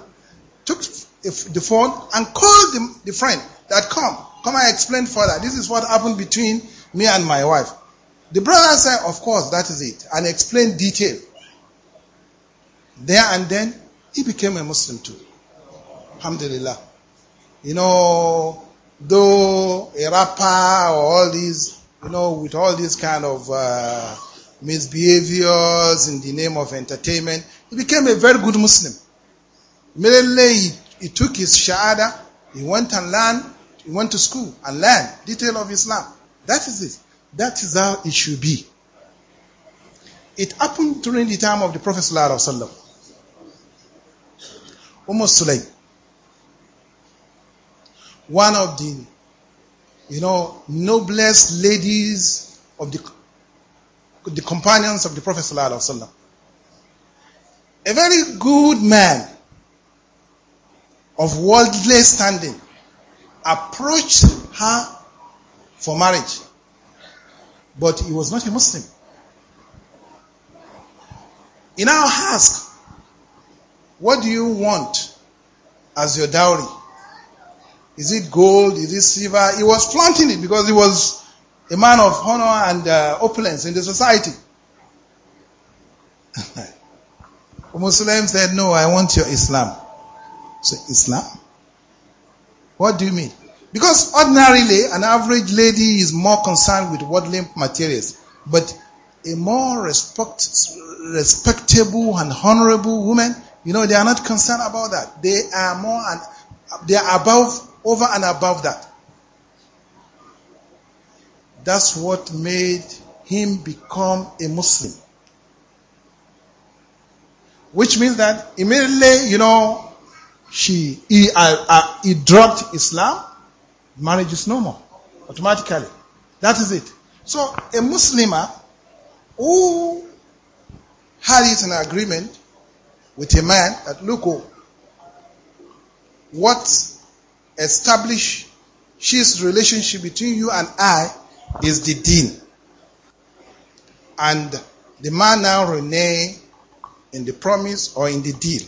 took the phone and called the, the friend that come, come and explain further. This is what happened between me and my wife. The brother said, of course, that is it, and explained detail. There and then, he became a Muslim too. Alhamdulillah. You know, though a rapper or all these, you know, with all these kind of uh, misbehaviors in the name of entertainment. He became a very good Muslim. Immediately he, he took his Shahada, he went and learned, he went to school and learned detail of Islam. That is it. That is how it should be. It happened during the time of the Prophet Sallallahu Almost umm Sulaim, one of the, you know, noblest ladies of the the companions of the Prophet sallallahu A very good man of worldly standing approached her for marriage, but he was not a Muslim. He now asked, What do you want as your dowry? Is it gold? Is it silver? He was flaunting it because he was a man of honor and uh, opulence in the society. Muslim said, No, I want your Islam. So, Islam? What do you mean? Because ordinarily, an average lady is more concerned with worldly materials, but a more respect, respectable and honorable woman, you know, they are not concerned about that. They are more and they are above, over and above that. That's what made him become a Muslim. Which means that immediately, you know, she, he, uh, uh, he dropped Islam, marriage is no more, automatically. That is it. So a Muslima who had it in agreement with a man that, look, oh, what established his relationship between you and I is the deen. And the man now renege in the promise or in the deal.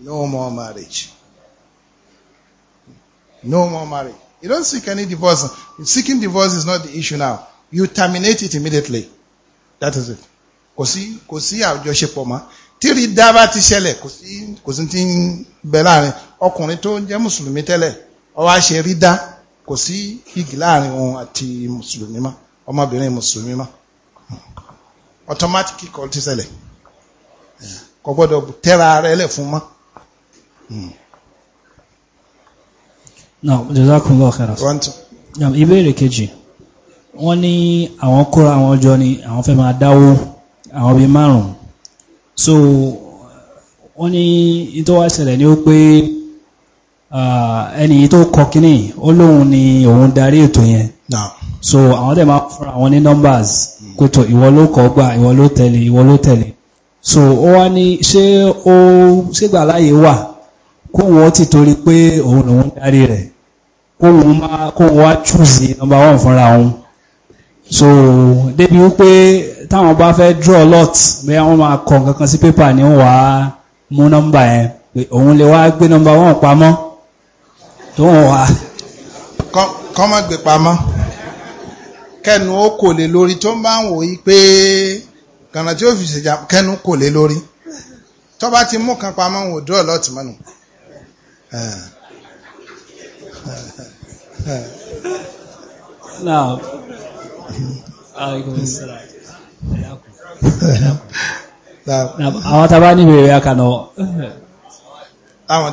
No more marriage. No more marriage. You don't seek any divorce. Seeking divorce is not the issue now. You terminate it immediately. That is it. Kosi, kosi, kò sí àjọṣepọ̀ mọ́. Tíri dábà ti ṣẹlẹ̀ kò sí kò sí ti ń bẹ láàrin ọkùnrin tó ń jẹ́ Mùsùlùmí tẹ́lẹ̀ ó ṣe rí dá kò sí igi láàrin òun àti mùsùlùmí mọ́ ọmọbìnrin mùsùlùmí mọ́ automatic kọ́ ti ṣẹlẹ̀ kò gbọ́dọ̀ tẹ́ra rẹ̀ lẹ̀ fún mọ́. náà jazakumullahu khairan. ìbéèrè kejì wọ́n ní àwọn kóra àwọn ọjọ́ ni àwọn fẹ́ máa dáwó àwọn bíi márùn-ún so wọ́n ní tó wá ni ó pé. Uh, ẹni tó kọ kíní ó lóun ni òun darí ètò yẹn so àwọn dẹ̀ máa fúnra wọn ní numbers kótó ìwọ ló kọ gbà ìwọ ló tẹ̀lé ìwọ ló tẹ̀lé so ó wá ní ṣé ó ṣégbà láàyè wà kóhun ó ti torí pé òun lòun darí rẹ̀ kóhun máa kóhun wá choose number one fúnra òun so débi wípé táwọn bá fẹ́ draw lot bẹ́ẹ̀ wọ́n máa kọ nǹkan kan sí pépà ní wàá mú nọ́mbà yẹn òun lè wá gbé nọ́mbà one pamọ́. tó ń kọ́ mọ̀ gbé pamọ́ kẹnu ó kò lè lórí tó ń bá ń wòye pé kànáà tí ó fi ṣèjà kẹnu kò lè lórí tó ti mú kan pamọ́ wò dúró mọ́nu.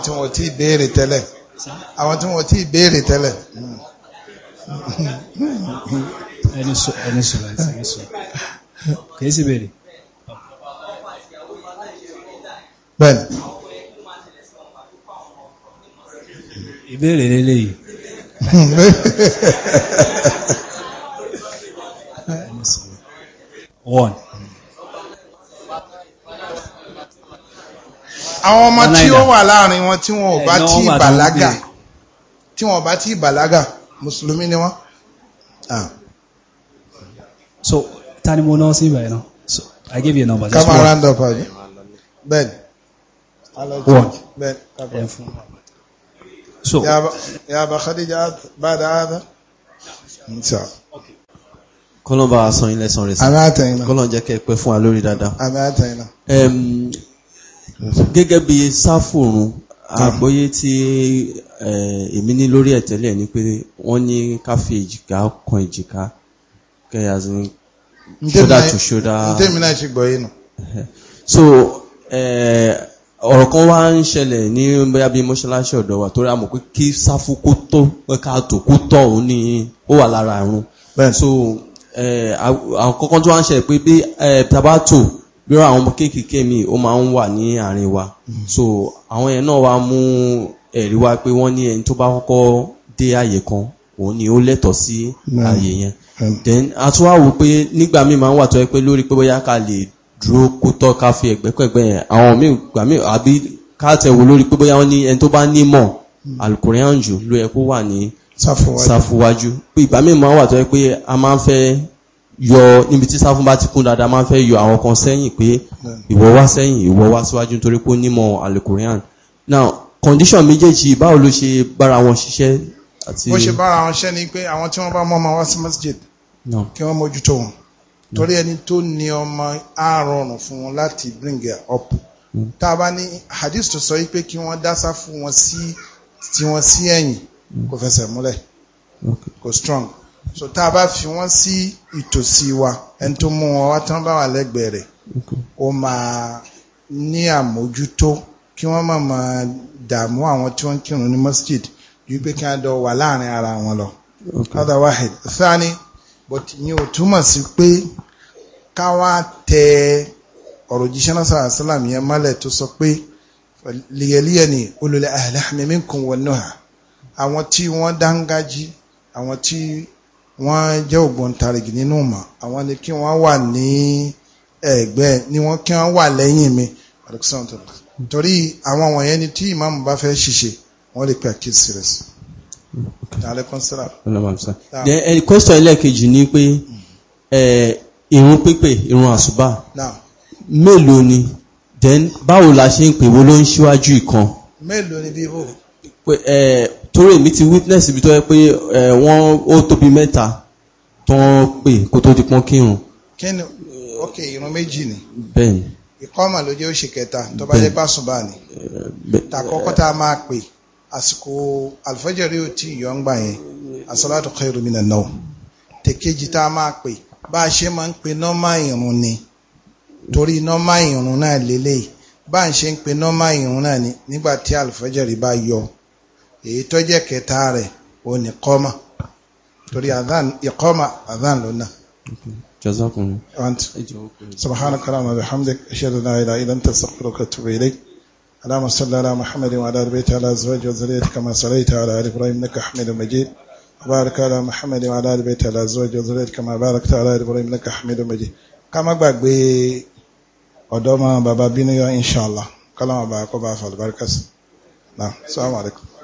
tí wọn ò tí ì àwọn tí wọ́n ti béèrè tẹ́lẹ̀. ẹni sọ ẹni sọ ẹni sọ kìí sì béèrè. bẹ́ẹ̀ni. ìbéèrè lélẹ́yìí. one. àwọn ọmọ tí ó wà láàrin wọn tí wọn ò bá tí ìbàlágà tí wọn ò bá tí ìbàlágà mùsùlùmí ni wọn. Ah. so ta ni mo náà sí ìbàyẹn náà so i give you a number. come round up ọjọ Ben. one bẹ́ẹ̀ni. so yaba khadija bada ada. kọ́lọ́n bá a san ilé san rẹ̀ sí kọ́lọ́n jẹ́ kẹ́ ẹ pẹ́ fún wa lórí dáadáa gẹ́gẹ́ bí sáfù òrun àgbọ́yé tí èmi ní lórí ẹ̀tẹ́lẹ̀ ni pé wọ́n ní ká fi èjìká kan èjìká kẹ́yà sí tó ṣódà. so ọ̀rọ̀ kan wá ń ṣẹlẹ̀ ní bóyá bí mọ́ṣáláṣí ọ̀dọ̀ wa torí a pé kí sáfù kó tó ká tó kó tọ̀ òun ni ó wà lára àrùn. so àkọ́kọ́ tó wá ń ṣẹlẹ̀ pé bí tabato bí àwọn ọmọ kéékèèké mi ó máa ń wà ní àárín wa mm. so àwọn yẹn náà wá mú ẹ̀rí wá pé wọ́n ní ẹni tó bá kọ́kọ́ dé àyè kan òun ni ó lẹ́tọ̀ọ́ sí mm. àyè yẹn mm. then a tún wá wò pé nígbà míì máa ń wà tó yẹ pé lórí pé bóyá ká lè dúró kó tọ́ ká fi ẹ̀gbẹ́kẹ̀gbẹ́ yẹn àwọn míì gbà míì àbí ká tẹ̀wò lórí pé bóyá wọ́n ní ẹni tó bá nímọ̀ alukóríyànjú ló yẹ kó wà ní sáfúwájú ìgbà míì máa ń wà tó yẹ pé a máa ń fẹ́ yọ níbi tí sáfún bá ti kún dáadáa máa ń fẹ́ yọ àwọn kan sẹ́yìn pé ìwọ wá sẹ́yìn ìwọ wá síwájú nítorí pé nímọ̀ alukurian now condition méjèèjì báwo ló ṣe bára wọn ṣiṣẹ́ àti. bó ṣe bára wọn ṣiṣẹ́ ni pé àwọn tí wọ́n bá mọ́ ọmọ wá sí masjid kí wọ́n mójútó wọn torí ẹni tó ní ọmọ á fún wọn láti bring her up mm. tá a bá ní hadith tó sọ yìí pé kí wọ́n dásá fún wọn sí tiwọn sí ẹ̀yìn mm. kò fẹsẹ̀ múlẹ̀ kò strong. Okay so tá a bá fi wọ́n sí ìtòsí wa ẹni tó mú wọn wá tán bá wà lẹ́gbẹ̀ẹ́ rẹ̀ ó máa ní àmójútó kí wọ́n má máa dààmú àwọn tí wọ́n kírun ní masjid ju pé kí wọ́n dọ̀ wà láàrin ara wọn lọ. ọ̀dà wahid sani but ìyẹn ò túmọ̀ sí pé ká wá tẹ ọ̀rọ̀ jíṣẹ́ náà sàrà sálàm yẹn mọ́lẹ̀ tó sọ pé lìyẹ̀lìyẹ̀ ni olùlẹ̀ ahlahmi minkum wan nuha àwọn tí wọ́n dángájí àwọn tí wọ́n jẹ́ ògbóǹtarìgì nínú mà àwọn ni kí wọ́n wà ní ẹ̀gbẹ́ ni wọ́n kí wọ́n wà lẹ́yìn mi torí àwọn wọ̀nyẹn ni tí ìmáàmù bá fẹ́ ṣiṣẹ́ wọ́n lè pẹ́ kí sí. Eh, question ẹlẹ́ẹ̀kejì ni pé ìrun pípè ìrun then báwo la ṣe ń pè wo ló ń ṣíwájú torí èmi ti witness ibi tó yẹ pé wọ́n ó tóbi mẹ́ta tó ń pè kó tó di pọ́n kírun. kí ni ok irun méjì ni. bẹ́ẹ̀ni. ìkọ́mà ló jẹ́ oṣù kẹta tó bá jẹ́ pàṣùbà ni. tàkọ́kọ́ tá a máa pè àsìkò àlùfájàrí ò tí ìyọ́ ń gbà yẹn as-salatu khairu minan nawm. tèkejì tá a máa pè bá a ṣe máa ń pe nọ́mà irun ni torí nọ́mà irun náà lélẹ́yìí bá a ṣe ń pe nọ́mà irun náà ni nígbà tí àlùfájàrí bá yọ èyí tó jẹ́ kẹta rẹ̀ ó ní kọ́mà torí adhan ìkọ́mà adhan lónà. jazakum. subhanaka allahumma wa bihamdik ashhadu an la ilaha illa anta astaghfiruka wa atubu ilayk اللهم صل على محمد وعلى ال بيته على ازواجه وذريته كما صليت على ال ابراهيم انك حميد مجيد وبارك على محمد وعلى ال بيته على ازواجه وذريته كما باركت على ال ابراهيم انك حميد مجيد ká má gbàgbé ọ̀dọ́ máa bàbá bínú yọ inṣàlá kọ́lọ́mọ̀ bàbá kọ́ bá fàlùbáríkà sí. Náà, sọ́wọ́n àlékún.